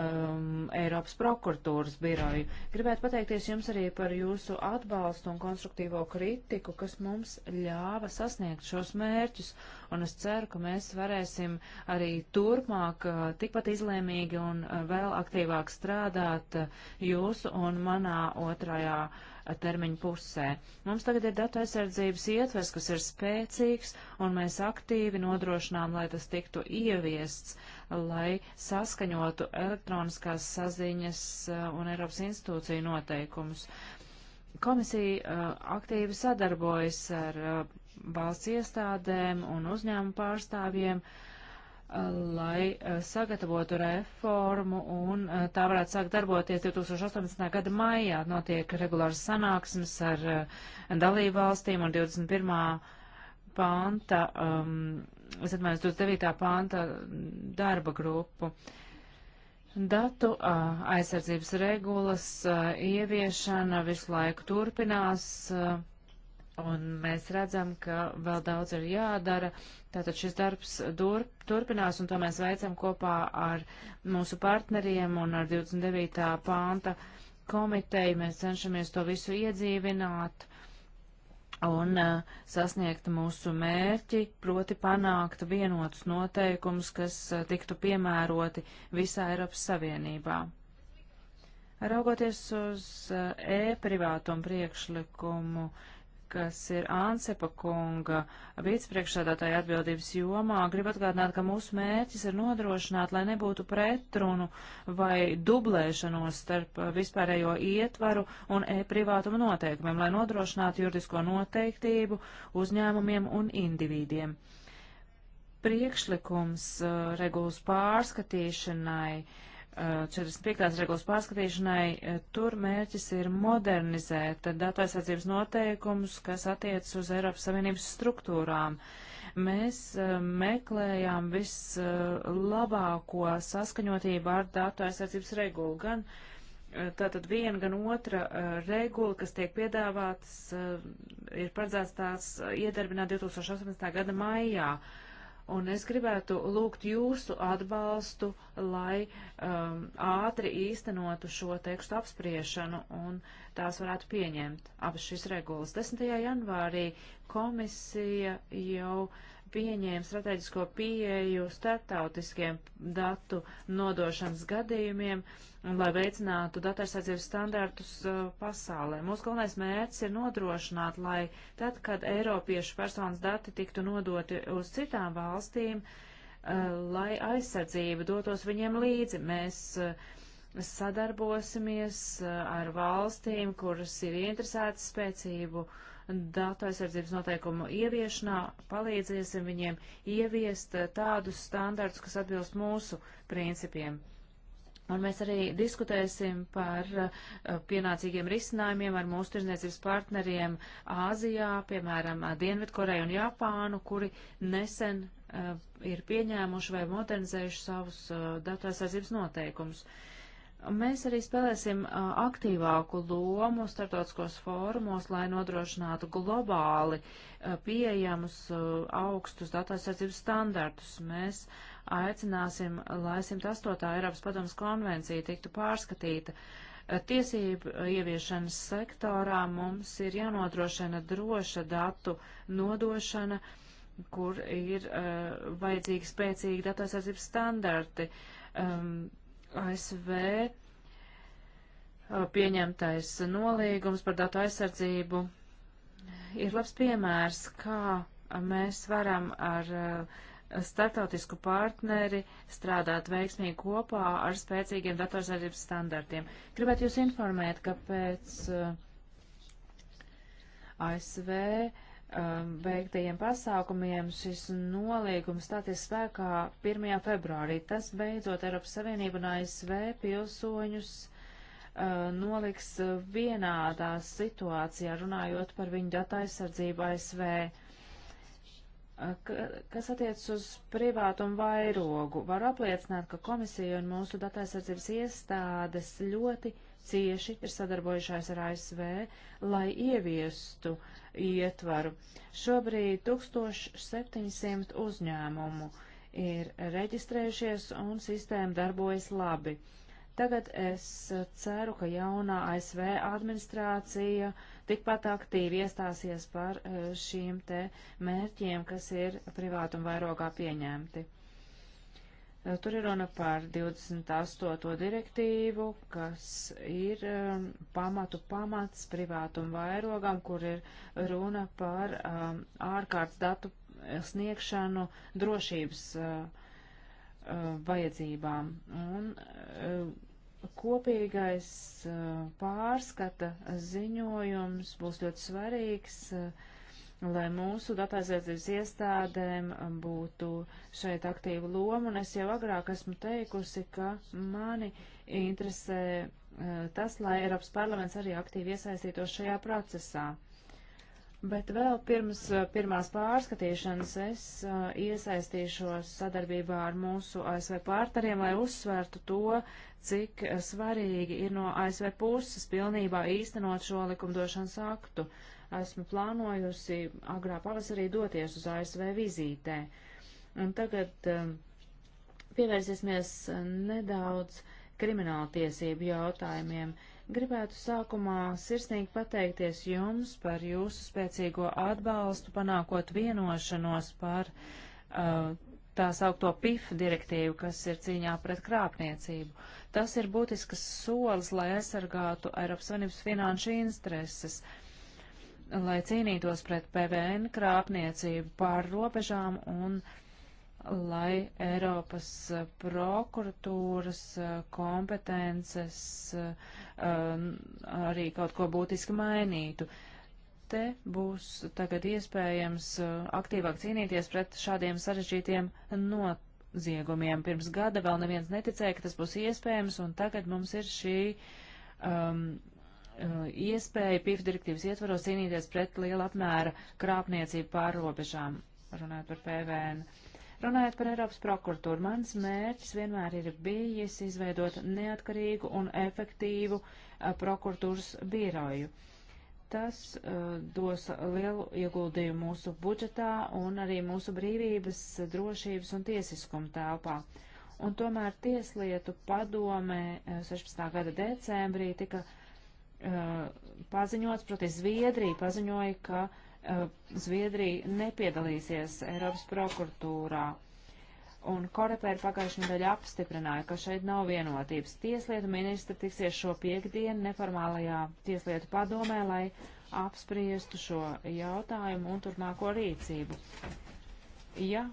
um, Eiropas prokuratūras biroju. Gribētu pateikties jums arī par jūsu atbalstu un konstruktīvo kritiku, kas mums ļāva sasniegt šos mērķus, un es ceru, ka mēs varēsim arī turpmāk uh, tikpat izlēmīgi un uh, vēl aktīvāk strādāt uh, jūsu un manā otrajā termiņu pusē. Mums tagad ir datu aizsardzības ietvers, kas ir spēcīgs, un mēs aktīvi nodrošinām, lai tas tiktu ieviests, lai saskaņotu elektroniskās saziņas uh, un Eiropas institūciju noteikumus. Komisija uh, aktīvi sadarbojas ar uh, valsts iestādēm un uzņēmumu pārstāvjiem, uh, lai eh, sagatavotu reformu un eh, tā varētu sākt darboties 2018. gada maijā. Notiek regulārs sanāksmes ar eh, dalību valstīm un 21. panta, um, es atmainos 29. panta darba grupu. Datu uh, aizsardzības regulas uh, ieviešana visu laiku turpinās. Uh, un mēs redzam, ka vēl daudz ir jādara. Tātad šis darbs dur, turpinās, un to mēs veicam kopā ar mūsu partneriem un ar 29. pānta komiteju. Mēs cenšamies to visu iedzīvināt un uh, sasniegt mūsu mērķi, proti panākt vienotus noteikumus, kas uh, tiktu piemēroti visā Eiropas Savienībā. Raugoties uz uh, e-privātumu priekšlikumu, uh, kas ir Ansepa kunga vicepriekšsēdātāja atbildības jomā, gribu atgādināt, ka mūsu mērķis ir nodrošināt, lai nebūtu pretrunu vai dublēšanos starp vispārējo ietvaru un e-privātuma noteikumiem, lai nodrošinātu juridisko noteiktību uzņēmumiem un individiem. Priekšlikums uh, regulas pārskatīšanai uh, 45. regulas pārskatīšanai, e, tur mērķis ir modernizēt datu aizsardzības noteikumus, kas attiecas uz Eiropas Savienības struktūrām. Mēs e, meklējām vislabāko saskaņotību ar datu aizsardzības regulu, gan e, tātad viena, gan otra regula, kas tiek piedāvātas, ir paredzēts tās iedarbināt 2018. gada maijā. Un es gribētu lūgt jūsu atbalstu, lai um, ātri īstenotu šo tekstu apspriešanu un tās varētu pieņemt abas šīs regulas. 10. janvārī komisija jau uh, pieņēma strateģisko pieeju startautiskiem datu nodošanas gadījumiem un lai veicinātu datarsādzības standartus uh, pasaulē. Mūsu galvenais mērķis ir nodrošināt, lai tad, kad Eiropiešu personas dati tiktu nodoti uz citām valstīm, uh, lai aizsardzība dotos viņiem līdzi. Mēs uh, sadarbosimies uh, ar valstīm, kuras ir interesētas spēcību uh, datu aizsardzības noteikumu ieviešanā, palīdziesim viņiem ieviest eh, tādus standartus, kas atbilst mūsu principiem. Un mēs arī diskutēsim par eh, pienācīgiem risinājumiem ar mūsu tirzniecības partneriem Āzijā, piemēram, eh, Dienvidkoreju un Japānu, kuri nesen uh, ir pieņēmuši vai modernizējuši savus uh, datu aizsardzības noteikumus. Uh, Mēs arī spēlēsim aktīvāku lomu startautiskos fórumos, lai nodrošinātu globāli pieejamus augstus datu aizsardzības standartus. Mēs aicināsim, lai 108. Eiropas padomas konvencija tiktu pārskatīta. Tiesību ieviešanas sektorā mums ir jānodrošina droša datu nodošana, kur ir uh, vajadzīgi spēcīgi datu aizsardzības standarti. Um, ASV pieņemtais nolīgums par datu aizsardzību ir labs piemērs, kā mēs varam ar startautisku partneri strādāt veiksmīgi kopā ar spēcīgiem datorsardzības standartiem. Gribētu jūs informēt, ka pēc ASV uh, Um, veiktajiem pasākumiem šis nolīgums stāties spēkā 1. februārī. Tas beidzot Eiropas Savienību un ASV pilsoņus uh, noliks vienādā situācijā, runājot par viņu datu aizsardzību ASV. Uh, ka, kas attiec uz privātumu vairogu, var apliecināt, ka komisija un mūsu dataizsardzības iestādes ļoti uh, cieši ir sadarbojušās ar ASV, lai ieviestu ietvaru. Šobrīd 1700 uzņēmumu ir reģistrējušies un sistēma darbojas labi. Tagad es ceru, ka jaunā ASV administrācija tikpat aktīvi iestāsies par eh, šiem te mērķiem, kas ir privātuma vairogā pieņemti. Eh, tur ir runa par 28. direktīvu, kas ir um, pamatu pamats privātumu vairogam, kur ir runa par um, ārkārtas datu sniegšanu drošības uh, uh, vajadzībām. Un uh, kopīgais pārskata ziņojums būs ļoti svarīgs. Uh, lai mūsu datāsardzības iestādēm būtu šeit aktīva loma, un es jau agrāk esmu teikusi, ka mani interesē eh, tas, lai Eiropas parlaments arī aktīvi iesaistītos šajā procesā. Bet vēl pirms eh, pirmās pārskatīšanas es uh, iesaistīšos sadarbībā ar mūsu ASV pārtariem, lai uzsvērtu to, cik svarīgi ir no ASV puses pilnībā īstenot šo likumdošanas aktu esmu plānojusi agrā pavasarī doties uz ASV vizītē. Un tagad um, pievērsīsimies uh, nedaudz krimināla tiesību jautājumiem. Gribētu sākumā sirsnīgi pateikties jums par jūsu spēcīgo atbalstu, panākot vienošanos par uh, tā saukto PIF direktīvu, kas ir cīņā pret krāpniecību. Tas ir būtisks solis, lai aizsargātu Eiropas Savienības finanšu intereses lai cīnītos pret PVN krāpniecību pār robežām un lai Eiropas eh, prokuratūras eh, kompetences eh, arī kaut ko būtiski mainītu. Te būs tagad iespējams aktīvāk cīnīties pret šādiem sarežģītiem notikumiem ziegumiem. Pirms gada vēl neviens neticēja, ka tas būs iespējams, un tagad mums ir šī um, Eh, iespēja PIF direktīvas ietvaros cīnīties pret liela apmēra krāpniecību pār robežām, runājot par PVN. Runājot par Eiropas prokuratūru, mans mērķis vienmēr ir bijis izveidot neatkarīgu un efektīvu a, eh, prokuratūras biroju. Tas a, eh, dos lielu ieguldījumu mūsu budžetā un arī mūsu brīvības, drošības un tiesiskuma telpā un tomēr Tieslietu padomē 16. gada decembrī tika Uh, paziņots, proti Zviedrija paziņoja, ka uh, Zviedrija nepiedalīsies Eiropas prokuratūrā. Un Korepēra pagājušajā nedēļā apstiprināja, ka šeit nav vienotības. Tieslietu ministra tiksies šo piekdienu neformālajā tieslietu padomē, lai apspriestu šo jautājumu un turpmāko rīcību ja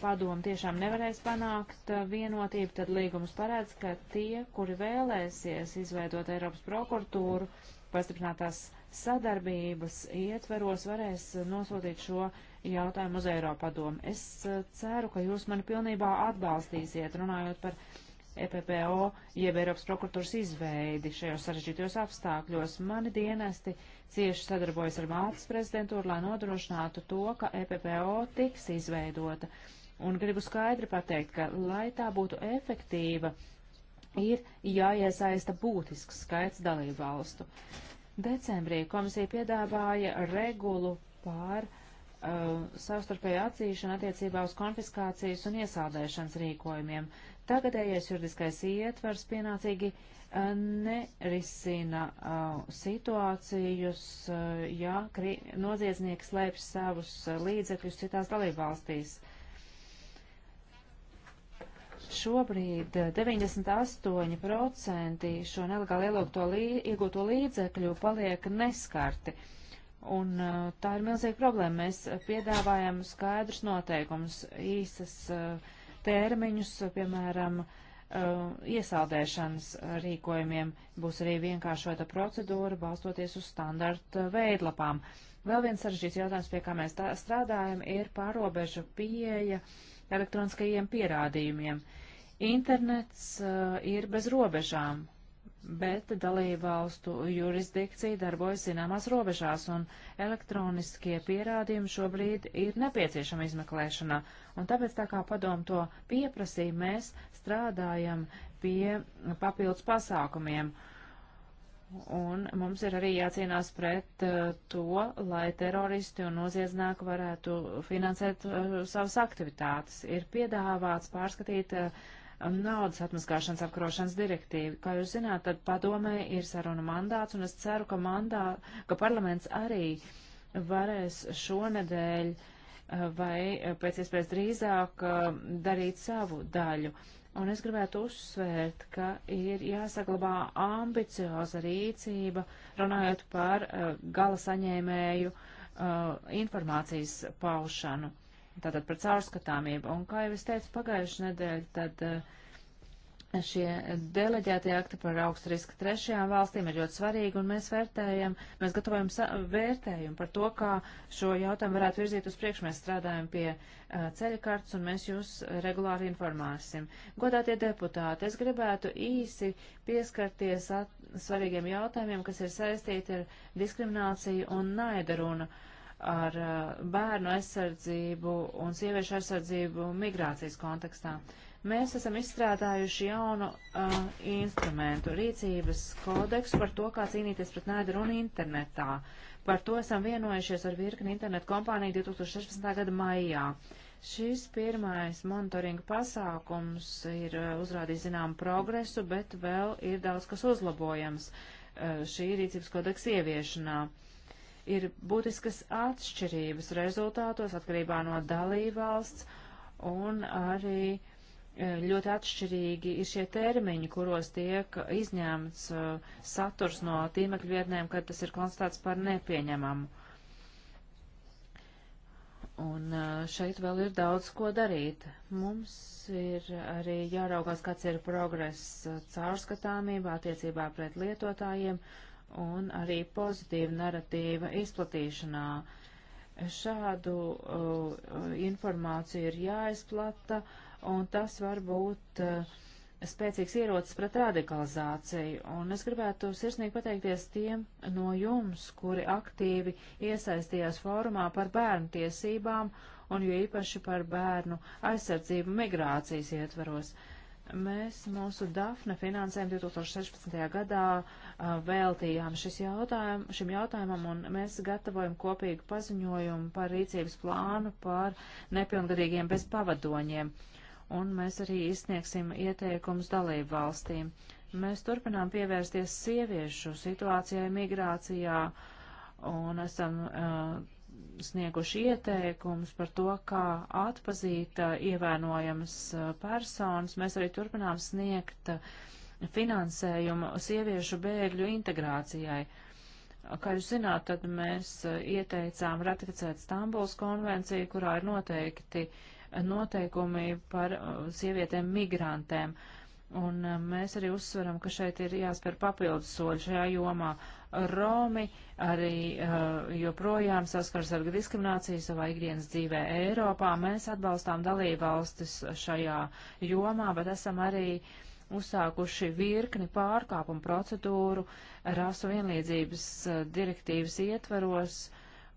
padomu tiešām nevarēs panākt uh, vienotību, tad līgums parāds, ka tie, kuri vēlēsies izveidot Eiropas prokuratūru, pastiprinātās sadarbības ietveros varēs uh, nosūtīt šo jautājumu uz Eiropadomu. Es uh, ceru, ka jūs mani pilnībā atbalstīsiet, runājot par EPPO, jeb Eiropas prokuratūras izveidi šajos sarežģītajos apstākļos. Mani dienesti cieši sadarbojas ar Maltas prezidentūru, lai nodrošinātu to, ka EPPO tiks izveidota. Un gribu skaidri pateikt, ka, lai tā būtu efektīva, ir jāiesaista būtisks skaits dalību valstu. Decembrī komisija piedāvāja regulu pār uh, savstarpēju atzīšanu attiecībā uz konfiskācijas un iesaldēšanas rīkojumiem. Uh, Tagadējais juridiskais ietvars pienācīgi eh, nerisina uh, eh, situācijas, uh, eh, ja noziedznieks slēpj savus līdzekļus citās dalībvalstīs. Šobrīd 98% šo nelegāli lī, iegūto līdzekļu paliek neskarti. Un tā ir milzīga problēma. Mēs piedāvājam skaidrus noteikumus, īsas uh, termiņus, piemēram, eh, iesaldēšanas rīkojumiem. Būs arī vienkāršota procedūra, balstoties uz standarta veidlapām. Vēl viens sarežģīts jautājums, pie kā mēs strādājam, ir pārobežu pieeja elektroniskajiem pierādījumiem. Internets uh, ir bez robežām, bet dalībvalstu jurisdikcija darbojas zināmās robežās, un elektroniskie pierādījumi šobrīd ir nepieciešami izmeklēšanā. Un tāpēc, tā kā padomu to pieprasīja, mēs strādājam pie papildus pasākumiem. Un mums ir arī jācīnās pret uh, to, lai teroristi un noziedznieki varētu finansēt uh, savas aktivitātes. Ir piedāvāts pārskatīt uh, naudas atmaskāšanas apkarošanas direktīvu. Kā jūs zināt, tad padomē ir saruna mandāts, un es ceru, ka, mandā, ka parlaments arī varēs šonedēļ eh, vai eh, pēc iespējas drīzāk eh, darīt savu daļu. Un es gribētu uzsvērt, ka ir jāsaglabā ambicioza rīcība, runājot par gala saņēmēju informācijas paušanu tātad par caurskatāmību. Un, kā jau es teicu pagājušajā nedēļā, tad eh, šie deleģētie akti par augstu risku trešajām valstīm ir ļoti svarīgi, un mēs vērtējam, mēs gatavojam vērtējumu par to, kā šo jautājumu varētu virzīt uz priekšu. Mēs strādājam pie uh, eh, ceļakarts, un mēs jūs regulāri informāsim. Godātie deputāti, es gribētu īsi pieskarties svarīgiem jautājumiem, kas ir saistīti ar diskrimināciju un naidarunu. Uh, ar uh, bērnu aizsardzību un sieviešu aizsardzību migrācijas kontekstā. Mēs esam izstrādājuši jaunu uh, instrumentu, rīcības kodeksu par to, kā cīnīties pret nēdaru un internetā. Par to esam vienojušies ar virkni internetu kompāniju 2016. gada maijā. Šis pirmais monitoringa pasākums ir uh, uzrādījis zinām progresu, bet vēl ir daudz kas uzlabojams uh, šī rīcības kodeksa ieviešanā ir būtiskas atšķirības rezultātos atkarībā no dalībvalsts un arī e, ļoti atšķirīgi ir šie termiņi, kuros tiek izņemts uh, saturs no tīmekļu vietnēm, kad tas ir konstatēts par nepieņemamu. Un uh, šeit vēl ir daudz ko darīt. Mums ir arī jāraugās, kāds ir progress caurskatāmībā attiecībā pret lietotājiem. Uh, un arī pozitīva naratīva izplatīšanā. Šādu uh, informāciju ir jāizplata, un tas var būt uh, spēcīgs ierocis pret radikalizāciju, un es gribētu sirsnīgi pateikties tiem no jums, kuri aktīvi iesaistījās fórumā par bērnu tiesībām un jo īpaši par bērnu aizsardzību migrācijas ietvaros. Uh, Mēs mūsu DAFNE finansējumu 2016. gadā veltījām jautājum, šim jautājumam, un mēs gatavojam kopīgu paziņojumu par rīcības plānu par nepilngadīgiem bez pavadoņiem. Un mēs arī izsniegsim ieteikumus dalību valstīm. Mēs turpinām pievērsties sieviešu situācijai migrācijā un esam uh, snieguši ieteikumus par to, kā atpazīt ievēnojamas personas. Mēs arī turpinām sniegt finansējumu sieviešu bēgļu integrācijai. Kā jūs zināt, tad mēs ieteicām ratificēt Stambuls konvenciju, kurā ir noteikti noteikumi par sievietēm migrantēm. Un mēs arī uzsveram, ka šeit ir jāspēr papildus soļi šajā jomā. Uh, Romi arī uh, joprojām saskars ar diskrimināciju savā ikdienas dzīvē Eiropā. Mēs atbalstām dalībvalstis šajā jomā, bet esam arī uzsākuši virkni pārkāpumu procedūru rasu vienlīdzības uh, direktīvas ietvaros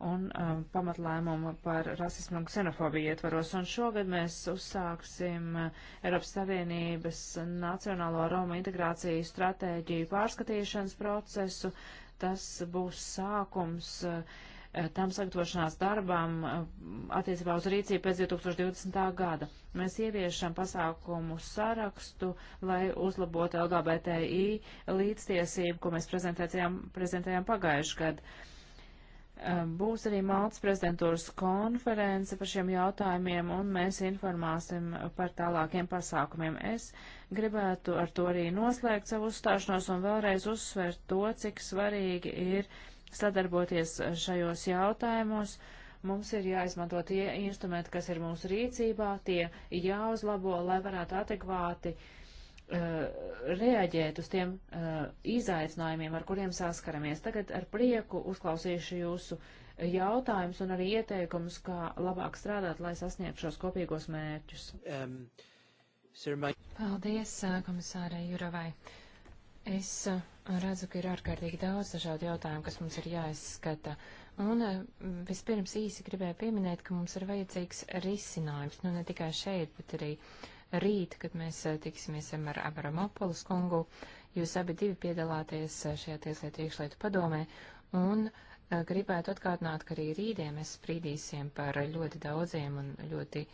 un um, uh, pamatlēmumu par rasismu un ksenofobiju ietvaros. Un šogad mēs uzsāksim Eiropas Savienības Nacionālo Roma integrāciju stratēģiju pārskatīšanas procesu, uh, tas būs sākums eh, tam sagatavošanās darbam eh, attiecībā uz rīcību pēc 2020. gada. Mēs ieviešam pasākumu sarakstu, lai uzlabotu LGBTI līdztiesību, ko mēs prezentējām, prezentējām pagājušajā gadā Būs arī Maltas prezidentūras konference par šiem jautājumiem, un mēs informāsim par tālākiem pasākumiem. Es gribētu ar to arī noslēgt savu uzstāšanos un vēlreiz uzsvērt to, cik svarīgi ir sadarboties šajos jautājumos. Mums ir jāizmanto tie instrumenti, kas ir mūsu rīcībā, tie jāuzlabo, lai varētu adekvāti uh, Uh, reaģēt uz tiem uh, izaicinājumiem, ar kuriem saskaramies. Tagad ar prieku uzklausīšu jūsu jautājumus un arī ieteikumus, kā labāk strādāt, lai sasniegtu šos kopīgos mērķus. Um, sir, my... Paldies, uh, komisārai Juravai. Es uh, redzu, ka ir ārkārtīgi daudz dažādu jautājumu, kas mums ir jāizskata. Un uh, vispirms īsi gribēju pieminēt, ka mums ir vajadzīgs risinājums, nu ne tikai šeit, bet arī uh, rīt, kad mēs eh, tiksimies ar Abramopolus kungu. Jūs abi divi piedalāties eh, šajā tieslietu iekšlietu padomē un eh, gribētu atkārtināt, ka arī rītdien mēs sprīdīsim par ļoti daudziem un ļoti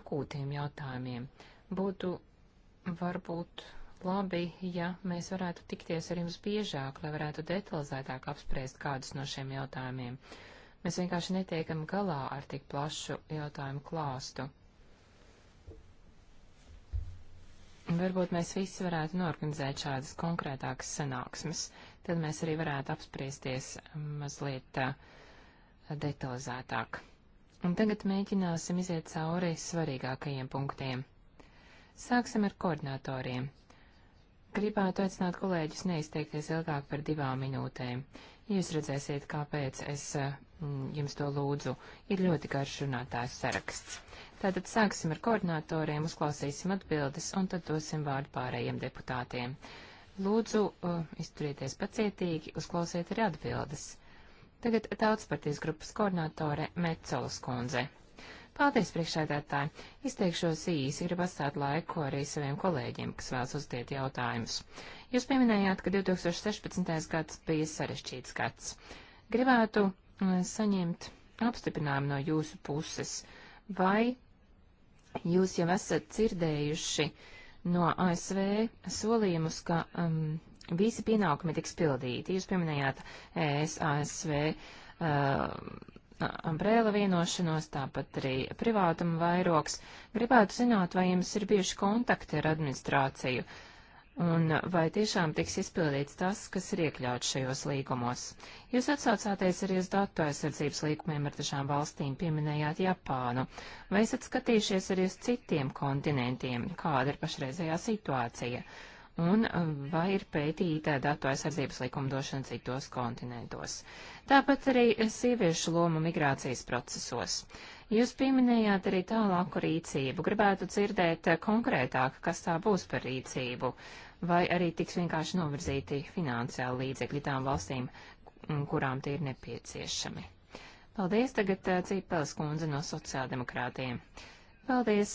akūtiem jautājumiem. Būtu varbūt labi, ja mēs varētu tikties ar jums biežāk, lai varētu detalizētāk apspriest kādus no šiem jautājumiem. Mēs vienkārši netiekam galā ar tik plašu jautājumu klāstu. Varbūt mēs visi varētu norganizēt šādas konkrētākas sanāksmes, tad mēs arī varētu apspriesties mazliet uh, detalizētāk. Un tagad mēģināsim iziet cauri svarīgākajiem punktiem. Sāksim ar koordinatoriem. Gribētu aicināt kolēģus neizteikties ilgāk par divām minūtēm. Jūs redzēsiet, kāpēc es mm, jums to lūdzu. Ir ļoti garš runātājs saraksts. Tātad sāksim ar koordinatoriem, uzklausīsim atbildes un tad dosim vārdu pārējiem deputātiem. Lūdzu, uh, izturieties pacietīgi, uzklausiet arī atbildes. Tagad tautspartijas grupas koordinatore Mecolas kundze. Paldies, priekšsēdētāji! Izteikšos īsi, gribu atstāt laiku arī saviem kolēģiem, kas vēlas uzdiet jautājumus. Jūs pieminējāt, ka 2016. gads bija sarešķīts gads. Gribētu uh, saņemt apstiprinājumu no jūsu puses, vai Jūs jau esat dzirdējuši no ASV solījumus, ka um, visi pienākumi tiks pildīti. Jūs pieminējāt ES, ASV, uh, ambrēla vienošanos, tāpat arī privātuma vairoks. Gribētu zināt, vai jums ir bijuši kontakti ar administrāciju, un vai tiešām tiks izpildīts tas, kas ir iekļauts šajos līgumos. Jūs atsaucāties arī uz datu aizsardzības līgumiem ar dažām valstīm, pieminējāt Japānu. Vai esat skatījušies arī uz citiem kontinentiem, kāda ir pašreizējā situācija? Un uh, vai ir pētīta datu aizsardzības likumdošana citos kontinentos? Tāpat arī sieviešu loma migrācijas procesos. Jūs pieminējāt arī tālāku rīcību. Gribētu dzirdēt uh, konkrētāk, kas tā būs par rīcību vai arī tiks vienkārši novirzīti finansiāli līdzekļi tām valstīm, kurām tie ir nepieciešami. Paldies tagad Cīpels kundze no sociāldemokrātiem. Paldies!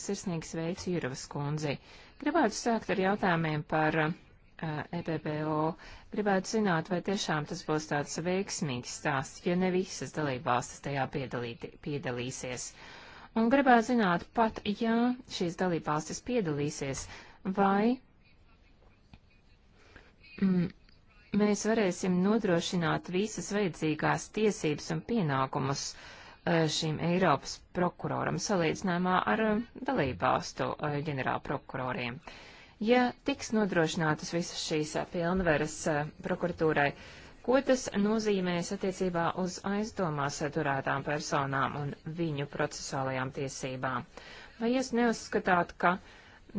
Sirsnīgi sveicu Jurovas kundzi. Gribētu sākt ar jautājumiem par uh, EPPO. Gribētu zināt, vai tiešām tas būs tāds veiksmīgs stāsts, jo ne visas dalībvalstis tajā piedalīsies. Un gribētu zināt, pat ja šīs dalībvalstis piedalīsies, vai Mm, mēs varēsim nodrošināt visas vajadzīgās tiesības un pienākumus eh, šim Eiropas prokuroram salīdzinājumā ar eh, dalībvalstu eh, ģenerālprokuroriem. Ja tiks nodrošinātas visas šīs pilnveras prokuratūrai, ko tas nozīmēs attiecībā uz aizdomās turētām personām un viņu procesuālajām tiesībām? Vai jūs neuzskatāt, ka uh,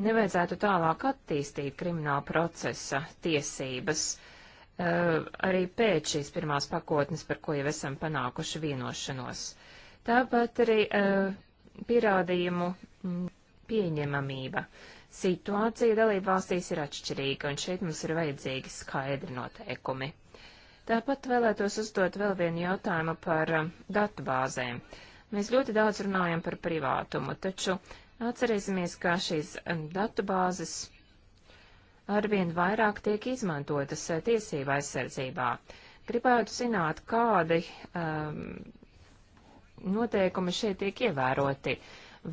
nevajadzētu tālāk attīstīt krimināla procesa tiesības eh, arī pēc šīs pirmās pakotnes, par ko jau esam panākuši vienošanos. Tāpat arī eh, pierādījumu mm, pieņemamība. Situācija dalībvalstīs ir atšķirīga, un šeit mums ir vajadzīgi skaidri noteikumi. Tāpat vēlētos uzdot vēl vienu jautājumu par eh, datubāzēm. Mēs ļoti daudz runājam par privātumu, taču Atcerēsimies, ka šīs datubāzes arvien vairāk tiek izmantotas eh, tiesība aizsardzībā. Gribētu zināt, kādi um, noteikumi šeit tiek ievēroti.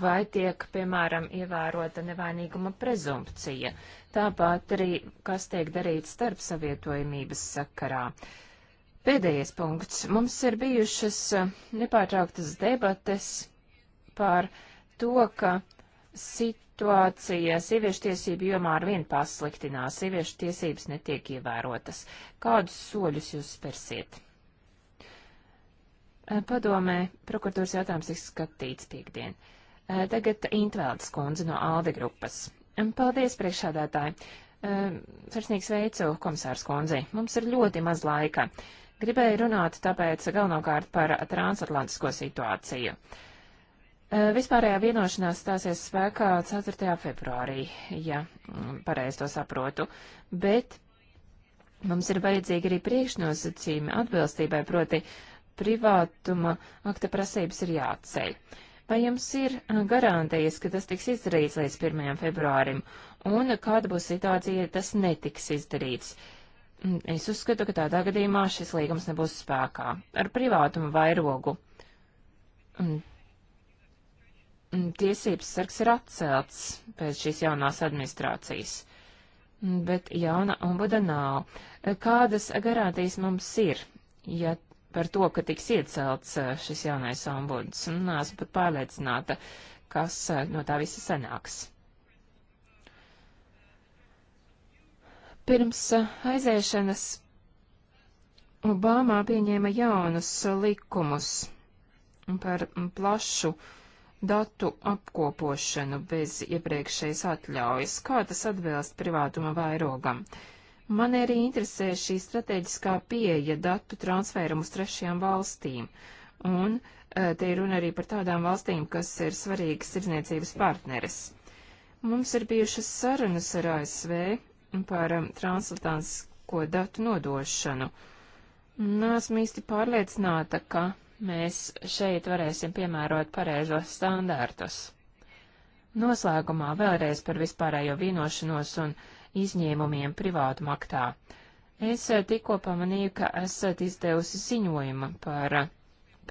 Vai tiek, piemēram, ievērota nevainīguma prezumpcija? Tāpat arī, kas tiek darīts starp savietojamības sakarā. Pēdējais punkts. Mums ir bijušas eh, nepārtrauktas debates par to, ka situācija sieviešu tiesību jomā ar vien pasliktinās, sieviešu tiesības netiek ievērotas. Kādus soļus jūs spērsiet? Eh, padomē, prokuratūras jautājums tiks skatīts piekdien. Eh, tagad Intvēldas kundze no Alde grupas. Eh, paldies, priekšādātāji! Sarsnīgs veicu, komisārs kundzi. Mums ir ļoti maz laika. Gribēju runāt tāpēc galvenokārt par transatlantisko situāciju. Uh, Eh, vispārējā vienošanās stāsies spēkā 4. februārī, ja mm, pareizi to saprotu, bet mums ir vajadzīgi arī priekšnosacījumi atbilstībai, proti privātuma akta prasības ir jāatceļ. Vai jums ir eh, garantijas, ka tas tiks izdarīts līdz 1. februārim, un kāda būs situācija, ja tas netiks izdarīts? Mm, es uzskatu, ka tādā gadījumā šis līgums nebūs spēkā ar privātuma vairogu. Mm, Mm, tiesības sargs ir atcelts pēc šīs jaunās administrācijas, mm, bet jauna ombuda nav. E, kādas garantijas mums ir, ja par to, ka tiks iecelts e, šis jaunais ombuds? Un esmu pat pārliecināta, kas e, no tā visa sanāks. Pirms aiziešanas Obāmā pieņēma jaunus likumus par plašu uh, datu apkopošanu bez iepriekšējas atļaujas, kā tas atbilst privātuma vairogam. Man arī interesē šī strateģiskā pieeja datu transferam uz trešajām valstīm, un eh, te ir runa arī par tādām valstīm, kas ir svarīgas tirdzniecības partneres. Mums ir bijušas sarunas ar ASV par um, transatlantisko datu nodošanu. Nāsmu īsti pārliecināta, ka mēs šeit varēsim piemērot pareizos standārtus. Noslēgumā vēlreiz par vispārējo vienošanos un izņēmumiem privātu maktā. Es tikko pamanīju, ka esat izdevusi ziņojumu par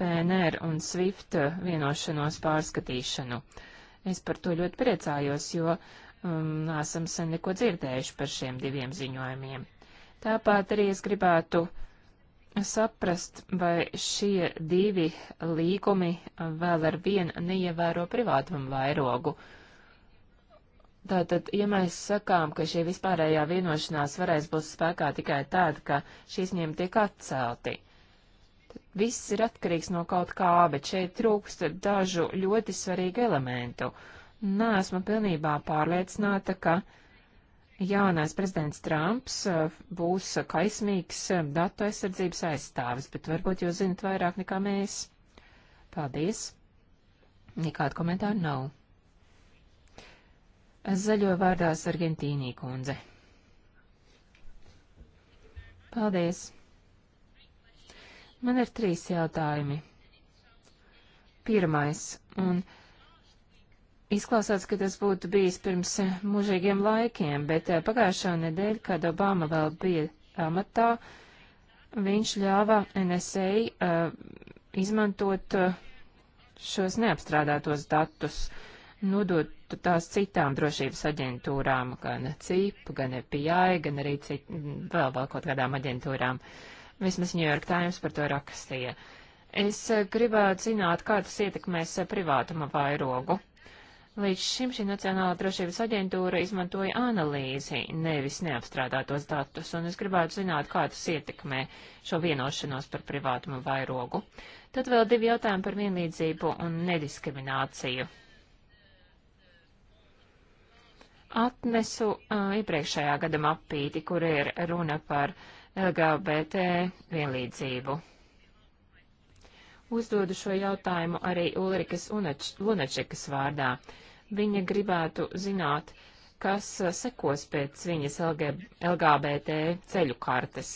PNR un SWIFT vienošanos pārskatīšanu. Es par to ļoti priecājos, jo um, esam sen neko dzirdējuši par šiem diviem ziņojumiem. Tāpat arī es gribētu uh, saprast, vai šie divi līgumi vēl ar vienu neievēro privātumu vairogu. Tātad, ja mēs sakām, ka šī vispārējā vienošanās varēs būt spēkā tikai tad, ka šīs ņem tiek atcelti, tad viss ir atkarīgs no kaut kā, bet šeit trūkst dažu ļoti svarīgu elementu. Nē, esmu pilnībā pārliecināta, ka uh, jaunais prezidents Trumps uh, būs kaismīgs uh, datu aizsardzības aizstāvis, bet varbūt jūs zinat vairāk nekā mēs. Paldies. Nekādu komentāru nav. Zaļo vārdās Argentīnī kundze. Paldies. Man ir trīs jautājumi. Pirmais, un Izklausās, ka tas būtu bijis pirms eh, mūžīgiem laikiem, bet eh, pagājušā nedēļa, kad Obama vēl bija amatā, viņš ļāva NSA uh, eh, izmantot uh, šos neapstrādātos datus, nodot tās citām drošības aģentūrām, gan CIP, gan FBI, gan arī cit, vēl vēl kaut kādām aģentūrām. Vismaz New York Times par to rakstīja. Es gribētu zināt, kā tas ietekmēs privātuma vairogu Līdz šim šī Nacionālā drošības aģentūra izmantoja analīzi, nevis neapstrādātos datus, un es gribētu zināt, kā tas ietekmē šo vienošanos par privātumu vairogu. Tad vēl divi jautājumi par vienlīdzību un nediskrimināciju. Atnesu uh, iepriekšējā gada mapīti, kur ir runa par LGBT vienlīdzību. Uzdodu šo jautājumu arī Ulrikas Lunačekas vārdā. Uh, viņa gribētu zināt, kas uh, sekos pēc viņas LGBT ceļu kartes.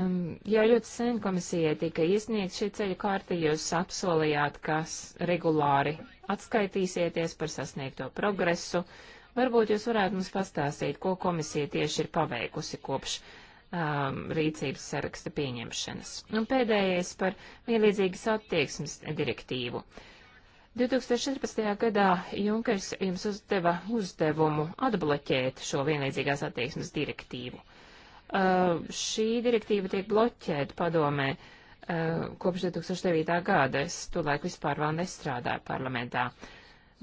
Um, jau ļoti sen komisijai tika iesniegt šī ceļu karti, jūs apsolījāt, ka regulāri atskaitīsieties par sasniegto progresu. Varbūt jūs varētu mums pastāstīt, ko komisija tieši ir paveikusi kopš um, rīcības saraksta pieņemšanas. Un pēdējais par vienlīdzīgas attieksmes direktīvu. Uh, 2014. gadā Junkers jums uzdeva uzdevumu atbloķēt šo vienlīdzīgās attieksmes direktīvu. Uh, šī direktīva tiek bloķēta padomē uh, kopš 2009. gada. Es tolaik vispār vēl nestrādāju parlamentā.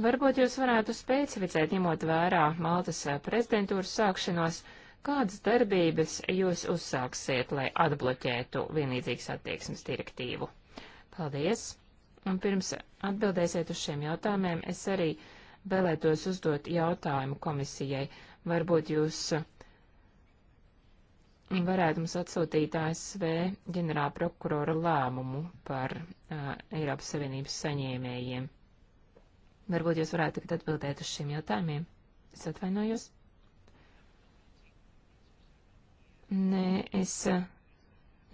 Varbūt jūs varētu specificēt, ņemot vērā Maltas uh, prezidentūras sākšanos, kādas darbības jūs uzsāksiet, lai atbloķētu vienlīdzīgas attieksmes direktīvu. Paldies! Un pirms atbildēsiet uz šiem jautājumiem, es arī vēlētos uzdot jautājumu komisijai. Varbūt jūs varētu mums atsūtīt ASV ģenerāla prokurora lēmumu par uh, Eiropas Savienības saņēmējiem. Varbūt jūs varētu tagad atbildēt uz šiem jautājumiem. Es atvainojos. Nē, es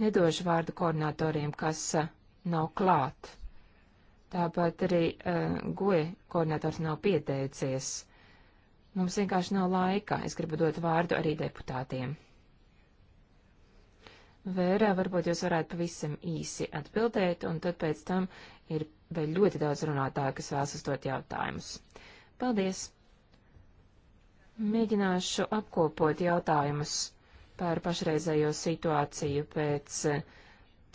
nedošu vārdu koordinatoriem, kas nav klāt. Tāpat arī uh, eh, goja e koordinators nav pieteicies. Mums vienkārši nav laika. Es gribu dot vārdu arī deputātiem. Vērā varbūt jūs varētu pavisam īsi atbildēt, un tad pēc tam ir vēl ļoti daudz runātāju, kas vēlas uzdot jautājumus. Paldies! Mēģināšu apkopot jautājumus par pašreizējo situāciju pēc uh,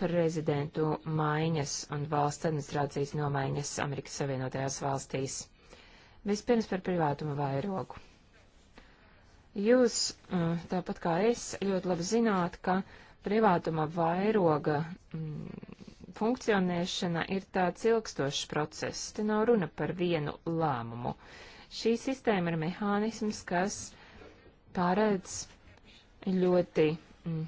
prezidentu maiņas un valsts administrācijas nomaiņas Amerikas Savienotajās valstīs. Vispirms par privātumu vairogu. Jūs, mm, tāpat kā es, ļoti labi zināt, ka privātuma vairoga mm, funkcionēšana ir tāds ilgstošs process. Te nav runa par vienu lēmumu. Šī sistēma ir mehānisms, kas pārēdz ļoti mm,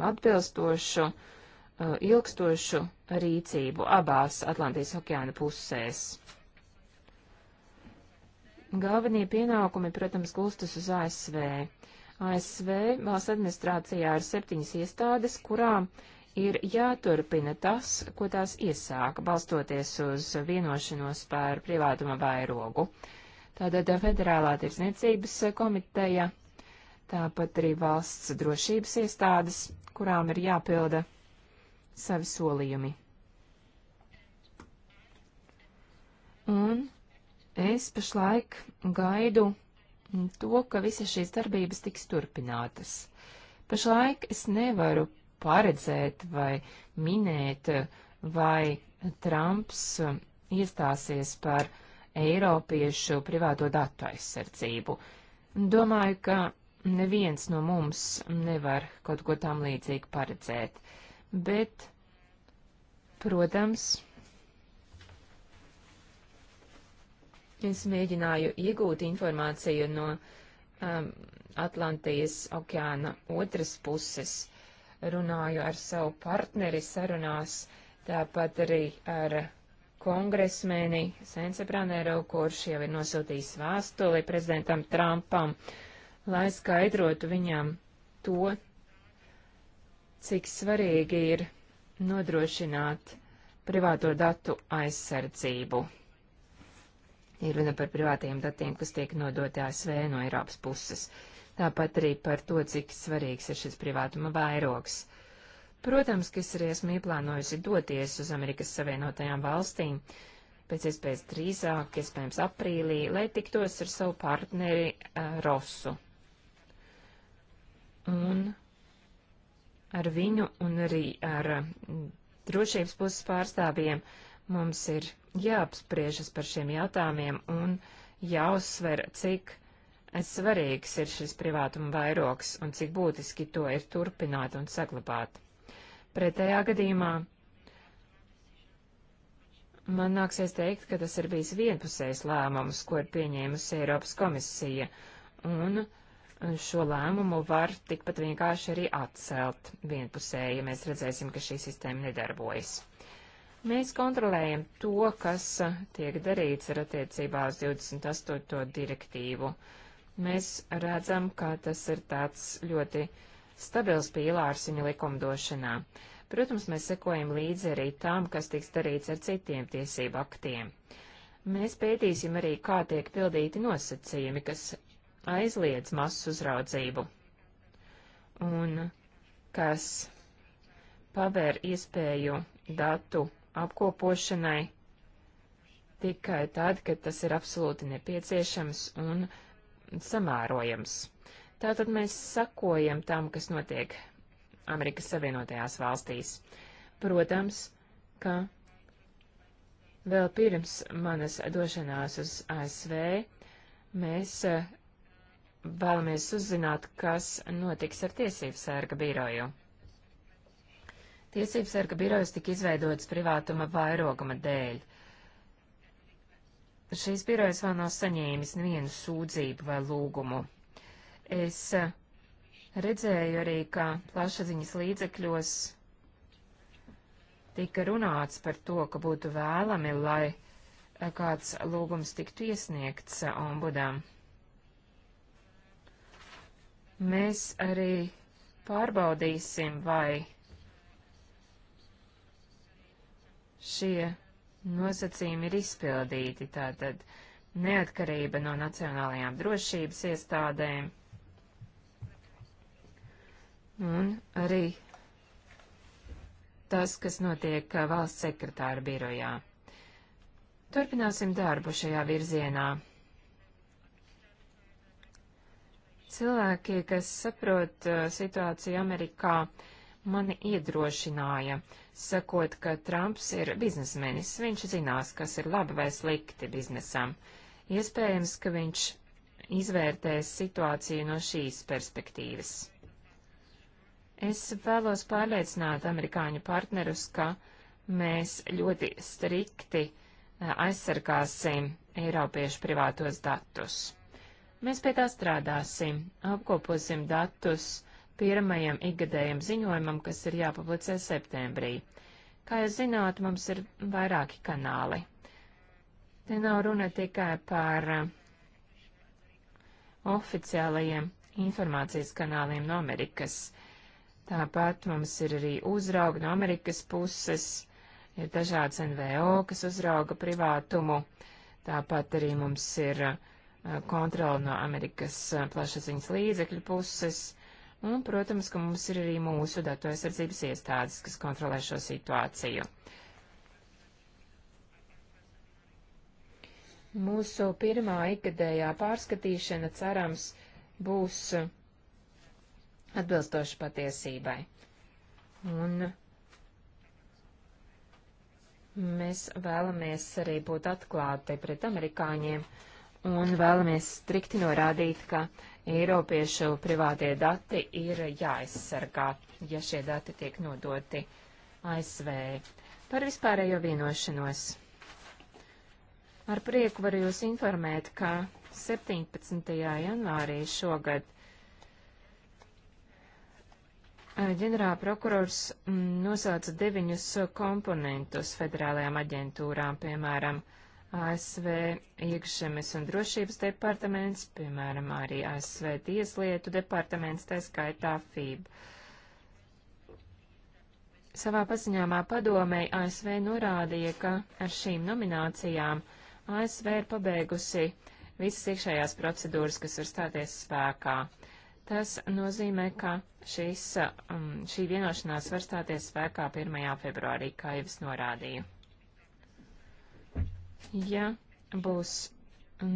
atbilstošu, uh, ilgstošu rīcību abās Atlantijas okeāna pusēs. Galvenie pienākumi, protams, gulstas uz ASV. ASV valsts administrācijā ir septiņas iestādes, kurām ir jāturpina tas, ko tās iesāka, balstoties uz vienošanos par privātuma vairogu. Tātad Federālā tirsniecības komiteja, tāpat arī valsts drošības iestādes, kurām ir jāpilda savi solījumi. Un es pašlaik gaidu to, ka visas šīs darbības tiks turpinātas. Pašlaik es nevaru paredzēt vai minēt, vai Trumps iestāsies par Eiropiešu privāto datu aizsardzību. Domāju, ka neviens no mums nevar kaut ko tam līdzīgu paredzēt. Bet, protams, es mēģināju iegūt informāciju no um, Atlantijas okeāna otras puses, runāju ar savu partneri sarunās, tāpat arī ar kongresmeni Sense Branero, kurš jau ir nosūtījis vēstuli prezidentam Trumpam. Uh, lai skaidrotu viņām to, cik svarīgi ir nodrošināt privāto datu aizsardzību. Ir runa par privātiem datiem, kas tiek nodoti ASV no Eiropas puses. Tāpat arī par to, cik svarīgs ir šis privātuma vairogs. Protams, ka es arī esmu ieplānojusi doties uz Amerikas Savienotajām valstīm pēc iespējas drīzāk, iespējams aprīlī, lai tiktos ar savu partneri uh, Rosu un ar viņu un arī ar drošības puses pārstāvjiem mums ir jāapspriežas par šiem jautājumiem un jāuzsver, cik svarīgs ir šis privātuma vairoks un cik būtiski to ir turpināt un saglabāt. Pretējā gadījumā man nāksies teikt, ka tas ir bijis vienpusējs lēmums, ko ir pieņēmusi Eiropas komisija, un uh, šo lēmumu var tikpat vienkārši arī atcelt vienpusēji, ja mēs redzēsim, ka šī sistēma nedarbojas. Mēs kontrolējam to, kas uh, tiek darīts ar attiecībā uz 28. direktīvu. Mēs redzam, ka tas ir tāds ļoti stabils pīlārs viņa likumdošanā. Protams, mēs sekojam līdzi arī tam, kas tiks darīts ar citiem tiesību aktiem. Mēs pētīsim arī, kā tiek pildīti nosacījumi, kas aizliedz masu uzraudzību un kas pavēr iespēju datu apkopošanai tikai tad, kad tas ir absolūti nepieciešams un samērojams. Tātad mēs sakojam tam, kas notiek Amerikas Savienotajās valstīs. Protams, ka vēl pirms manas došanās uz ASV mēs vēlamies uzzināt, kas notiks ar tiesību sērga biroju. Tiesību sērga birojas tika izveidotas privātuma vairoguma dēļ. Šīs birojas vēl nav saņēmis nevienu sūdzību vai lūgumu. Es eh, redzēju arī, ka plašsaziņas līdzekļos tika runāts par to, ka būtu vēlami, lai eh, kāds lūgums tiktu iesniegts eh, ombudām. Um, Mēs arī pārbaudīsim, vai šie nosacījumi ir izpildīti, tātad neatkarība no nacionālajām drošības iestādēm un arī tas, kas notiek uh, valsts sekretāra birojā. Turpināsim darbu šajā virzienā. Cilvēki, kas saprot uh, situāciju Amerikā, mani iedrošināja, sakot, ka Trumps ir biznesmenis. Viņš zinās, kas ir labi vai slikti biznesam. Iespējams, ka viņš izvērtēs situāciju no šīs perspektīvas. Es vēlos pārliecināt amerikāņu partnerus, ka mēs ļoti strikti uh, aizsargāsim Eiropiešu privātos datus. Mēs pie tā strādāsim, apkoposim datus pirmajam ikgadējam ziņojumam, kas ir jāpublicē septembrī. Kā jūs zināt, mums ir vairāki kanāli. Te nav runa tikai par uh, oficiālajiem informācijas kanāliem no Amerikas. Tāpat mums ir arī uzrauga no Amerikas puses, ir dažādas NVO, kas uzrauga privātumu. Tāpat arī mums ir uh, kontroli no Amerikas plašsaziņas līdzekļu puses, un, protams, ka mums ir arī mūsu datu aizsardzības iestādes, kas kontrolē šo situāciju. Mūsu pirmā ikgadējā pārskatīšana, cerams, būs atbilstoši patiesībai. Un mēs vēlamies arī būt atklāti pret amerikāņiem un vēlamies strikti norādīt, ka Eiropiešu privātie dati ir jāaizsargā, ja šie dati tiek nodoti ASV. Par vispārējo vienošanos. Ar prieku varu jūs informēt, ka 17. janvārī šogad eh, ģenerāla prokurors mm, nosauca deviņus komponentus federālajām aģentūrām, piemēram, uh, ASV iekšzemes un drošības departaments, piemēram, arī ASV tieslietu departaments, tā skaitā FIB. Savā paziņāmā padomē ASV norādīja, ka ar šīm nominācijām ASV ir pabeigusi visas iekšējās procedūras, kas var stāties spēkā. Tas nozīmē, ka šis, um, šī vienošanās var stāties spēkā 1. februārī, kā jau es norādīju. Ja būs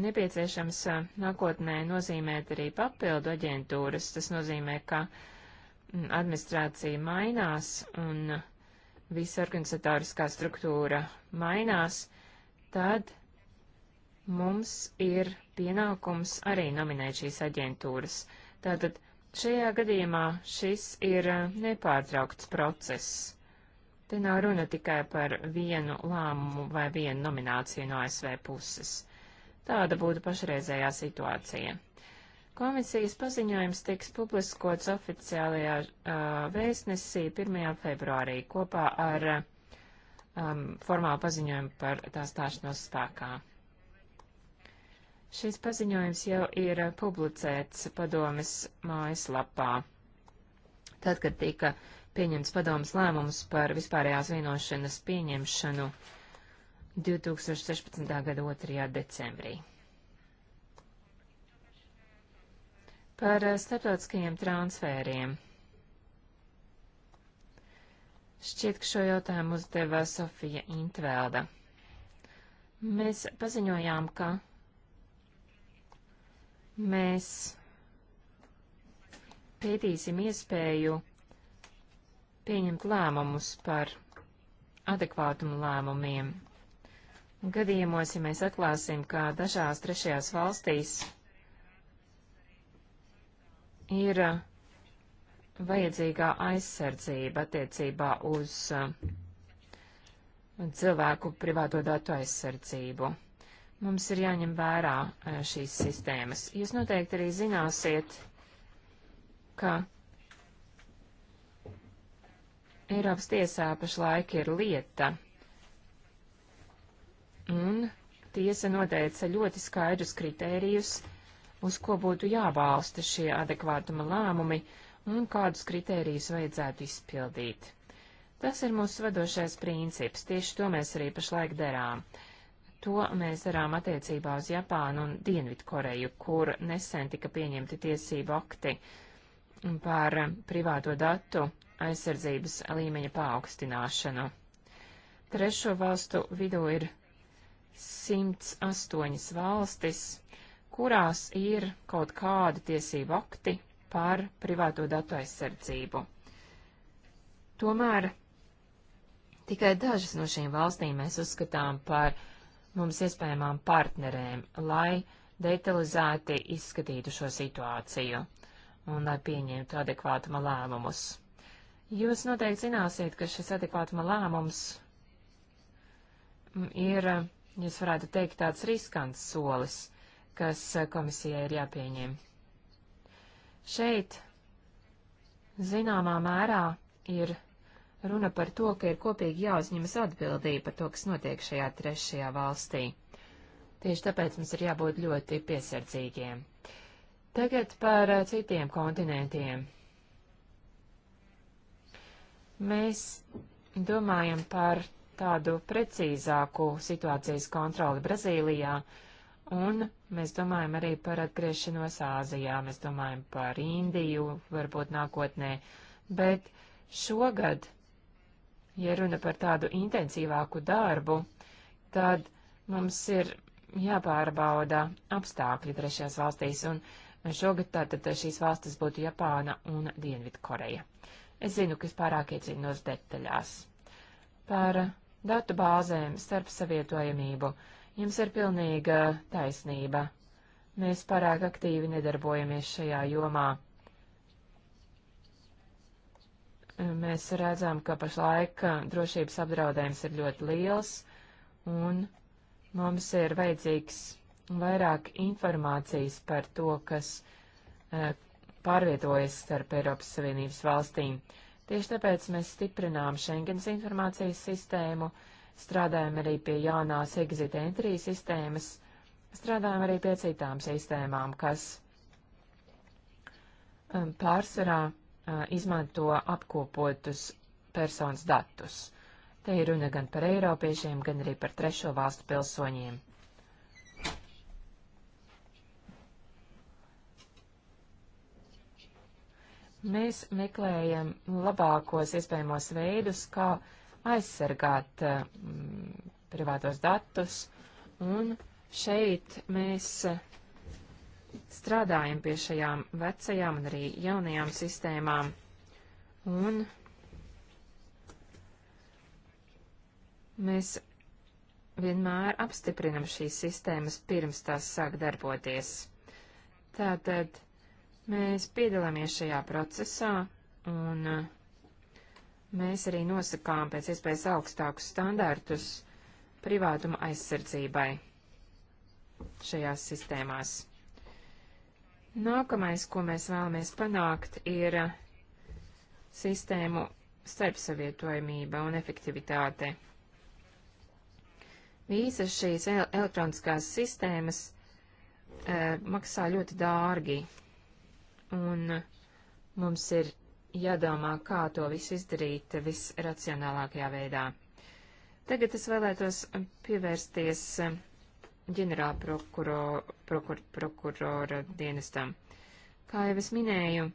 nepieciešams nākotnē nozīmēt arī papildu aģentūras, tas nozīmē, ka mm, administrācija mainās un visa organizatoriskā struktūra mainās, tad mums ir pienākums arī nominēt šīs aģentūras. Tātad šajā gadījumā šis ir nepārtraukts process. Te nav runa tikai par vienu lēmumu vai vienu nomināciju no ASV puses. Tāda būtu pašreizējā situācija. Komisijas paziņojums tiks publiskots oficiālajā uh, vēstnesī 1. februārī kopā ar um, formālu paziņojumu par tā stāšanos spēkā. Šis paziņojums jau ir publicēts padomes mājaslapā. Tad, kad tika uh, pieņemts padomas lēmums par vispārējās vienošanas pieņemšanu 2016. gada 2. decembrī. Par eh, starptautiskajiem transfēriem. Šķiet, ka šo jautājumu uzdeva Sofija Intvelda. Mēs paziņojām, ka mēs pētīsim iespēju pieņemt lēmumus par adekvātumu lēmumiem. Gadījumos, ja mēs atklāsim, ka dažās trešajās valstīs ir uh, vajadzīgā aizsardzība attiecībā uz uh, cilvēku privāto datu aizsardzību. Mums ir jāņem vērā uh, šīs sistēmas. Jūs noteikti arī zināsiet, ka Eiropas tiesā pašlaik ir lieta, un tiesa noteica ļoti skaidrus kritērijus, uz ko būtu jābalsta šie adekvātuma lēmumi un kādus kritērijus vajadzētu izpildīt. Tas ir mūsu vadošais princips, tieši to mēs arī pašlaik darām. To mēs darām attiecībā uz Japānu un Dienvidkoreju, kur nesen tika pieņemti tiesību akti par eh, privāto datu aizsardzības līmeņa paaugstināšanu. Trešo valstu vidū ir 108 valstis, kurās ir kaut kādi tiesību akti par privāto datu aizsardzību. Tomēr tikai dažas no šīm valstīm mēs uzskatām par mums iespējamām partnerēm, lai detalizēti izskatītu šo situāciju un lai pieņemtu adekvātuma lēmumus. Jūs noteikti zināsiet, ka šis adekvātuma lēmums ir, jūs varētu teikt, tāds riskants solis, kas komisijai ir jāpieņem. Šeit zināmā mērā ir runa par to, ka ir kopīgi jāuzņemas atbildība par to, kas notiek šajā trešajā valstī. Tieši tāpēc mums ir jābūt ļoti piesardzīgiem. Uh, Tagad par eh, citiem kontinentiem. Mēs domājam par tādu precīzāku situācijas kontroli Brazīlijā, un mēs domājam arī par atgriešanos Āzijā, mēs domājam par Indiju, varbūt nākotnē, bet šogad, ja runa par tādu intensīvāku darbu, tad mums ir jāpārbauda apstākļi trešajās valstīs, un Šogad tātad šīs valstis būtu Japāna un Dienvidkoreja. Es zinu, ka es pārāk iecinos detaļās. Par datu bāzēm starp savietojamību. Jums ir pilnīga taisnība. Mēs pārāk aktīvi nedarbojamies šajā jomā. Mēs redzam, ka pašlaik drošības apdraudējums ir ļoti liels, un mums ir vajadzīgs vairāk informācijas par to, kas e, pārvietojas starp Eiropas Savienības valstīm. Tieši tāpēc mēs stiprinām Schengens informācijas sistēmu, strādājam arī pie jaunās exit entry sistēmas, strādājam arī pie citām sistēmām, kas e, pārsvarā e, izmanto apkopotus personas datus. Te ir runa gan par eiropiešiem, gan arī par trešo valstu pilsoņiem. Mēs meklējam labākos iespējamos veidus, kā aizsargāt eh, m, mm, privātos datus, un šeit mēs eh, strādājam pie šajām vecajām un arī jaunajām sistēmām, un mēs vienmēr apstiprinam šīs sistēmas pirms tās sāk darboties. Tātad Mēs piedalāmies šajā procesā un uh, mēs arī nosakām pēc iespējas augstākus standārtus privātuma aizsardzībai šajās sistēmās. Nākamais, ko mēs vēlamies panākt, ir sistēmu starpsavietojamība un efektivitāte. Visas šīs elektroniskās sistēmas e, maksā ļoti dārgi, un mums ir jādomā, kā to visu izdarīt visracionālākajā veidā. Tagad es vēlētos pievērsties ģenerāla prokurora prokur, prokurora dienestam. Kā jau es minēju,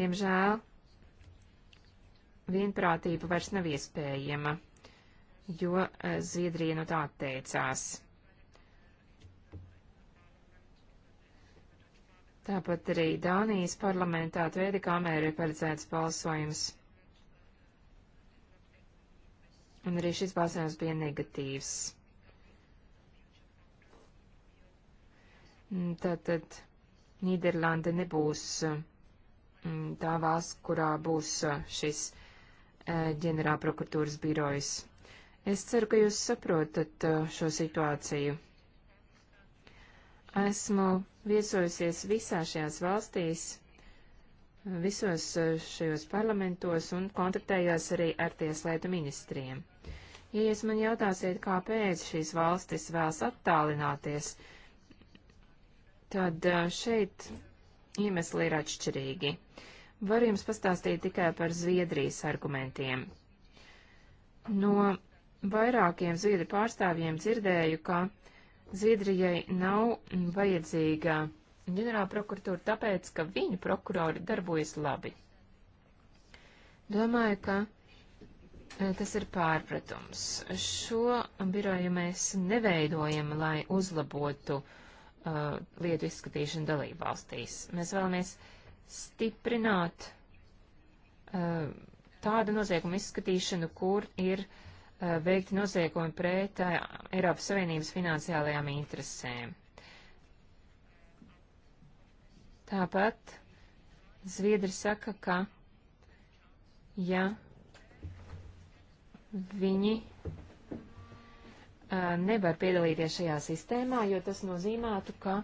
diemžēl vienprātība vairs nav iespējama, jo eh, Zviedrija no tā atteicās. Tāpat arī Dānijas parlamentā Tvēdi kamerā ir paredzēts balsojums. Un arī šis balsojums bija negatīvs. Mm, tātad Nīderlanda nebūs mm, tā valsts, kurā būs uh, šis uh, ģenerālprokuratūras birojs. Es ceru, ka jūs saprotat uh, šo situāciju. Esmu viesojusies visās šajās valstīs, visos eh, šajos parlamentos un kontaktējos arī ar tieslietu ministriem. Ja jūs man jautāsiet, kāpēc šīs valstis vēlas attālināties, tad eh, šeit iemesli ir atšķirīgi. Varu jums pastāstīt tikai par Zviedrijas argumentiem. No vairākiem Zviedru pārstāvjiem dzirdēju, ka Zviedrijai nav vajadzīga ģenerāla prokuratūra tāpēc, ka viņu prokurori darbojas labi. Domāju, ka e, tas ir pārpratums. Šo biroju mēs neveidojam, lai uzlabotu uh, lietu izskatīšanu dalību valstīs. Mēs vēlamies stiprināt uh, tādu noziegumu izskatīšanu, kur ir uh, Eh, veikti noziegumi pret eh, Eiropas Savienības finansiālajām interesēm. Tāpat Zviedri saka, ka ja viņi uh, nevar piedalīties šajā sistēmā, jo tas nozīmētu, ka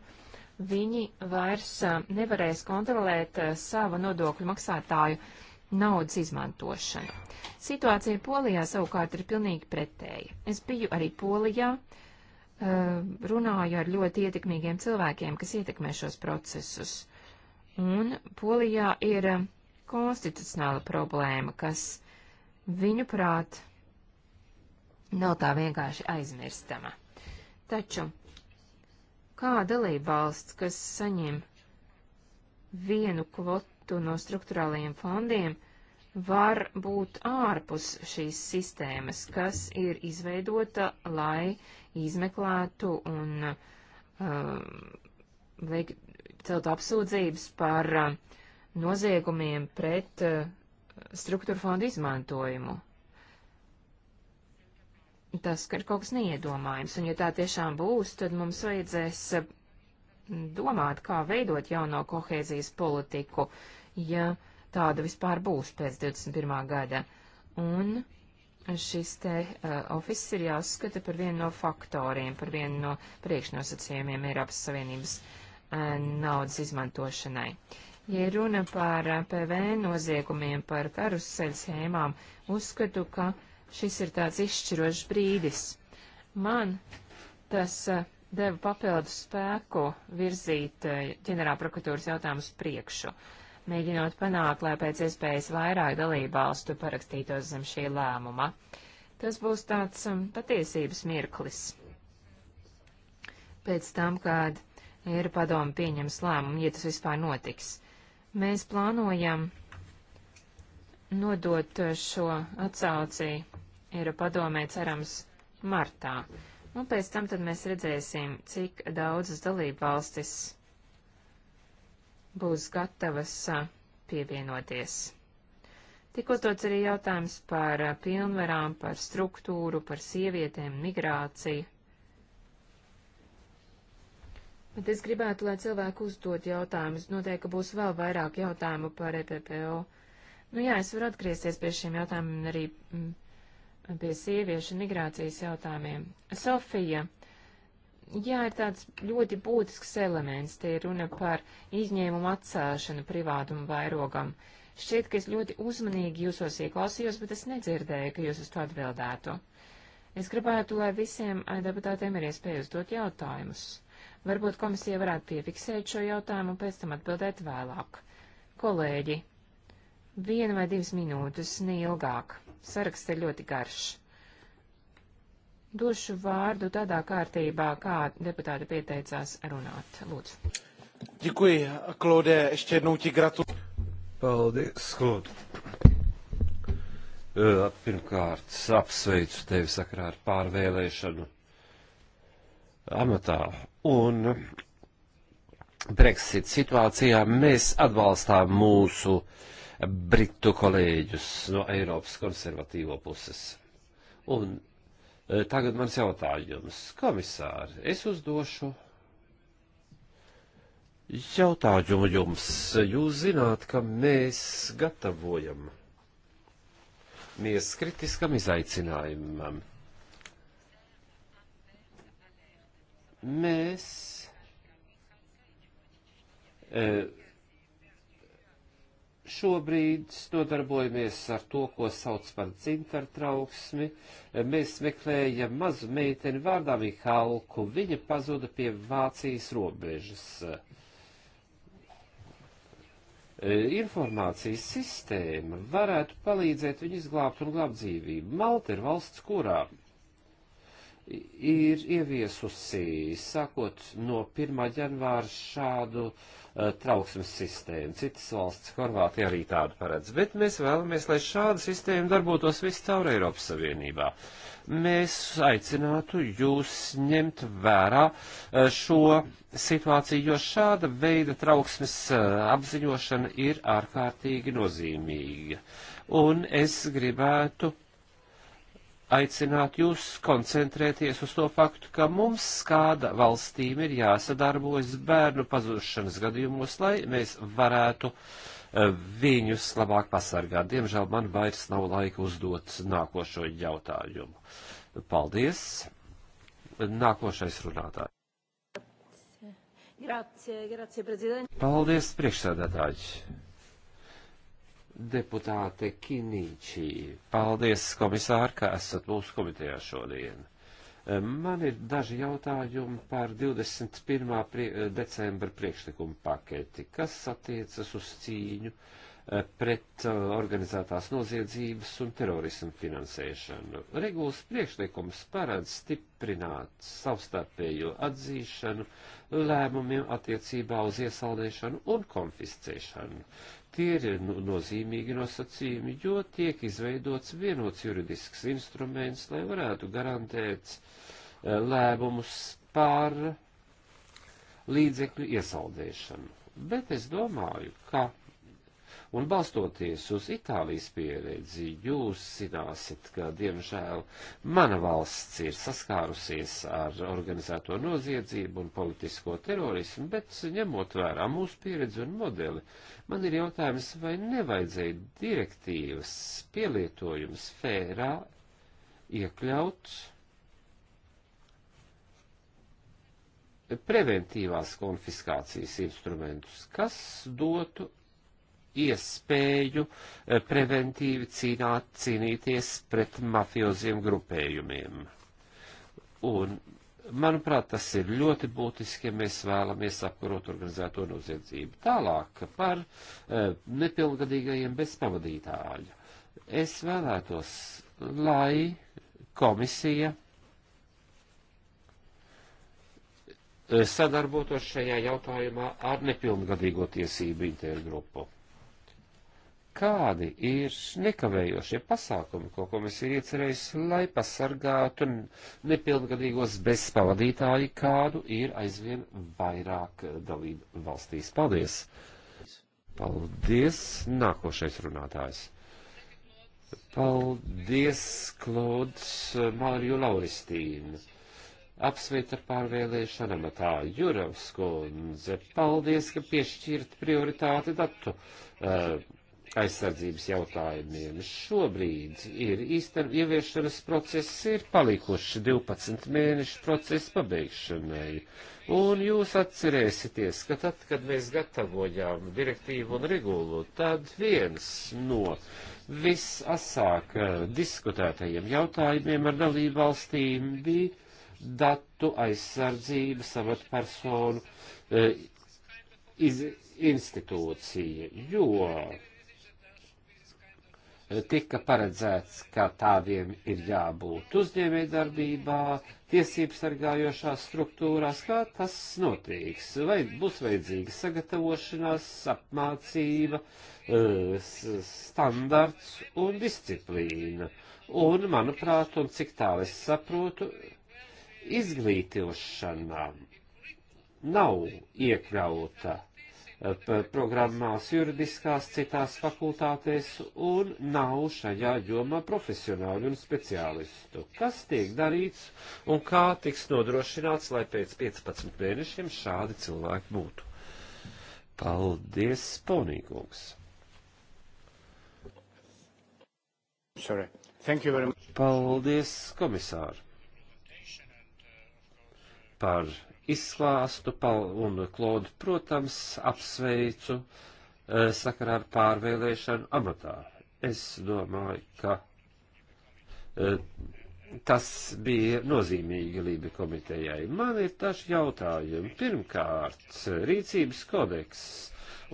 viņi vairs uh, nevarēs kontrolēt uh, savu nodokļu maksātāju uh, naudas izmantošanu. Situācija Polijā savukārt ir pilnīgi pretēja. Es biju arī Polijā, eh, runāju ar ļoti ietekmīgiem cilvēkiem, kas ietekmē šos procesus. Un Polijā ir eh, konstitucionāla problēma, kas viņuprāt nav tā vienkārši aizmirstama. Taču kā dalībvalsts, kas saņem vienu kvotu, citu no struktūrālajiem fondiem var būt ārpus šīs sistēmas, kas ir izveidota, lai izmeklētu un um, uh, veik, celtu apsūdzības par uh, noziegumiem pret uh, struktūra fondu izmantojumu. Tas ir kaut kas neiedomājams, un ja tā tiešām būs, tad mums vajadzēs uh, domāt, kā veidot jauno kohēzijas politiku, ja tāda vispār būs pēc 21. gada. Un šis te uh, ofis ir jāuzskata par vienu no faktoriem, par vienu no priekšnosacījumiem Eiropas Savienības uh, naudas izmantošanai. Ja runa par uh, PVN noziegumiem, par karuseļu schēmām, uzskatu, ka šis ir tāds izšķirošs brīdis. Man tas uh, deva papildus spēku virzīt eh, ģenerālprokuratūras jautājumus priekšu, mēģinot panākt, lai pēc iespējas vairāk dalībvalstu parakstītos zem šī lēmuma. Tas būs tāds um, patiesības mirklis. Pēc tam, kad ir padomu pieņems lēmumu, ja tas vispār notiks. Mēs plānojam nodot eh, šo atsauci ir padomē cerams martā. Un pēc tam tad mēs redzēsim, cik daudzas dalība valstis būs gatavas pievienoties. Tik uzdots arī jautājums par pilnvarām, par struktūru, par sievietēm, migrāciju. Bet es gribētu, lai cilvēki uzdod jautājumus. Noteikti, ka būs vēl vairāk jautājumu par EPPO. Nu jā, es varu atgriezties pie šiem jautājumiem arī pie sieviešu migrācijas jautājumiem. Sofija, jā, ir tāds ļoti būtisks elements, te ir runa par izņēmumu atcelšanu privātumu vairogam. Šķiet, ka es ļoti uzmanīgi jūsos ieklausījos, bet es nedzirdēju, ka jūs uz to atbildētu. Es gribētu, lai visiem eh, deputātiem ir iespēja uzdot jautājumus. Varbūt komisija varētu piefiksēt šo jautājumu un pēc tam atbildēt vēlāk. Kolēģi, viena vai divas minūtes, neilgāk. Saraksts ir ļoti garš. Došu vārdu tādā kārtībā, kā deputāti pieteicās runāt. Lūdzu. Děkuji, Klode, ještě jednou ti gratuluju. Paldies, Klod. Pirmkārt, apsveicu tevi sakrā ar pārvēlēšanu amatā. Un Brexit situācijā mēs atbalstām mūsu uh, britu kolēģus no Eiropas konservatīvo puses. Un e, tagad mans jautājums, komisāri, es uzdošu jautājumu jums. Jūs zināt, ka mēs gatavojam mies kritiskam izaicinājumam. Mēs e, Šobrīd nodarbojamies ar to, ko sauc par dzintartrauksmi. Mēs meklējam mazu meiteni vārdā Mihalku. Viņa pazuda pie Vācijas robežas. E, informācijas sistēma varētu palīdzēt viņu izglābt un glābt dzīvību. Malta ir valsts, kurām ir ieviesusi sākot no 1. janvāra šādu uh, trauksmes sistēmu. Citas valsts, Horvātija arī tādu paredz, bet mēs vēlamies, lai šāda sistēma darbotos viscaur Eiropas Savienībā. Mēs aicinātu jūs ņemt vērā uh, šo situāciju, jo šāda veida trauksmes uh, apziņošana ir ārkārtīgi nozīmīga. Un es gribētu aicināt jūs koncentrēties uz to faktu, ka mums kāda valstīm ir jāsadarbojas bērnu pazušanas gadījumos, lai mēs varētu e, viņus labāk pasargāt. Diemžēl man vairs nav laika uzdot nākošo jautājumu. Paldies! Nākošais runātājs. Paldies, priekšsēdētāji! deputāte Kinīčī. Paldies, komisār, ka esat mūsu komitejā šodien. Eh, man ir daži jautājumi par 21. Prie, eh, decembra priekšlikumu paketi, kas attiecas uz cīņu eh, pret organizētās noziedzības un terorismu finansēšanu. Regulas priekšlikums paredz stiprināt savstarpējo atzīšanu lēmumiem attiecībā uz iesaldēšanu un konfiscēšanu. Tie ir nu, nozīmīgi nosacījumi, jo tiek izveidots vienots juridisks instruments, lai varētu garantēt eh, lēmumus par līdzekļu iesaldēšanu. Bet es domāju, ka Un balstoties uz Itālijas pieredzi, jūs zināsiet, ka, diemžēl, mana valsts ir saskārusies ar organizēto noziedzību un politisko terorismu, bet, ņemot vērā mūsu pieredzi un modeli, man ir jautājums, vai nevajadzēja direktīvas pielietojuma sfērā iekļaut preventīvās konfiskācijas instrumentus, kas dotu iespēju eh, preventīvi cīnāt, cīnīties pret mafioziem grupējumiem. Un, manuprāt, tas ir ļoti būtiski, ja mēs vēlamies apkarot organizēto noziedzību. Tālāk par eh, nepilngadīgajiem bezpavadītāju. Es vēlētos, lai komisija eh, sadarbotos šajā jautājumā ar nepilngadīgo tiesību intergrupu kādi ir nekavējošie pasākumi, ko komisija ir iecerējusi, lai pasargātu nepilngadīgos bezpavadītāji, kādu ir aizvien vairāk dalību valstīs. Paldies! Paldies! Nākošais runātājs. Paldies, Klods Māriju Lauristīnu! apsveic ar pārvēlēšanu amatā Juravs kundze. Paldies, ka piešķirt prioritāti datu uh, aizsardzības jautājumiem. Šobrīd ir īsten ieviešanas process, ir palikuši 12 mēnešu procesa pabeigšanai. Un jūs atcerēsieties, ka tad, kad mēs gatavojām direktīvu un regulu, tad viens no visasāk eh, diskutētajiem jautājumiem ar dalību valstīm bija datu aizsardzības amatpersonu eh, iz, institūcija, jo tika paredzēts, ka tādiem ir jābūt uzņēmējdarbībā, tiesību sargājošās struktūrās, kā tas notiks. Vai būs vajadzīga sagatavošanās, apmācība, eh, standarts un disciplīna. Un, manuprāt, un cik tālu es saprotu, izglītošanā nav iekļauta programmās, juridiskās, citās fakultātēs, un nav šajā jomā profesionāļu un speciālistu. Kas tiek darīts un kā tiks nodrošināts, lai pēc 15 mēnešiem šādi cilvēki būtu? Paldies, Ponīkungs! Paldies, komisār, par izklāstu, un Klodu, protams, apsveicu e, sakarā ar pārvēlēšanu amatā. Es domāju, ka e, tas bija nozīmīgi Lība komitejai. Man ir taši jautājumi. Pirmkārt, rīcības kodeks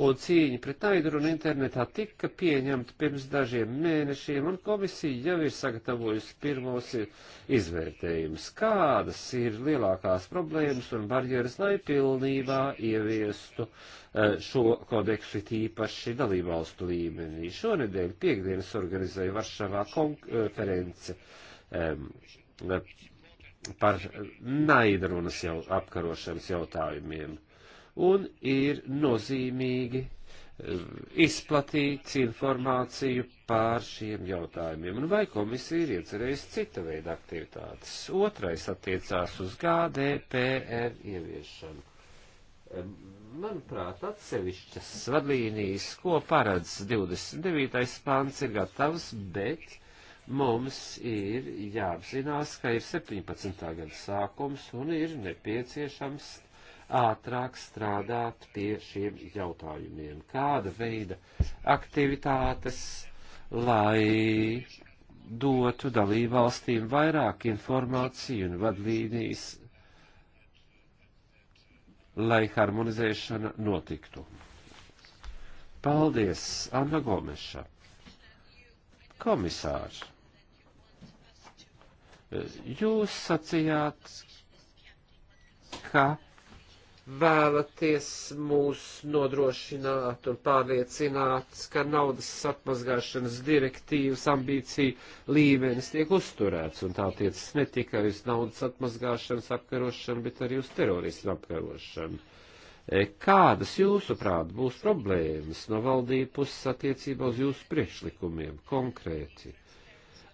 un cīņa pret naidrunu internetā tika pieņemta pirms dažiem mēnešiem, un komisija jau ir sagatavojusi pirmos izvērtējumus. Kādas ir lielākās problēmas un barjeras, lai pilnībā ieviestu eh, šo kodeksu tīpaši dalībvalstu līmenī? Šonedēļ piekdienas organizēja Varšavā konference par naidrunas jau apkarošanas jautājumiem un ir nozīmīgi eh, izplatīt informāciju pār šiem jautājumiem, un vai komisija ir iecerējusi cita veida aktivitātes. Otrais attiecās uz GDPR ieviešanu. Manuprāt, atsevišķas vadlīnijas, ko paredz 29. pāns, ir gatavs, bet mums ir jāapzinās, ka ir 17. gada sākums un ir nepieciešams ātrāk strādāt pie šiem jautājumiem. Kāda veida aktivitātes, lai dotu dalībvalstīm vairāk informāciju un vadlīnijas, lai harmonizēšana notiktu. Paldies, Anna Gomeša. Komisārs, jūs sacījāt, ka vēlaties mūs nodrošināt un pārliecināt, ka naudas atmazgāšanas direktīvas ambīcija līmenis tiek uzturēts, un tā tiecas ne tikai uz naudas atmazgāšanas apkarošanu, bet arī uz terorismu apkarošanu. E, kādas, jūsuprāt, būs problēmas no valdību puses attiecībā uz jūsu priekšlikumiem konkrēti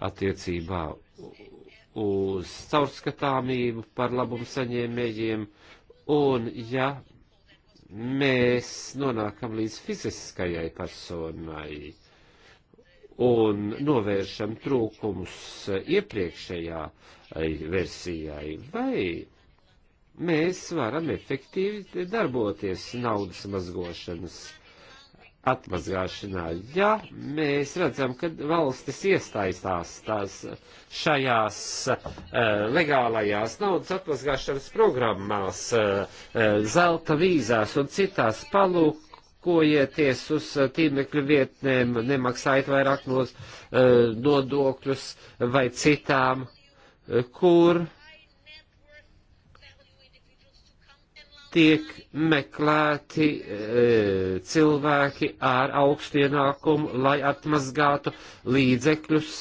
attiecībā uz caurskatāmību par labumu saņēmējiem? Un ja mēs nonākam līdz fiziskajai personai un novēršam trūkumus iepriekšējā versijai, vai mēs varam efektīvi darboties naudas mazgošanas atmazgāšanā. Ja mēs redzam, ka valstis iesaistās tās šajās uh, legālajās naudas atmazgāšanas programmās, uh, uh, zelta vīzās un citās palūk, Kojieties uz tīmekļu vietnēm, nemaksājiet vairāk nos, uh, eh, nodokļus vai citām, uh, kur uh, tiek meklēti e, cilvēki ar augstu ienākumu, lai atmazgātu līdzekļus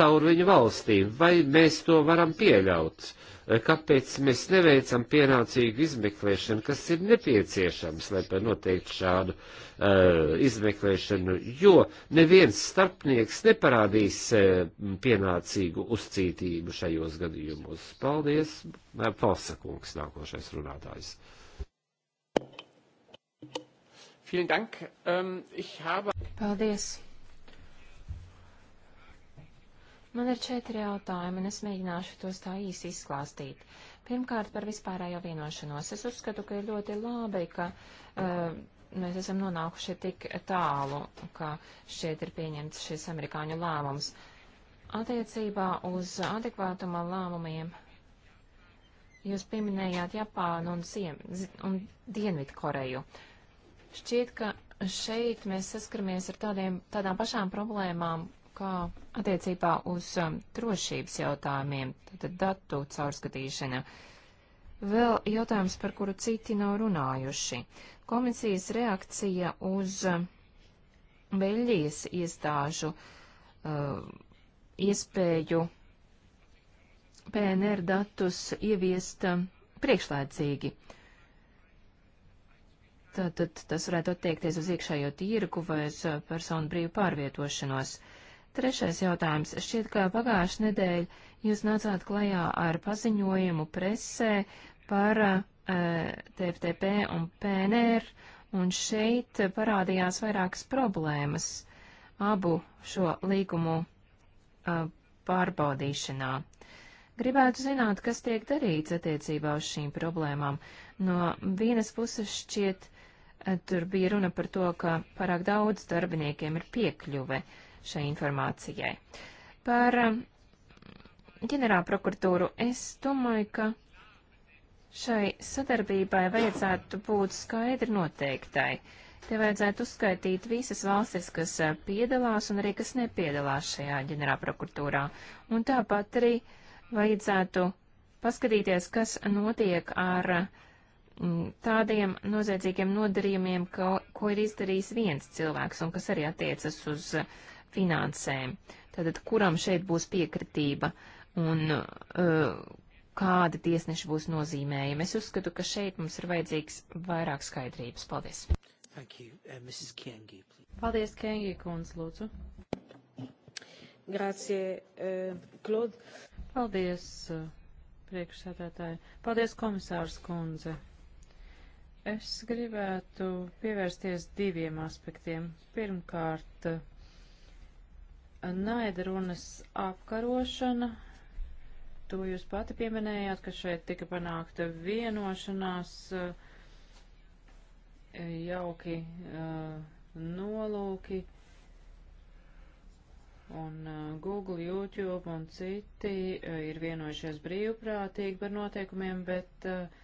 caur viņu valstīm. Vai mēs to varam pieļaut? Eh, kāpēc mēs neveicam pienācīgu izmeklēšanu, kas ir nepieciešams, lai noteiktu šādu uh, izmeklēšanu, jo neviens starpnieks neparādīs uh, pienācīgu uzcītību šajos gadījumos. Paldies, Palsakungs, nākošais runātājs. Ähm, Paldies. Man ir četri jautājumi, un es mēģināšu tos tā īsi izklāstīt. Pirmkārt, par vispārējo vienošanos. Es uzskatu, ka ir ļoti labi, ka uh, mēs esam nonākuši tik tālu, ka šeit ir pieņemts šis amerikāņu lēmums. Attiecībā uz adekvātuma lēmumiem Jūs pieminējāt Japānu un, Ziem, un Dienvidkoreju. Šķiet, ka šeit mēs saskaramies ar tādiem, tādām pašām problēmām, kā attiecībā uz um, drošības jautājumiem, tad datu caurskatīšana. Vēl jautājums, par kuru citi nav runājuši. Komisijas reakcija uz um, Beļģijas iestāžu uh, iespēju PNR datus ieviest um, priekšlaicīgi. Tātad tas varētu attiekties uz iekšējo tirgu vai uz uh, personu brīvu pārvietošanos. Uh, Trešais jautājums. Šķiet, ka pagājušajā nedēļā jūs nācāt klajā ar paziņojumu presē par uh, eh, TFTP un PNR, un šeit parādījās vairākas problēmas abu šo līgumu uh, pārbaudīšanā. Gribētu zināt, kas tiek darīts attiecībā uz šīm problēmām. No vienas puses šķiet, eh, tur bija runa par to, ka pārāk daudz darbiniekiem ir piekļuve. Uh, šai informācijai. Par um, ģenerālu prokuratūru es domāju, ka šai sadarbībai vajadzētu būt skaidri noteiktai. Te vajadzētu uzskaitīt visas valstis, kas uh, piedalās un arī kas nepiedalās šajā ģenerālprokuratūrā. Un tāpat arī vajadzētu paskatīties, kas notiek ar mm, tādiem noziedzīgiem nodarījumiem, ko, ko ir izdarījis viens cilvēks un kas arī attiecas uz uh, finansēm. Tātad, kuram šeit būs piekritība un uh, kādi tiesneši būs nozīmējami. Es uzskatu, ka šeit mums ir vajadzīgs vairāk skaidrības. Paldies! Thank you. Uh, Mrs. Kiengi, please. Paldies, Kiengi kundz, lūdzu. Grācie, uh, Klod. Paldies, uh, priekšsēdētāji. Paldies, komisārs kundze. Es gribētu pievērsties diviem aspektiem. Pirmkārt, uh, Naida runas apkarošana. To jūs pati pieminējāt, ka šeit tika panākta vienošanās e, jauki e, nolūki un e, Google, YouTube un citi ir vienojušies brīvprātīgi par noteikumiem, bet uh,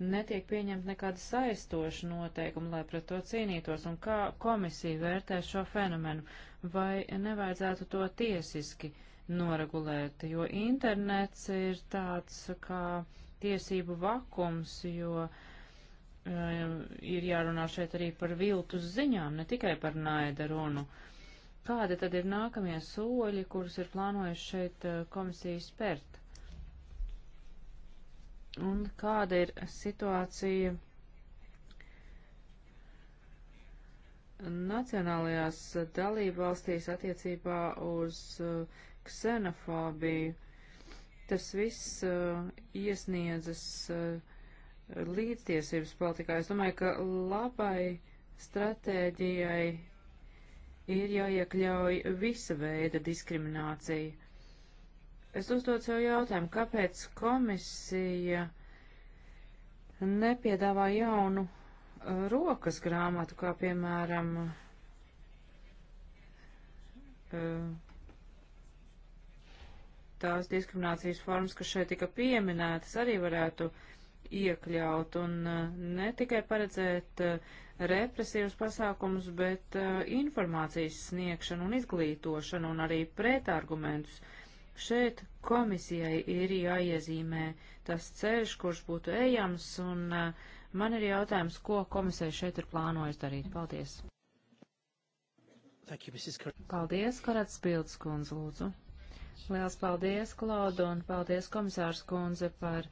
netiek pieņemt nekāda saistoša noteikuma, lai pret to cīnītos, un kā komisija vērtē šo fenomenu, vai nevajadzētu to tiesiski noregulēt, jo internets ir tāds kā tiesību vakums, jo um, ir jārunā šeit arī par viltus ziņām, ne tikai par naida runu. Kādi tad ir nākamie soļi, kurus ir plānojuši šeit uh, komisijas spērt? Un kāda ir situācija nacionālajās dalībvalstīs attiecībā uz uh, ksenofobiju? Tas viss uh, iesniedzas uh, līdztiesības politikā. Es domāju, ka labai stratēģijai ir jāiekļauj visa veida diskriminācija. Es uzdod sev jautājumu, kāpēc komisija nepiedāvā jaunu uh, rokas grāmatu, kā piemēram uh, tās diskriminācijas formas, kas šeit tika pieminētas, arī varētu iekļaut un uh, ne tikai paredzēt represīvus pasākumus, bet informācijas sniegšanu un izglītošanu un arī pretargumentus. argumentus Šeit komisijai ir jāiezīmē tas ceļš, kurš būtu ejams, un uh, man ir jautājums, ko komisija šeit ir plānojis darīt. Paldies! Thank you, Mrs. Kar paldies, Karats Pilds kundze, lūdzu. Liels paldies, Klauda, un paldies, komisārs kundze, par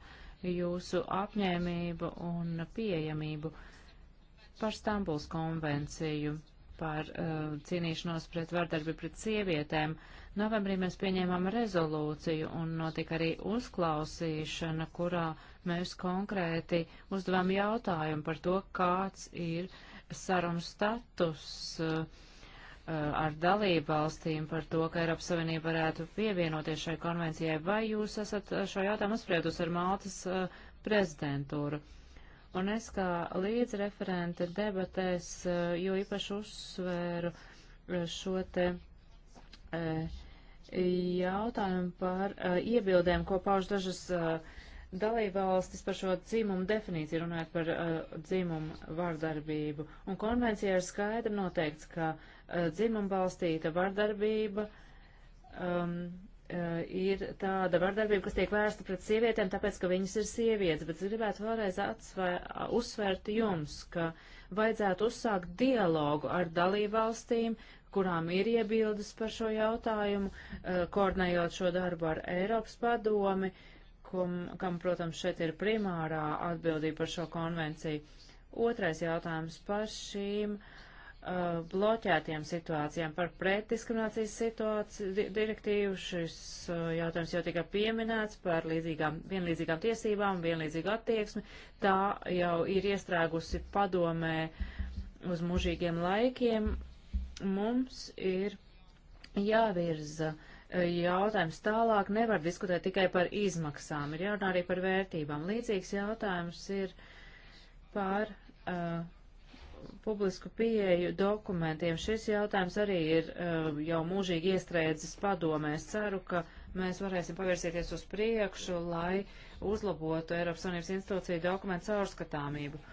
jūsu apņēmību un pieejamību par Stambuls konvenciju par uh, cīnīšanos pret vardarbību pret sievietēm. Novembrī mēs pieņēmām rezolūciju un notika arī uzklausīšana, kurā mēs konkrēti uzdevām jautājumu par to, kāds ir sarunu status uh, ar dalību valstīm par to, ka Eiropas Savienība varētu pievienoties šai konvencijai. Vai jūs esat šo jautājumu uzspriedus ar Maltas uh, prezidentūru? Uh, Un es kā līdzreferente debatēs, eh, jo īpaši uzsvēru eh, šo te eh, jautājumu par iebildēm, ko pauž dažas dalībvalstis par šo dzimumu definīciju, runājot par dzimumu vārdarbību. Un konvencijā ir skaidri noteikts, ka dzimumu balstīta vārdarbība um, Eh, ir tāda vardarbība, kas tiek vērsta pret sievietēm, tāpēc, ka viņas ir sievietes, bet es gribētu vēlreiz atsvē, uzsvērt jums, ka vajadzētu uzsākt dialogu ar dalībvalstīm, kurām ir iebildes par šo jautājumu, eh, koordinējot šo darbu ar Eiropas padomi, kum, kam, protams, šeit ir primārā atbildība par šo konvenciju. Otrais jautājums par šīm uh, Uh, bloķētiem situācijām, par pretdiskriminācijas situāciju direktīvu. Šis uh, jautājums jau tika pieminēts par līdzīgām, vienlīdzīgām tiesībām, vienlīdzīgu attieksmi. Tā jau ir iestrēgusi padomē uz mužīgiem laikiem. Mums ir jāvirza uh, jautājums tālāk. Nevar diskutēt tikai par izmaksām, ir jārunā arī par vērtībām. Līdzīgs jautājums ir par. Uh, publisku pieeju dokumentiem. Šis jautājums arī ir uh, jau mūžīgi iestrēdzis padomē. Es ceru, ka mēs varēsim pavirsieties uz priekšu, lai uzlabotu Eiropas Savienības institūciju dokumentu caurskatāmību.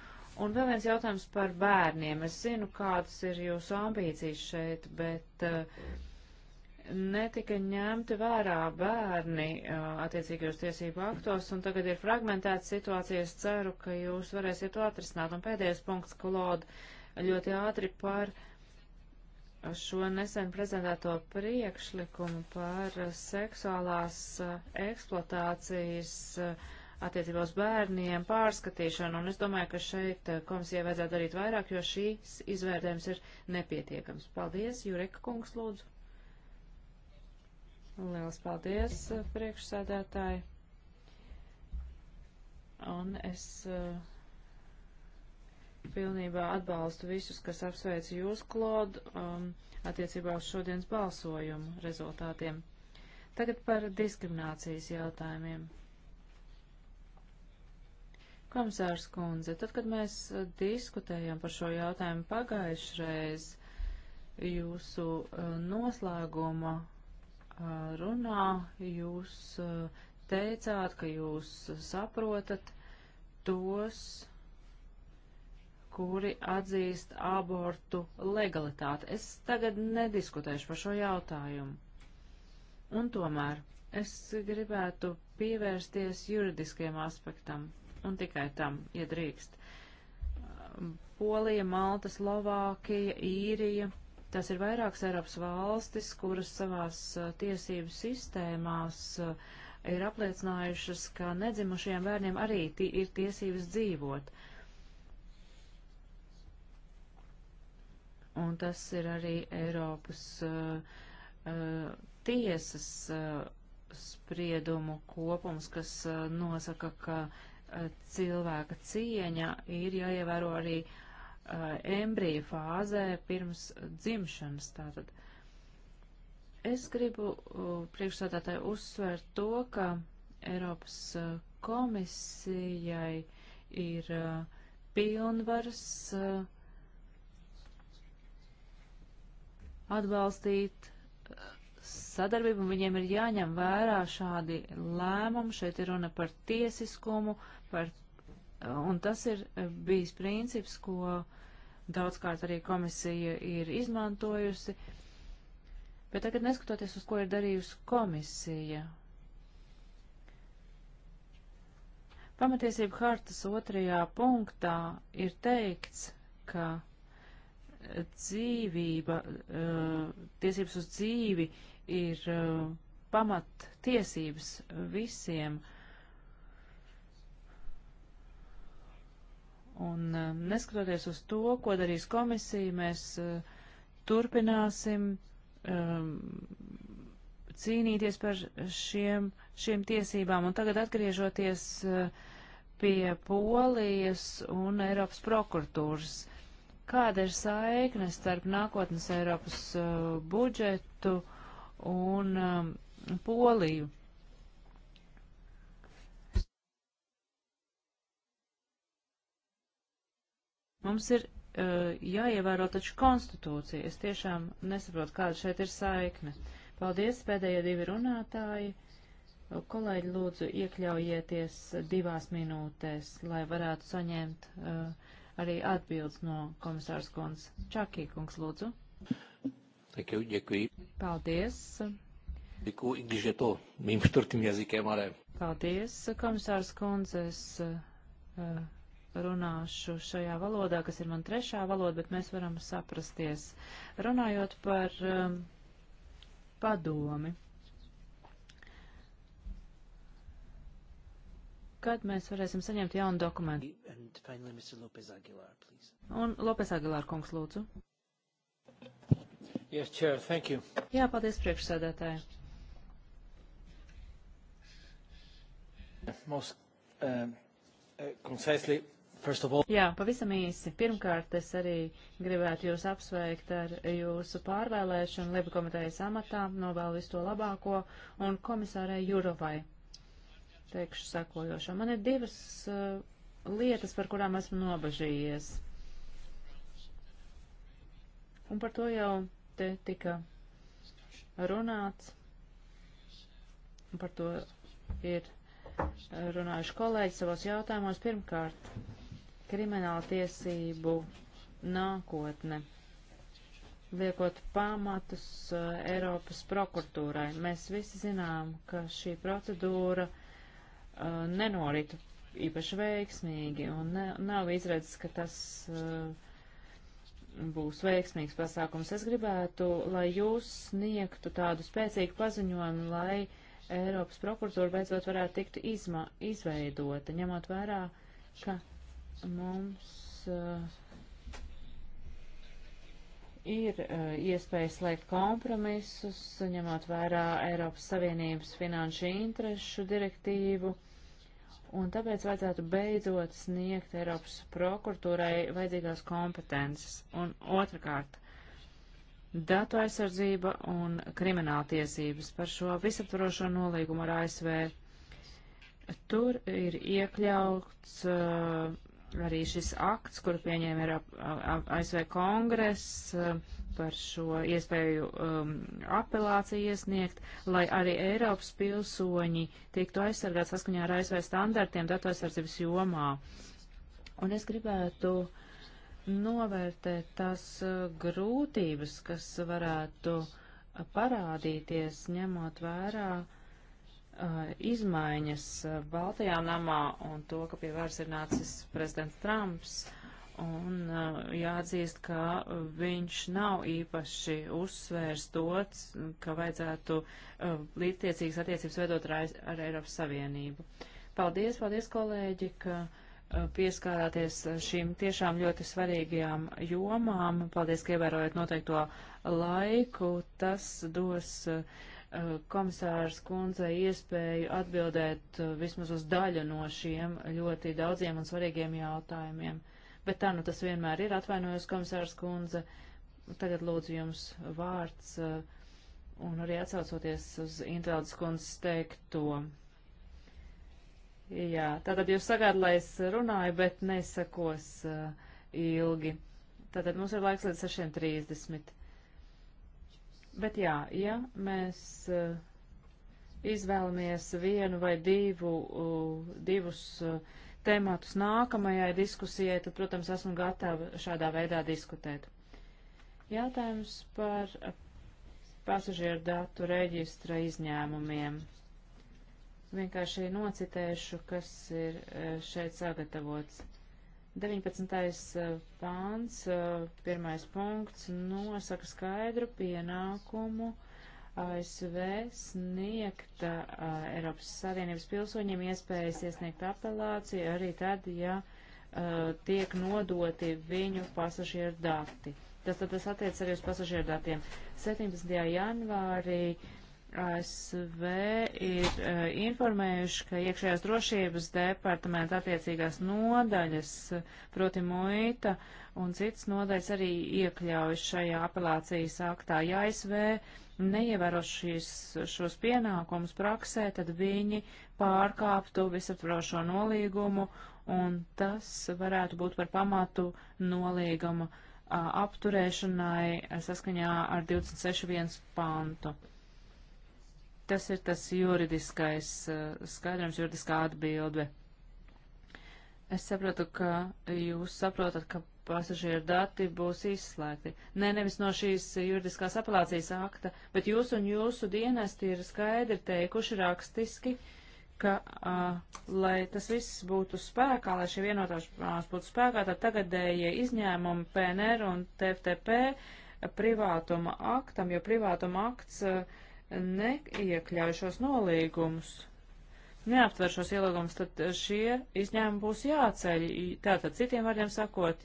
Un vēl viens jautājums par bērniem. Es zinu, kādas ir jūsu ambīcijas šeit, bet uh, netika ņemti vērā bērni attiecīgajos tiesību aktos, un tagad ir fragmentēta situācija. Es ceru, ka jūs varēsiet to atrisināt. Un pēdējais punkts, Klod, ļoti ātri par šo nesen prezentēto priekšlikumu par seksuālās eksploatācijas attiecībā uz bērniem pārskatīšanu, un es domāju, ka šeit komisijai vajadzētu darīt vairāk, jo šīs izvērtējums ir nepietiekams. Paldies, Jureka kungs, lūdzu. Lielas paldies, eh, priekšsēdētāji. Un es uh, pilnībā atbalstu visus, kas apsveic jūs, Klod, um, attiecībā uz šodienas balsojumu rezultātiem. Tagad par diskriminācijas jautājumiem. Komisārs Kundze, tad, kad mēs eh, diskutējām par šo jautājumu pagājušreiz, jūsu noslēguma runā jūs eh, teicāt, ka jūs saprotat tos, kuri atzīst abortu legalitāti. Es tagad nediskutēšu par šo jautājumu. Un tomēr es gribētu pievērsties juridiskiem aspektam un tikai tam, ja drīkst. Polija, Malta, Slovākija, Īrija Tās ir vairākas Eiropas valstis, kuras savās tiesību sistēmās ir apliecinājušas, ka nedzimušajiem bērniem arī ir tiesības dzīvot. Un tas ir arī Eiropas uh, uh, tiesas uh, spriedumu kopums, kas uh, nosaka, ka uh, cilvēka cieņa ir jāievēro arī uh, Eh, embrija fāzē pirms dzimšanas. Tātad es gribu eh, priekšsādātāju uzsvērt to, ka Eiropas eh, komisijai ir pilnvaras atbalstīt sadarbību, un viņiem ir jāņem vērā šādi lēmumi. Šeit ir runa par tiesiskumu, par Un tas ir bijis princips, ko daudzkārt arī komisija ir izmantojusi. Bet tagad neskatoties uz ko ir darījusi komisija. Pamatiesība hartas otrajā punktā ir teikts, ka dzīvība, tiesības uz dzīvi ir pamat tiesības visiem. Uh, Un e, neskatoties uz to, ko darīs komisija, mēs e, turpināsim um, cīnīties par šiem, šiem tiesībām. Un tagad atgriežoties pie Polijas un Eiropas prokuratūras. Kāda ir saikne starp nākotnes Eiropas uh, budžetu un um, Poliju? Mums ir uh, jāievēro taču konstitūcija. Es tiešām nesaprotu, kāda šeit ir saikne. Paldies, pēdējie divi runātāji. Kolēģi, lūdzu, iekļaujieties divās minūtēs, lai varētu saņemt uh, arī atbildes no komisārs kungs. Čakī, kungs, lūdzu. Paldies. Děkuji, když je to mým čtvrtým jazykem, ale... Paldies, komisārs kundzes. Uh, eh, runāšu šajā valodā, kas ir man trešā valoda, bet mēs varam saprasties. Runājot par um, padomi. Kad mēs varēsim saņemt jaunu dokumentu? Un Lopes Agilār kungs lūdzu. Yes, chair, thank you. Jā, paldies priekšsēdētāji. Most, um, uh, concisely, all... Jā, pavisam īsi. Pirmkārt, es arī gribētu jūs apsveikt ar jūsu pārvēlēšanu Lietu komitejas amatā, novēlu visu to labāko, un komisārai Jurovai teikšu sakojošo. Man ir divas uh, lietas, par kurām esmu nobažījies. Un par to jau te tika runāts, un par to ir runājuši kolēģi savos jautājumos pirmkārt krimināla tiesību nākotne, liekot pamatus uh, Eiropas prokuratūrai. Mēs visi zinām, ka šī procedūra uh, nenorit īpaši veiksmīgi un ne, nav izredzes, ka tas uh, būs veiksmīgs pasākums. Es gribētu, lai jūs sniegtu tādu spēcīgu paziņojumu, lai Eiropas prokuratūra beidzot varētu tikt izma, izveidota, ņemot vērā, ka Mums uh, ir uh, iespēja slēgt kompromisus, ņemot vērā Eiropas Savienības finanšu interešu direktīvu, un tāpēc vajadzētu beidzot sniegt Eiropas prokuratūrai vajadzīgās kompetences. Un otrkārt, datu aizsardzība un krimināltiesības par šo visaptvarošo nolīgumu ar ASV. Tur ir iekļauts uh, arī šis akts, kuru pieņēma ir ap, ap, ASV kongress par šo iespēju um, apelāciju iesniegt, lai arī Eiropas pilsoņi tiktu aizsargāti saskaņā ar ASV standartiem datu aizsardzības jomā. Un es gribētu novērtēt tās grūtības, kas varētu parādīties, ņemot vērā uh, Uh, izmaiņas uh, Baltajā namā un to, ka pie varas ir nācis prezidents Trumps. Un uh, jāatzīst, ka viņš nav īpaši uzsvērs to, ka vajadzētu līdztiecīgas attiecības veidot ar, ar Eiropas Savienību. Paldies, paldies, kolēģi, ka pieskārāties šīm tiešām ļoti svarīgajām jomām. Paldies, ka ievērojat noteikto laiku. Tas dos uh, Eh, komisārs kundze iespēju atbildēt eh, vismaz uz daļu no šiem ļoti daudziem un svarīgiem jautājumiem. Bet tā nu tas vienmēr ir. Atvainojos, komisārs kundze. Tagad lūdzu jums vārds eh, un arī atsaucoties uz Intraudas kundzes teikto. Jā, tātad jūs sagādat, lai es runāju, bet nesakos ilgi. Tātad mums ir laiks līdz 6.30. Bet jā, ja mēs eh, izvēlamies vienu vai divu, eh, divus eh, tematus nākamajai diskusijai, tad, protams, esmu gatava šādā veidā diskutēt. Jautājums par pasažieru datu reģistra izņēmumiem. Vienkārši nocitēšu, kas ir šeit sagatavots. 19. pāns, pirmais punkts, nosaka nu, skaidru pienākumu ASV sniegt Eiropas Savienības pilsoņiem iespējas iesniegt apelāciju arī tad, ja a, tiek nodoti viņu pasažieru dati. Tas, tas attiec arī uz pasažieru datiem. 17. janvārī ASV ir uh, informējuši, ka iekšējās drošības departamenta attiecīgās nodaļas, proti muita un citas nodaļas arī iekļaujas šajā apelācijas aktā. Ja ASV neievēro šīs, šos pienākumus praksē, tad viņi pārkāptu visaptvarošo nolīgumu un tas varētu būt par pamatu nolīguma uh, apturēšanai saskaņā ar 26.1 pantu. Tas ir tas juridiskais eh, skaidrums, juridiskā atbilde. Es saprotu, ka jūs saprotat, ka pasažieru dati būs izslēgti. Nē, ne, nevis no šīs juridiskās apelācijas akta, bet jūs un jūsu dienesti ir skaidri teikuši rakstiski, ka, uh, lai tas viss būtu spēkā, lai šie vienotāšanās būtu spēkā, tad tagadējie izņēmumi PNR un TFTP privātuma aktam, jo privātuma akts uh, neiekļauj šos nolīgumus, neaptver šos ielūgumus, tad šie izņēmumi būs jāceļ. Tātad citiem vārdiem sakot,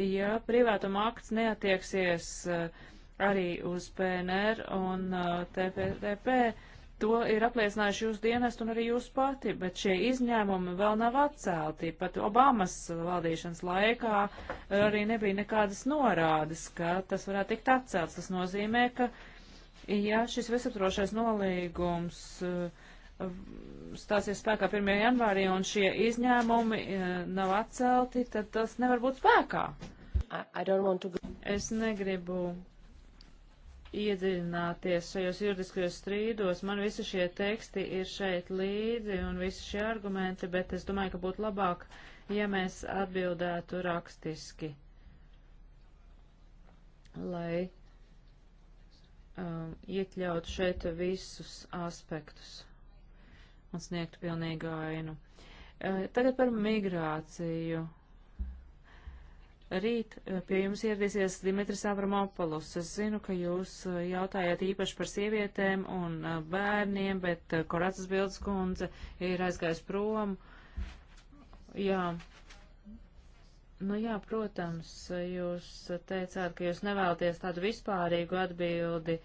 ja privātuma akts neatieksies eh, arī uz PNR un eh, TPTP, to ir apliecinājuši jūsu dienest un arī jūs pati, bet šie izņēmumi vēl nav atcelti. Pat Obamas valdīšanas laikā arī nebija nekādas norādes, ka tas varētu tikt atcelts. Tas nozīmē, ka uh, Ja šis visaptrošais nolīgums eh, stāsies spēkā 1. janvārī un šie izņēmumi eh, nav atcelti, tad tas nevar būt spēkā. I, I to... Es negribu iedziļināties šajos juridiskajos strīdos. Man visi šie teksti ir šeit līdzi un visi šie argumenti, bet es domāju, ka būtu labāk, ja mēs atbildētu rakstiski. Lai um, iekļaut šeit visus aspektus un sniegtu pilnīgu ainu. Uh, tagad par migrāciju. Rīt uh, pie jums ieradīsies Dimitris Avramopoulos. Es zinu, ka jūs uh, jautājat īpaši par sievietēm un uh, bērniem, bet Koracas Bildes kundze ir aizgājis prom. Jā, Nu jā, protams, jūs teicāt, ka jūs nevēlaties tādu vispārīgu atbildi,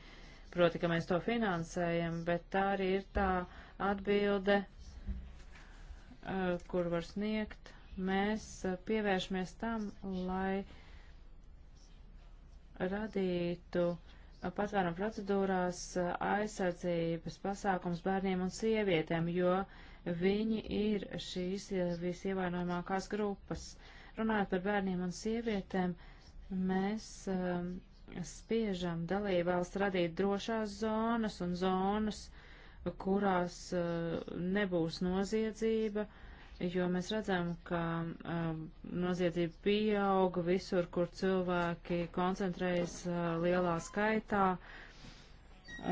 proti, ka mēs to finansējam, bet tā arī ir tā atbilde, eh, kur var sniegt. Mēs pievēršamies tam, lai radītu patvērumu procedūrās aizsardzības pasākums bērniem un sievietēm, jo viņi ir šīs eh, visievainojamākās grupas. Uh, Runājot par bērniem un sievietēm, mēs um, spiežam dalībvalsts radīt drošās zonas un zonas, kurās uh, nebūs noziedzība, jo mēs redzam, ka uh, noziedzība pieauga visur, kur cilvēki koncentrējas uh, lielā skaitā.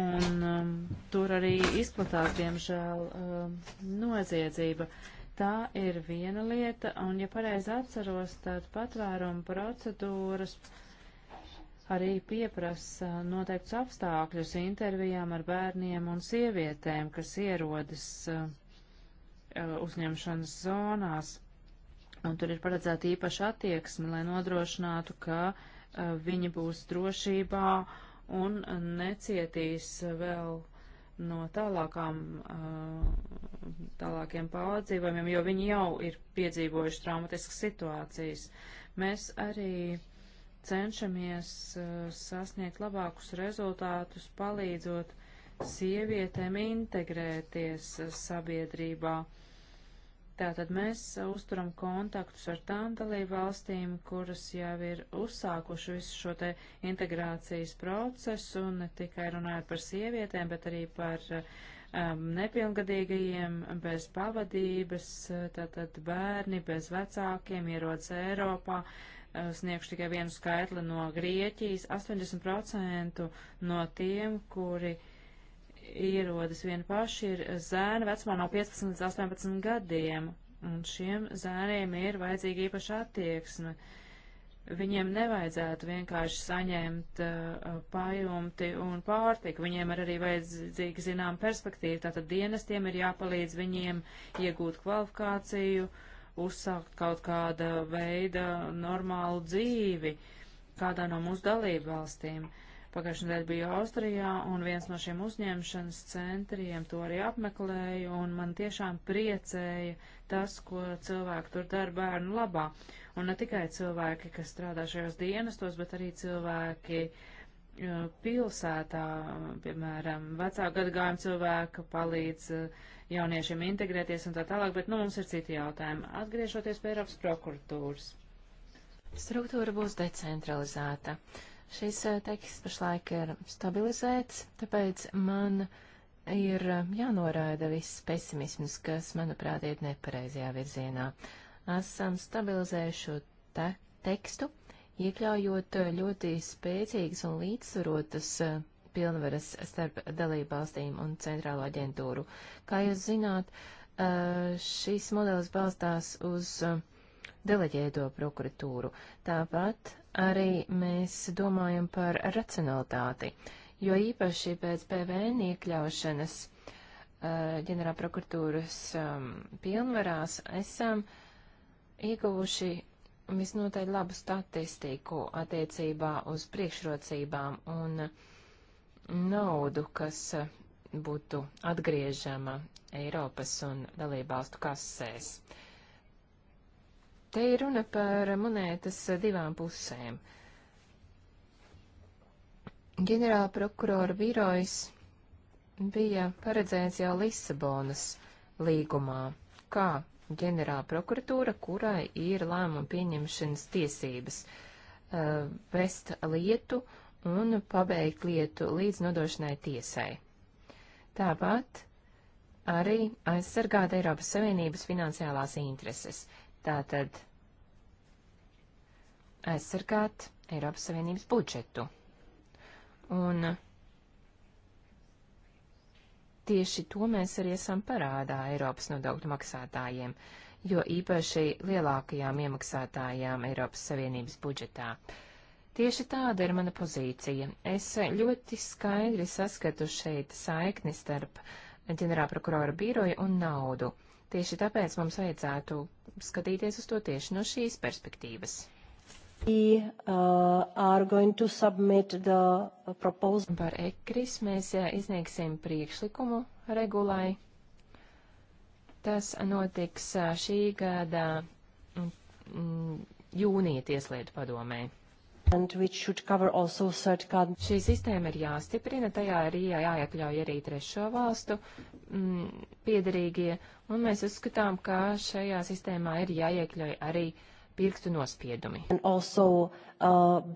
Un um, tur arī izplatās, diemžēl, um, noziedzība. Uh, Tā ir viena lieta, un, ja pareizi atceros, tad patvēruma procedūras arī pieprasa noteikts apstākļus intervijām ar bērniem un sievietēm, kas ierodas uh, uzņemšanas zonās. Un tur ir paredzēta īpaša attieksme, lai nodrošinātu, ka uh, viņi būs drošībā un necietīs vēl no tālākām, tālākiem pārdzīvojumiem, jo viņi jau ir piedzīvojuši traumatiskas situācijas. Mēs arī cenšamies sasniegt labākus rezultātus, palīdzot sievietēm integrēties sabiedrībā. Tātad mēs uzturam kontaktus ar tām dalību valstīm, kuras jau ir uzsākuši visu šo te integrācijas procesu, ne tikai runājot par sievietēm, bet arī par um, nepilngadīgajiem bez pavadības, tātad bērni bez vecākiem ierodas Eiropā. Uh, sniegšu tikai vienu skaitli no Grieķijas. 80% no tiem, kuri uh, ierodas vieni paši, ir zēni vecumā no 15 līdz 18 gadiem, un šiem zēniem ir vajadzīga īpaša attieksme. Viņiem nevajadzētu vienkārši saņemt uh, pajumti un pārtiku, viņiem ir arī vajadzīga zinām perspektīva, tātad dienestiem ir jāpalīdz viņiem iegūt kvalifikāciju, uzsākt kaut kāda veida normālu dzīvi kādā no mūsu dalību valstīm. Uh, Pagājušajā nedēļā biju Austrijā, un viens no šiem uzņemšanas centriem to arī apmeklēju, un man tiešām priecēja tas, ko cilvēki tur dara bērnu labā. Un ne tikai cilvēki, kas strādā šajos dienestos, bet arī cilvēki uh, pilsētā, piemēram, vecāku gadagājumu cilvēku palīdz uh, jauniešiem integrēties un tā tālāk, bet nu mums ir citi jautājumi. Atgriežoties pie Eiropas prokuratūras. Struktūra būs decentralizēta. Uh, Šis eh, teksts pašlaik ir stabilizēts, tāpēc man ir eh, jānoraida viss pesimisms, kas, manuprāt, iet nepareizajā virzienā. Esam stabilizējuši šo te tekstu, iekļaujot eh, ļoti spēcīgas un līdzsvarotas pilnvaras starp dalībvalstīm un centrālo aģentūru. Kā jūs zināt, šīs modelis balstās uz deleģēto prokuratūru. Tāpat Arī mēs domājam par racionalitāti, jo īpaši pēc PVN iekļaušanas eh, ģenerālprokuratūras um, pilnvarās esam ieguvuši visnotaļ labu statistiku attiecībā uz priekšrocībām un naudu, kas būtu atgriežama Eiropas un dalībvalstu kasēs. Uh, Te ir runa par monētas divām pusēm. Ģenerāla prokurora birojs bija paredzēts jau Lisabonas līgumā, kā ģenerāla prokuratūra, kurai ir lēmuma pieņemšanas tiesības uh, vest lietu un pabeigt lietu līdz nodošanai tiesai. Tāpat arī aizsargāt Eiropas Savienības finansiālās intereses. Tātad aizsargāt Eiropas Savienības budžetu. Un tieši to mēs arī esam parādā Eiropas nodokļu maksātājiem, jo īpaši lielākajām iemaksātājām Eiropas Savienības budžetā. Tieši tāda ir mana pozīcija. Es ļoti skaidri saskatu šeit saikni starp ģenerālprokurora biroju un naudu. Tieši tāpēc mums vajadzētu skatīties uz to tieši no šīs perspektīvas. We, uh, Par ekris mēs uh, izniegsim priekšlikumu regulai. Tas notiks uh, šī gada mm, mm, jūnija tieslietu padomē. Šī sistēma ir jāstiprina, tajā ir jā, jāiekļauj arī trešo valstu m, mm, piedarīgie, un mēs uzskatām, ka šajā sistēmā ir jāiekļauj arī pirkstu nospiedumi. Also, uh,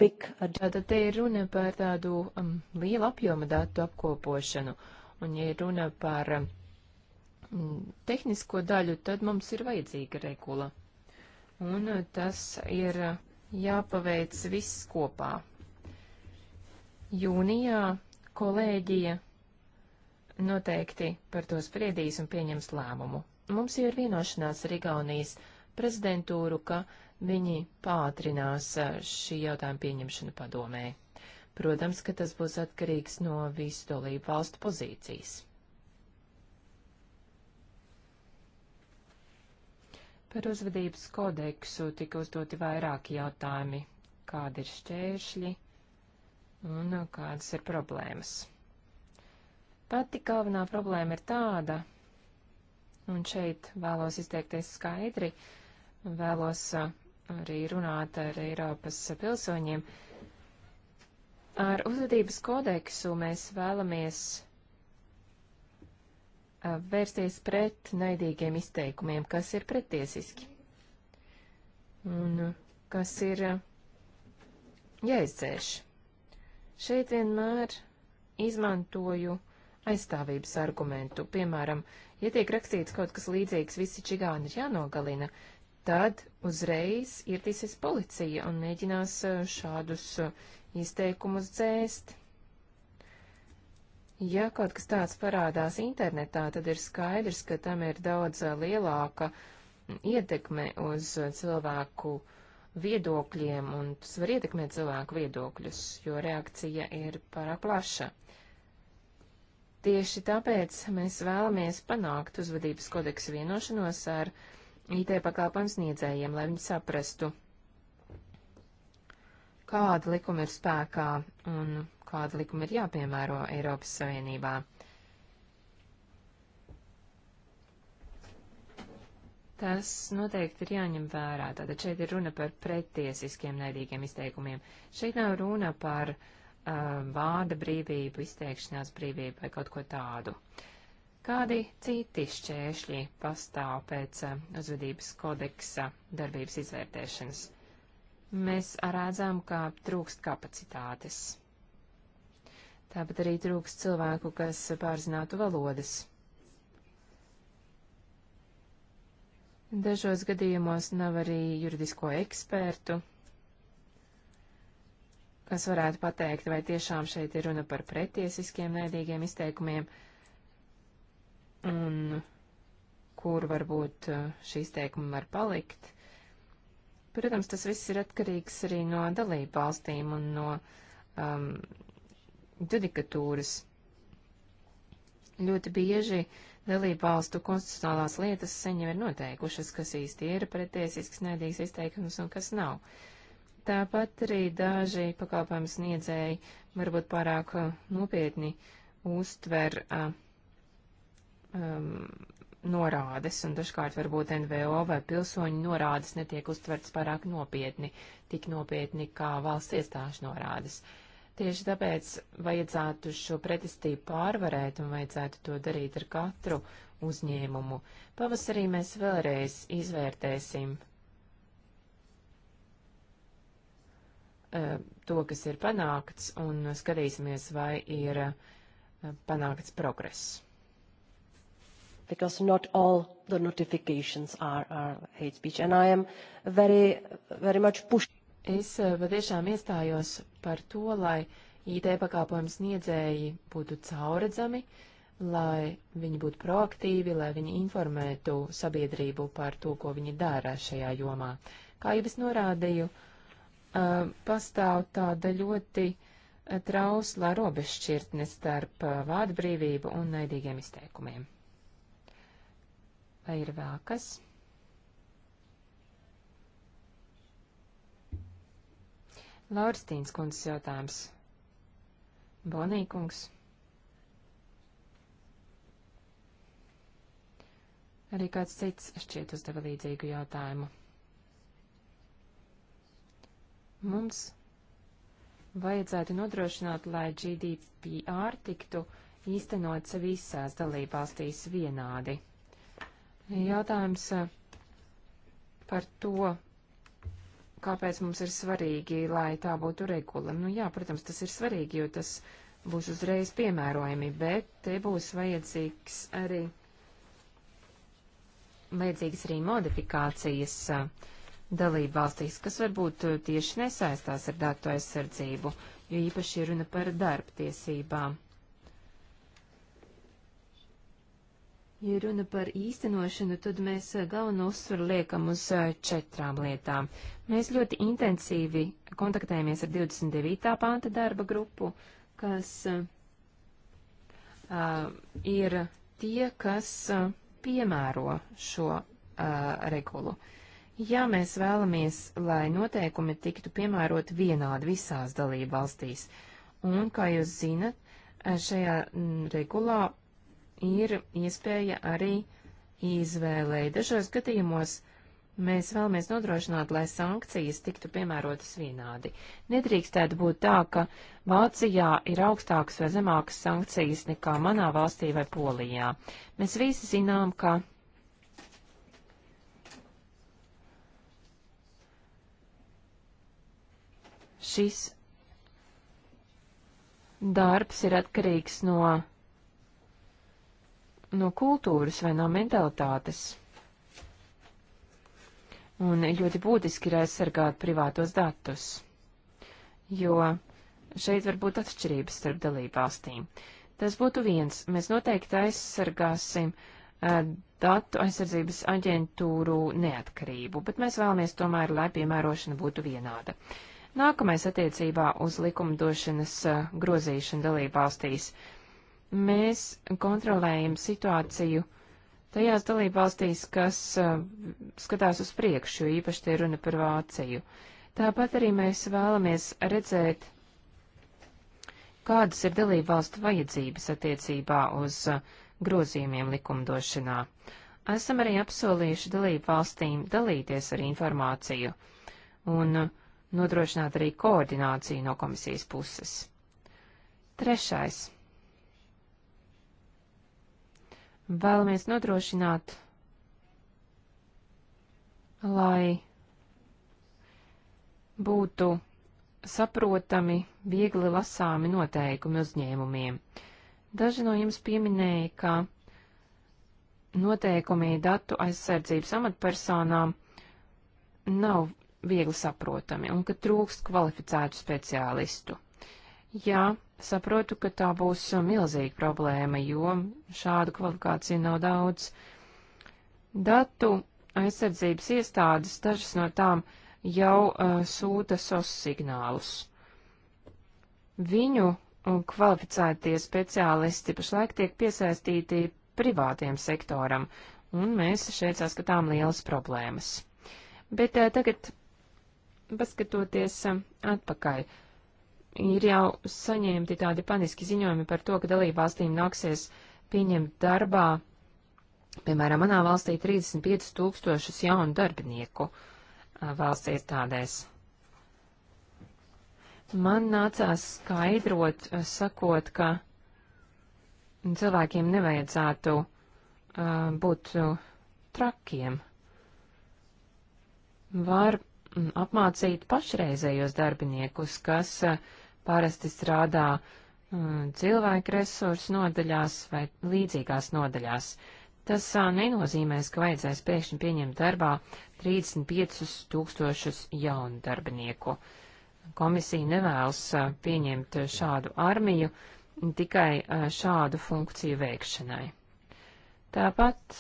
big... Tātad te ir runa par tādu um, lielu apjomu datu apkopošanu, un ja ir runa par um, tehnisko daļu, tad mums ir vajadzīga regula. Un uh, tas ir uh, jāpaveic viss kopā. Jūnijā kolēģija noteikti par to spriedīs un pieņems lēmumu. Mums jau ir vienošanās ar Igaunijas prezidentūru, ka viņi pātrinās šī jautājuma pieņemšanu padomē. Protams, ka tas būs atkarīgs no visu dalību valstu pozīcijas. Par uzvedības kodeksu tika uzdoti vairāki jautājumi, kādi ir šķēršļi un kādas ir problēmas. Pati galvenā problēma ir tāda, un šeit vēlos izteikties skaidri, vēlos arī runāt ar Eiropas pilsoņiem. Ar uzvedības kodeksu mēs vēlamies Uh, vērsties pret naidīgiem izteikumiem, kas ir pretiesiski un uh, kas ir uh, jāizdzēš. Šeit vienmēr izmantoju aizstāvības argumentu. Piemēram, ja tiek rakstīts kaut kas līdzīgs, visi čigāni ir jānogalina, tad uzreiz ietīsies policija un mēģinās šādus izteikumus dzēst. Ja kaut kas tāds parādās internetā, tad ir skaidrs, ka tam ir daudz lielāka ietekme uz cilvēku viedokļiem, un tas var ietekmēt cilvēku viedokļus, jo reakcija ir pārāk plaša. Tieši tāpēc mēs vēlamies panākt uzvedības kodeksa vienošanos ar IT pakalpojumu sniedzējiem, lai viņi saprastu, kāda likuma ir spēkā un kāda likuma ir jāpiemēro Eiropas Savienībā. Tas noteikti ir jāņem vērā. Tātad šeit ir runa par pretiesiskiem naidīgiem izteikumiem. Šeit nav runa par uh, vārda brīvību, izteikšanās brīvību vai kaut ko tādu. Kādi citi šķēršļi pastāv pēc uh, uzvedības kodeksa darbības izvērtēšanas? mēs redzam, ka trūkst kapacitātes. Tāpat arī trūkst cilvēku, kas pārzinātu valodas. Dažos gadījumos nav arī juridisko ekspertu, kas varētu pateikt, vai tiešām šeit ir runa par pretiesiskiem naidīgiem izteikumiem, un kur varbūt uh, šī izteikuma var palikt Protams, tas viss ir atkarīgs arī no dalību valstīm un no um, judikatūras. Ļoti bieži dalību valstu konstitucionālās lietas saņem ir noteikušas, kas īsti ir pretiesisks, nedīgs izteikums un kas nav. Tāpat arī daži pakalpojums sniedzēji varbūt pārāk uh, nopietni uztver uh, um, norādes, un dažkārt varbūt NVO vai pilsoņu norādes netiek uztverts pārāk nopietni, tik nopietni kā valsts iestāžu norādes. Tieši tāpēc vajadzētu šo pretestību pārvarēt un vajadzētu to darīt ar katru uzņēmumu. Pavasarī mēs vēlreiz izvērtēsim eh, to, kas ir panākts, un skatīsimies, vai ir eh, panākts progress because not all the notifications are, are hate speech. And I am very, very much pushing. Es eh, patiešām iestājos par to, lai IT pakāpojumu sniedzēji būtu cauredzami, lai viņi būtu proaktīvi, lai viņi informētu sabiedrību par to, ko viņi dara šajā jomā. Kā jau es norādīju, eh, pastāv tāda ļoti eh, trausla robežšķirtne starp vārdu brīvību un naidīgiem izteikumiem. Vai ir vēl kas? Lauristīns kundzes jautājums. Bonīkungs. Arī kāds cits šķiet uzdeva līdzīgu jautājumu. Mums vajadzētu nodrošināt, lai GDPR tiktu īstenots visās dalībvalstīs vienādi. Jautājums eh, par to, kāpēc mums ir svarīgi, lai tā būtu regula. Nu jā, protams, tas ir svarīgi, jo tas būs uzreiz piemērojami, bet te būs vajadzīgs arī, vajadzīgas arī modifikācijas eh, dalību valstīs, kas varbūt eh, tieši nesaistās ar datu aizsardzību, jo īpaši runa par darba tiesībām. Ja runa par īstenošanu, tad mēs eh, galveno uzsvaru liekam uz eh, četrām lietām. Mēs ļoti intensīvi kontaktējamies ar 29. panta darba grupu, kas uh, ir tie, kas uh, piemēro šo uh, regulu. Ja mēs vēlamies, lai noteikumi tiktu piemērot vienādi visās dalību valstīs, un, kā jūs zinat, šajā mm, regulā ir iespēja arī izvēlei. Dažos gadījumos mēs vēlamies nodrošināt, lai sankcijas tiktu piemērotas vienādi. Nedrīkstētu būt tā, ka Vācijā ir augstākas vai zemākas sankcijas nekā manā valstī vai Polijā. Mēs visi zinām, ka šis darbs ir atkarīgs no no kultūras vai no mentalitātes. Un ļoti būtiski ir aizsargāt privātos datus, jo šeit var būt atšķirības starp dalībvalstīm. Tas būtu viens. Mēs noteikti aizsargāsim uh, datu aizsardzības aģentūru neatkarību, bet mēs vēlamies tomēr, lai piemērošana būtu vienāda. Nākamais attiecībā uz likumdošanas uh, grozīšanu dalībvalstīs. valstīs mēs kontrolējam situāciju tajās dalībvalstīs, kas uh, skatās uz priekšu, īpaši tie runa par Vāciju. Tāpat arī mēs vēlamies redzēt, kādas ir dalībvalstu vajadzības attiecībā uz uh, grozījumiem likumdošanā. Esam arī apsolījuši dalībvalstīm dalīties ar informāciju un uh, nodrošināt arī koordināciju no komisijas puses. Trešais Vēlamies nodrošināt, lai būtu saprotami, viegli lasāmi noteikumi uzņēmumiem. Daži no jums pieminēja, ka noteikumi datu aizsardzības amatpersonām nav viegli saprotami un ka trūkst kvalificētu speciālistu. Jā, Saprotu, ka tā būs milzīga problēma, jo šādu kvalifikāciju nav daudz. Datu aizsardzības iestādes, dažas no tām jau uh, sūta SOS signālus. Viņu uh, kvalificētie speciālisti pašlaik tiek piesaistīti privātiem sektoram, un mēs šeit saskatām lielas problēmas. Bet uh, tagad, paskatoties uh, atpakaļ, uh, ir jau saņemti tādi paniski ziņojumi par to, ka dalību valstīm nāksies pieņemt darbā, piemēram, manā valstī 35 tūkstošus jaunu darbinieku valsts iestādēs. Man nācās skaidrot, sakot, ka cilvēkiem nevajadzētu uh, būt uh, trakiem. Var apmācīt pašreizējos darbiniekus, kas parasti strādā cilvēku resursu nodaļās vai līdzīgās nodaļās. Tas nenozīmēs, ka vajadzēs pēkšņi pieņemt darbā 35 tūkstošus jaunu darbinieku. Komisija nevēlas pieņemt šādu armiju tikai šādu funkciju veikšanai. Tāpat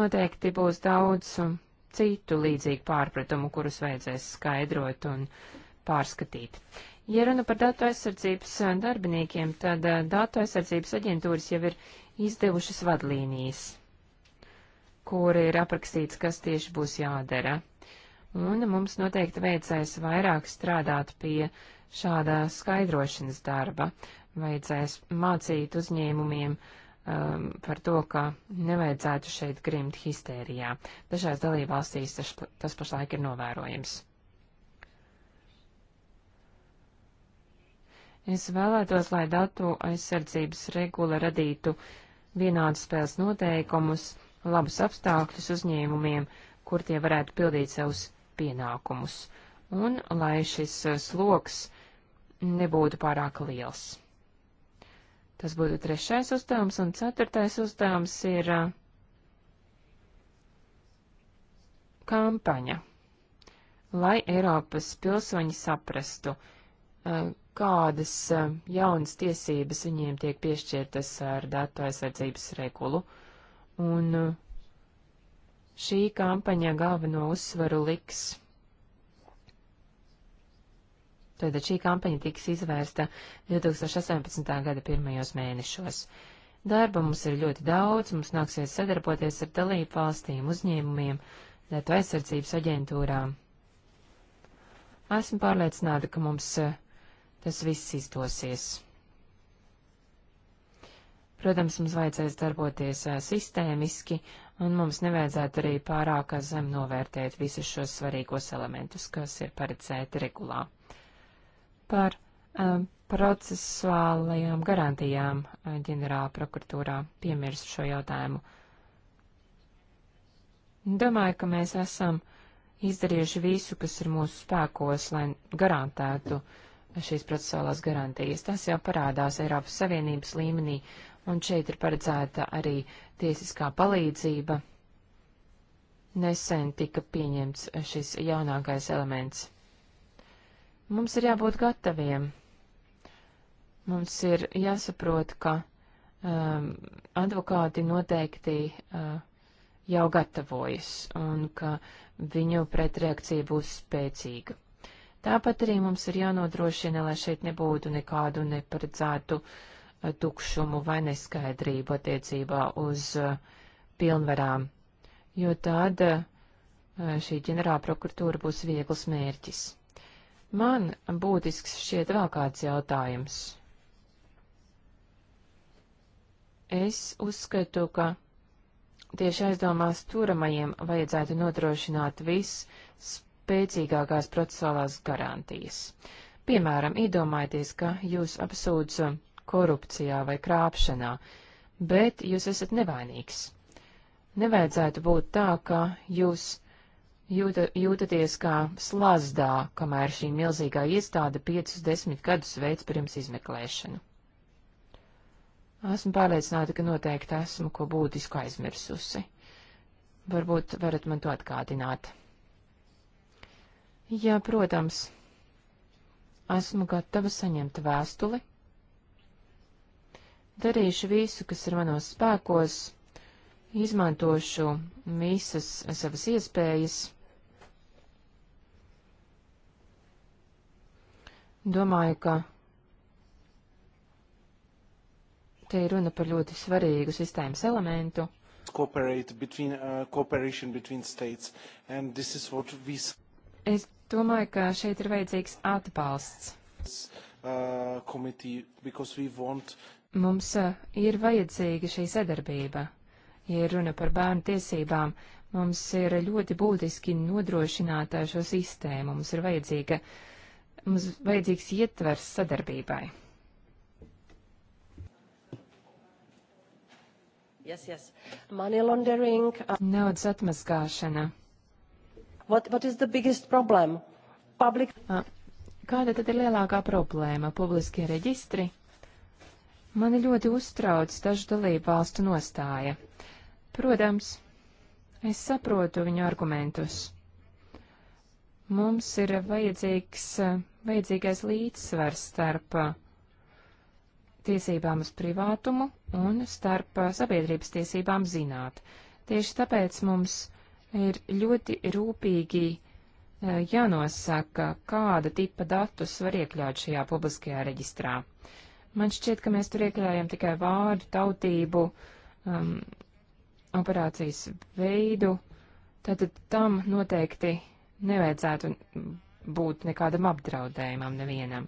noteikti būs daudz citu līdzīgu pārpratumu, kurus vajadzēs skaidrot un pārskatīt. Ja runa par datu aizsardzības eh, darbiniekiem, tad eh, datu aizsardzības aģentūras jau ir izdevušas vadlīnijas, kur ir aprakstīts, kas tieši būs jādara. Un mums noteikti vajadzēs vairāk strādāt pie šādā skaidrošanas darba, vajadzēs mācīt uzņēmumiem, uh, um, par to, ka nevajadzētu šeit grimt histērijā. Dažās dalībvalstīs tas, tas pašlaik ir novērojams. Es vēlētos, lai datu aizsardzības regula radītu vienādas spēles noteikumus, labus apstākļus uzņēmumiem, kur tie varētu pildīt savus pienākumus, un lai šis uh, sloks nebūtu pārāk liels. Tas būtu trešais uzdevums, un ceturtais uzdevums ir uh, kampaņa, lai Eiropas pilsoņi saprastu, uh, kādas uh, jaunas tiesības viņiem tiek piešķirtas ar datu aizsardzības regulu. Un šī kampaņa galveno uzsvaru liks Tātad šī kampaņa tiks izvērsta 2018. gada pirmajos mēnešos. Darba mums ir ļoti daudz, mums nāksies sadarboties ar dalību valstīm, uzņēmumiem, datu aizsardzības aģentūrām. Esmu pārliecināta, ka mums eh, tas viss izdosies. Protams, mums vajadzēs darboties eh, sistēmiski, un mums nevajadzētu arī pārāk eh, zem novērtēt visus šos svarīgos elementus, kas ir paredzēti regulā par um, procesuālajām garantijām eh, ģenerāla prokuratūrā piemirst šo jautājumu. Domāju, ka mēs esam izdarījuši visu, kas ir mūsu spēkos, lai garantētu šīs procesuālās garantijas. Tas jau parādās Eiropas Savienības līmenī, un šeit ir paredzēta arī tiesiskā palīdzība. Nesen tika pieņemts šis jaunākais elements. Mums ir jābūt gataviem. Mums ir jāsaprot, ka um, advokāti noteikti uh, jau gatavojas un ka viņu pretreakcija būs spēcīga. Tāpat arī mums ir jānodrošina, lai šeit nebūtu nekādu neparedzētu uh, tukšumu vai neskaidrību attiecībā uz uh, pilnvarām, jo tāda uh, šī ģenerāla prokuratūra būs viegls mērķis. Man būtisks šķiet vēl kāds jautājums. Es uzskatu, ka tieši aizdomās turamajiem vajadzētu nodrošināt viss spēcīgākās procesuālās garantijas. Piemēram, iedomājieties, ka jūs apsūdz korupcijā vai krāpšanā, bet jūs esat nevainīgs. Nevajadzētu būt tā, ka jūs jūta, jūtaties kā slazdā, kamēr šī milzīgā iestāde 5-10 gadus veids pirms izmeklēšanu. Esmu pārliecināta, ka noteikti esmu ko būtisku aizmirsusi. Varbūt varat man to atgādināt. Jā, protams. Esmu gatava saņemt vēstuli. Darīšu visu, kas ir manos spēkos, izmantošu visas savas iespējas Domāju, ka te ir runa par ļoti svarīgu sistēmas elementu. Between, uh, between states, we... Es domāju, ka šeit ir vajadzīgs atbalsts. Uh, want... Mums uh, ir vajadzīga šī sadarbība. Ja runa par bērnu tiesībām, mums ir ļoti būtiski nodrošināt uh, šo sistēmu. Mums ir vajadzīga uh, Mums vajadzīgs ietvers sadarbībai. Yes, yes. Money laundering. Uh, Naudas atmazgāšana. What, what is the biggest problem? Public... Kāda tad ir lielākā problēma? Publiskie reģistri? Mani ļoti uztrauc dažu dalību valstu nostāja. Protams, es saprotu viņu argumentus. Mums ir vajadzīgs uh, vajadzīgais līdzsvars starp uh, tiesībām uz privātumu un starp uh, sabiedrības tiesībām zināt. Tieši tāpēc mums ir ļoti rūpīgi uh, jānosaka, kāda tipa datus var iekļaut šajā publiskajā reģistrā. Man šķiet, ka mēs tur iekļājam tikai vārdu, tautību, um, operācijas veidu, tātad tam noteikti nevajadzētu būt nekādam apdraudējumam nevienam.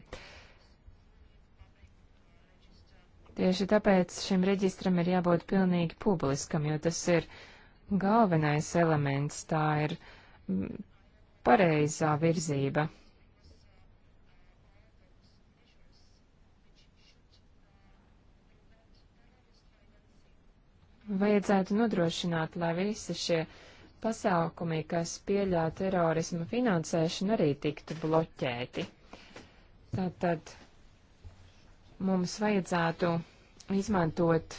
Tieši tāpēc šim reģistram ir jābūt pilnīgi publiskam, jo tas ir galvenais elements, tā ir mm, pareizā virzība. Vajadzētu nodrošināt, lai visi šie pasākumi, kas pieļauj terorismu finansēšanu, arī tiktu bloķēti. Tātad mums vajadzētu izmantot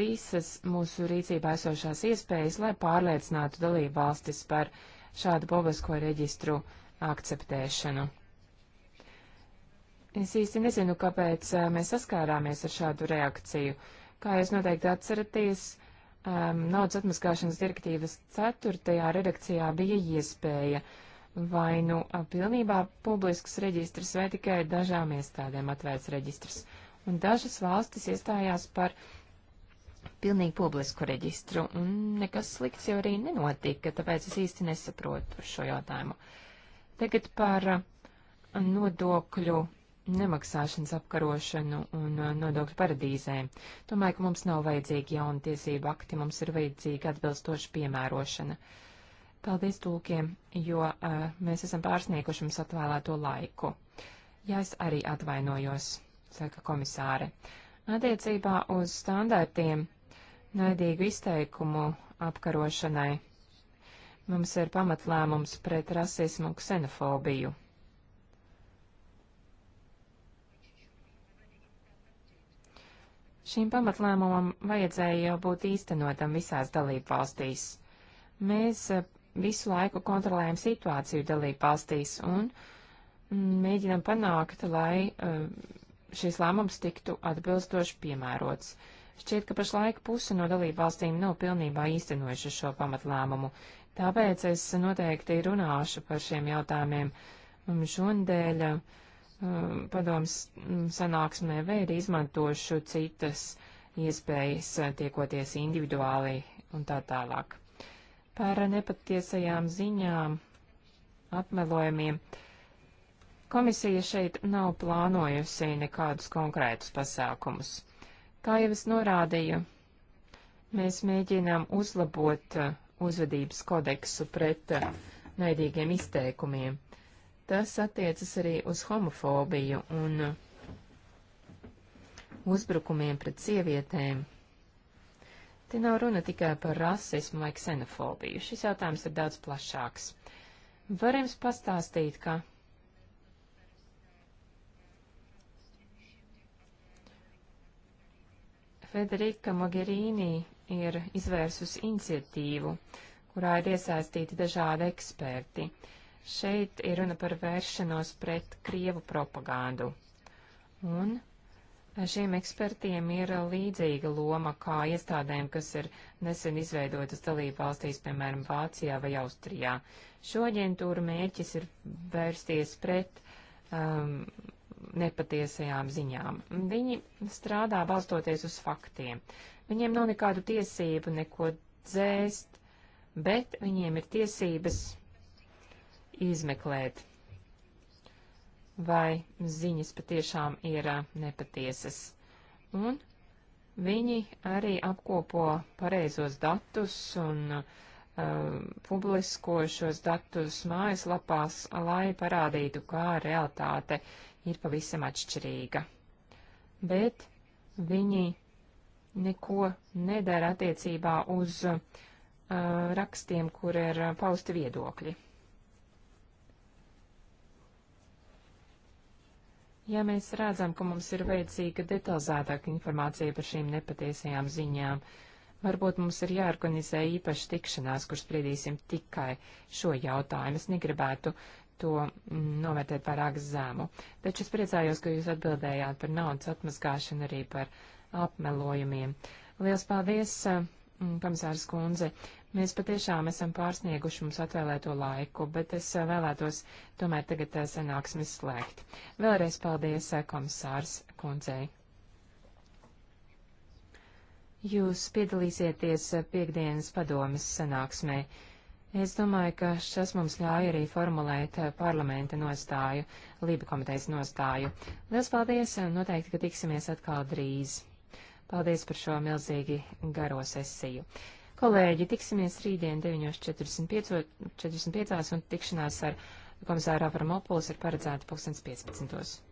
visas mūsu rīcībā esošās iespējas, lai pārliecinātu dalību valstis par šādu publisko reģistru akceptēšanu. Es īsti nezinu, kāpēc eh, mēs saskārāmies ar šādu reakciju. Kā jūs noteikti atceraties, um, naudas atmaskāšanas direktīvas ceturtajā redakcijā bija iespēja vai nu pilnībā publisks reģistrs vai tikai dažām iestādēm atvērts reģistrs. Un dažas valstis iestājās par pilnīgi publisku reģistru, un nekas slikts jau arī nenotika, tāpēc es īsti nesaprotu šo jautājumu. Tagad par nodokļu nemaksāšanas apkarošanu un uh, nodokļu paradīzēm. Domāju, ka mums nav vajadzīgi jauni tiesību akti, mums ir vajadzīga atbilstoša piemērošana. Paldies tūkiem, jo uh, mēs esam pārsnieguši mums atvēlēto laiku. Jā, es arī atvainojos, saka komisāre. Attiecībā uz standartiem naidīgu izteikumu apkarošanai mums ir pamatlēmums pret rasismu un ksenofobiju. Šīm pamatlēmumam vajadzēja jau būt īstenotam visās dalību valstīs. Mēs eh, visu laiku kontrolējam situāciju dalību valstīs un mm, mēģinam panākt, lai eh, šis lēmums tiktu atbilstoši piemērots. Šķiet, ka pašlaik puse no dalību valstīm nav pilnībā īstenojuši šo pamatlēmumu, tāpēc es noteikti runāšu par šiem jautājumiem mm, šonadēļ Um, padoms mm, sanāksmē vai arī izmantošu citas iespējas uh, tiekoties individuāli un tā tālāk. Par nepatiesajām ziņām, apmelojumiem. Komisija šeit nav plānojusi nekādus konkrētus pasākumus. Kā jau es norādīju, mēs mēģinām uzlabot uh, uzvedības kodeksu pret uh, naidīgiem izteikumiem. Tas attiecas arī uz homofobiju un uzbrukumiem pret sievietēm. Te nav runa tikai par rasismu vai ksenofobiju. Šis jautājums ir daudz plašāks. Var jums pastāstīt, ka Federika Mogherini ir izvērsusi iniciatīvu, kurā ir iesaistīti dažādi eksperti. Uh, Šeit ir runa par vēršanos pret Krievu propagandu. Un Šiem ekspertiem ir līdzīga loma kā iestādēm, kas ir nesen izveidotas dalību valstīs, piemēram, Vācijā vai Austrijā. Šo aģentūru mērķis ir vērsties pret um, nepatiesajām ziņām. Viņi strādā balstoties uz faktiem. Viņiem nav nekādu tiesību neko dzēst, bet viņiem ir tiesības izmeklēt, vai ziņas patiešām ir nepatiesas. Un viņi arī apkopo pareizos datus un uh, publisko šos datus mājaslapās, lai parādītu, kā realitāte ir pavisam atšķirīga. Bet viņi neko nedara attiecībā uz uh, rakstiem, kur ir pausti viedokļi. Ja mēs redzam, ka mums ir vajadzīga detalizētāka informācija par šīm nepatiesajām ziņām, varbūt mums ir jāorganizē īpaši tikšanās, kur spriedīsim tikai šo jautājumu. Es negribētu to mm, novērtēt pārāk zēmu, taču es priecājos, ka jūs atbildējāt par naudas atmazgāšanu arī par apmelojumiem. Liels paldies, mm, komisārs kundze! Mēs patiešām esam pārsnieguši mums atvēlēto laiku, bet es eh, vēlētos tomēr tagad eh, sanāksmes slēgt. Vēlreiz paldies eh, komisārs kundzei. Jūs piedalīsieties piekdienas padomas sanāksmē. Es domāju, ka šis mums ļauj arī formulēt parlamenta nostāju, Lība komitejas nostāju. Liels paldies, noteikti, ka tiksimies atkal drīz. Paldies par šo milzīgi garo sesiju. Kolēģi, tiksimies rītdien 9.45 un tikšanās ar komisāru Avramopulis ir paredzēta 2015.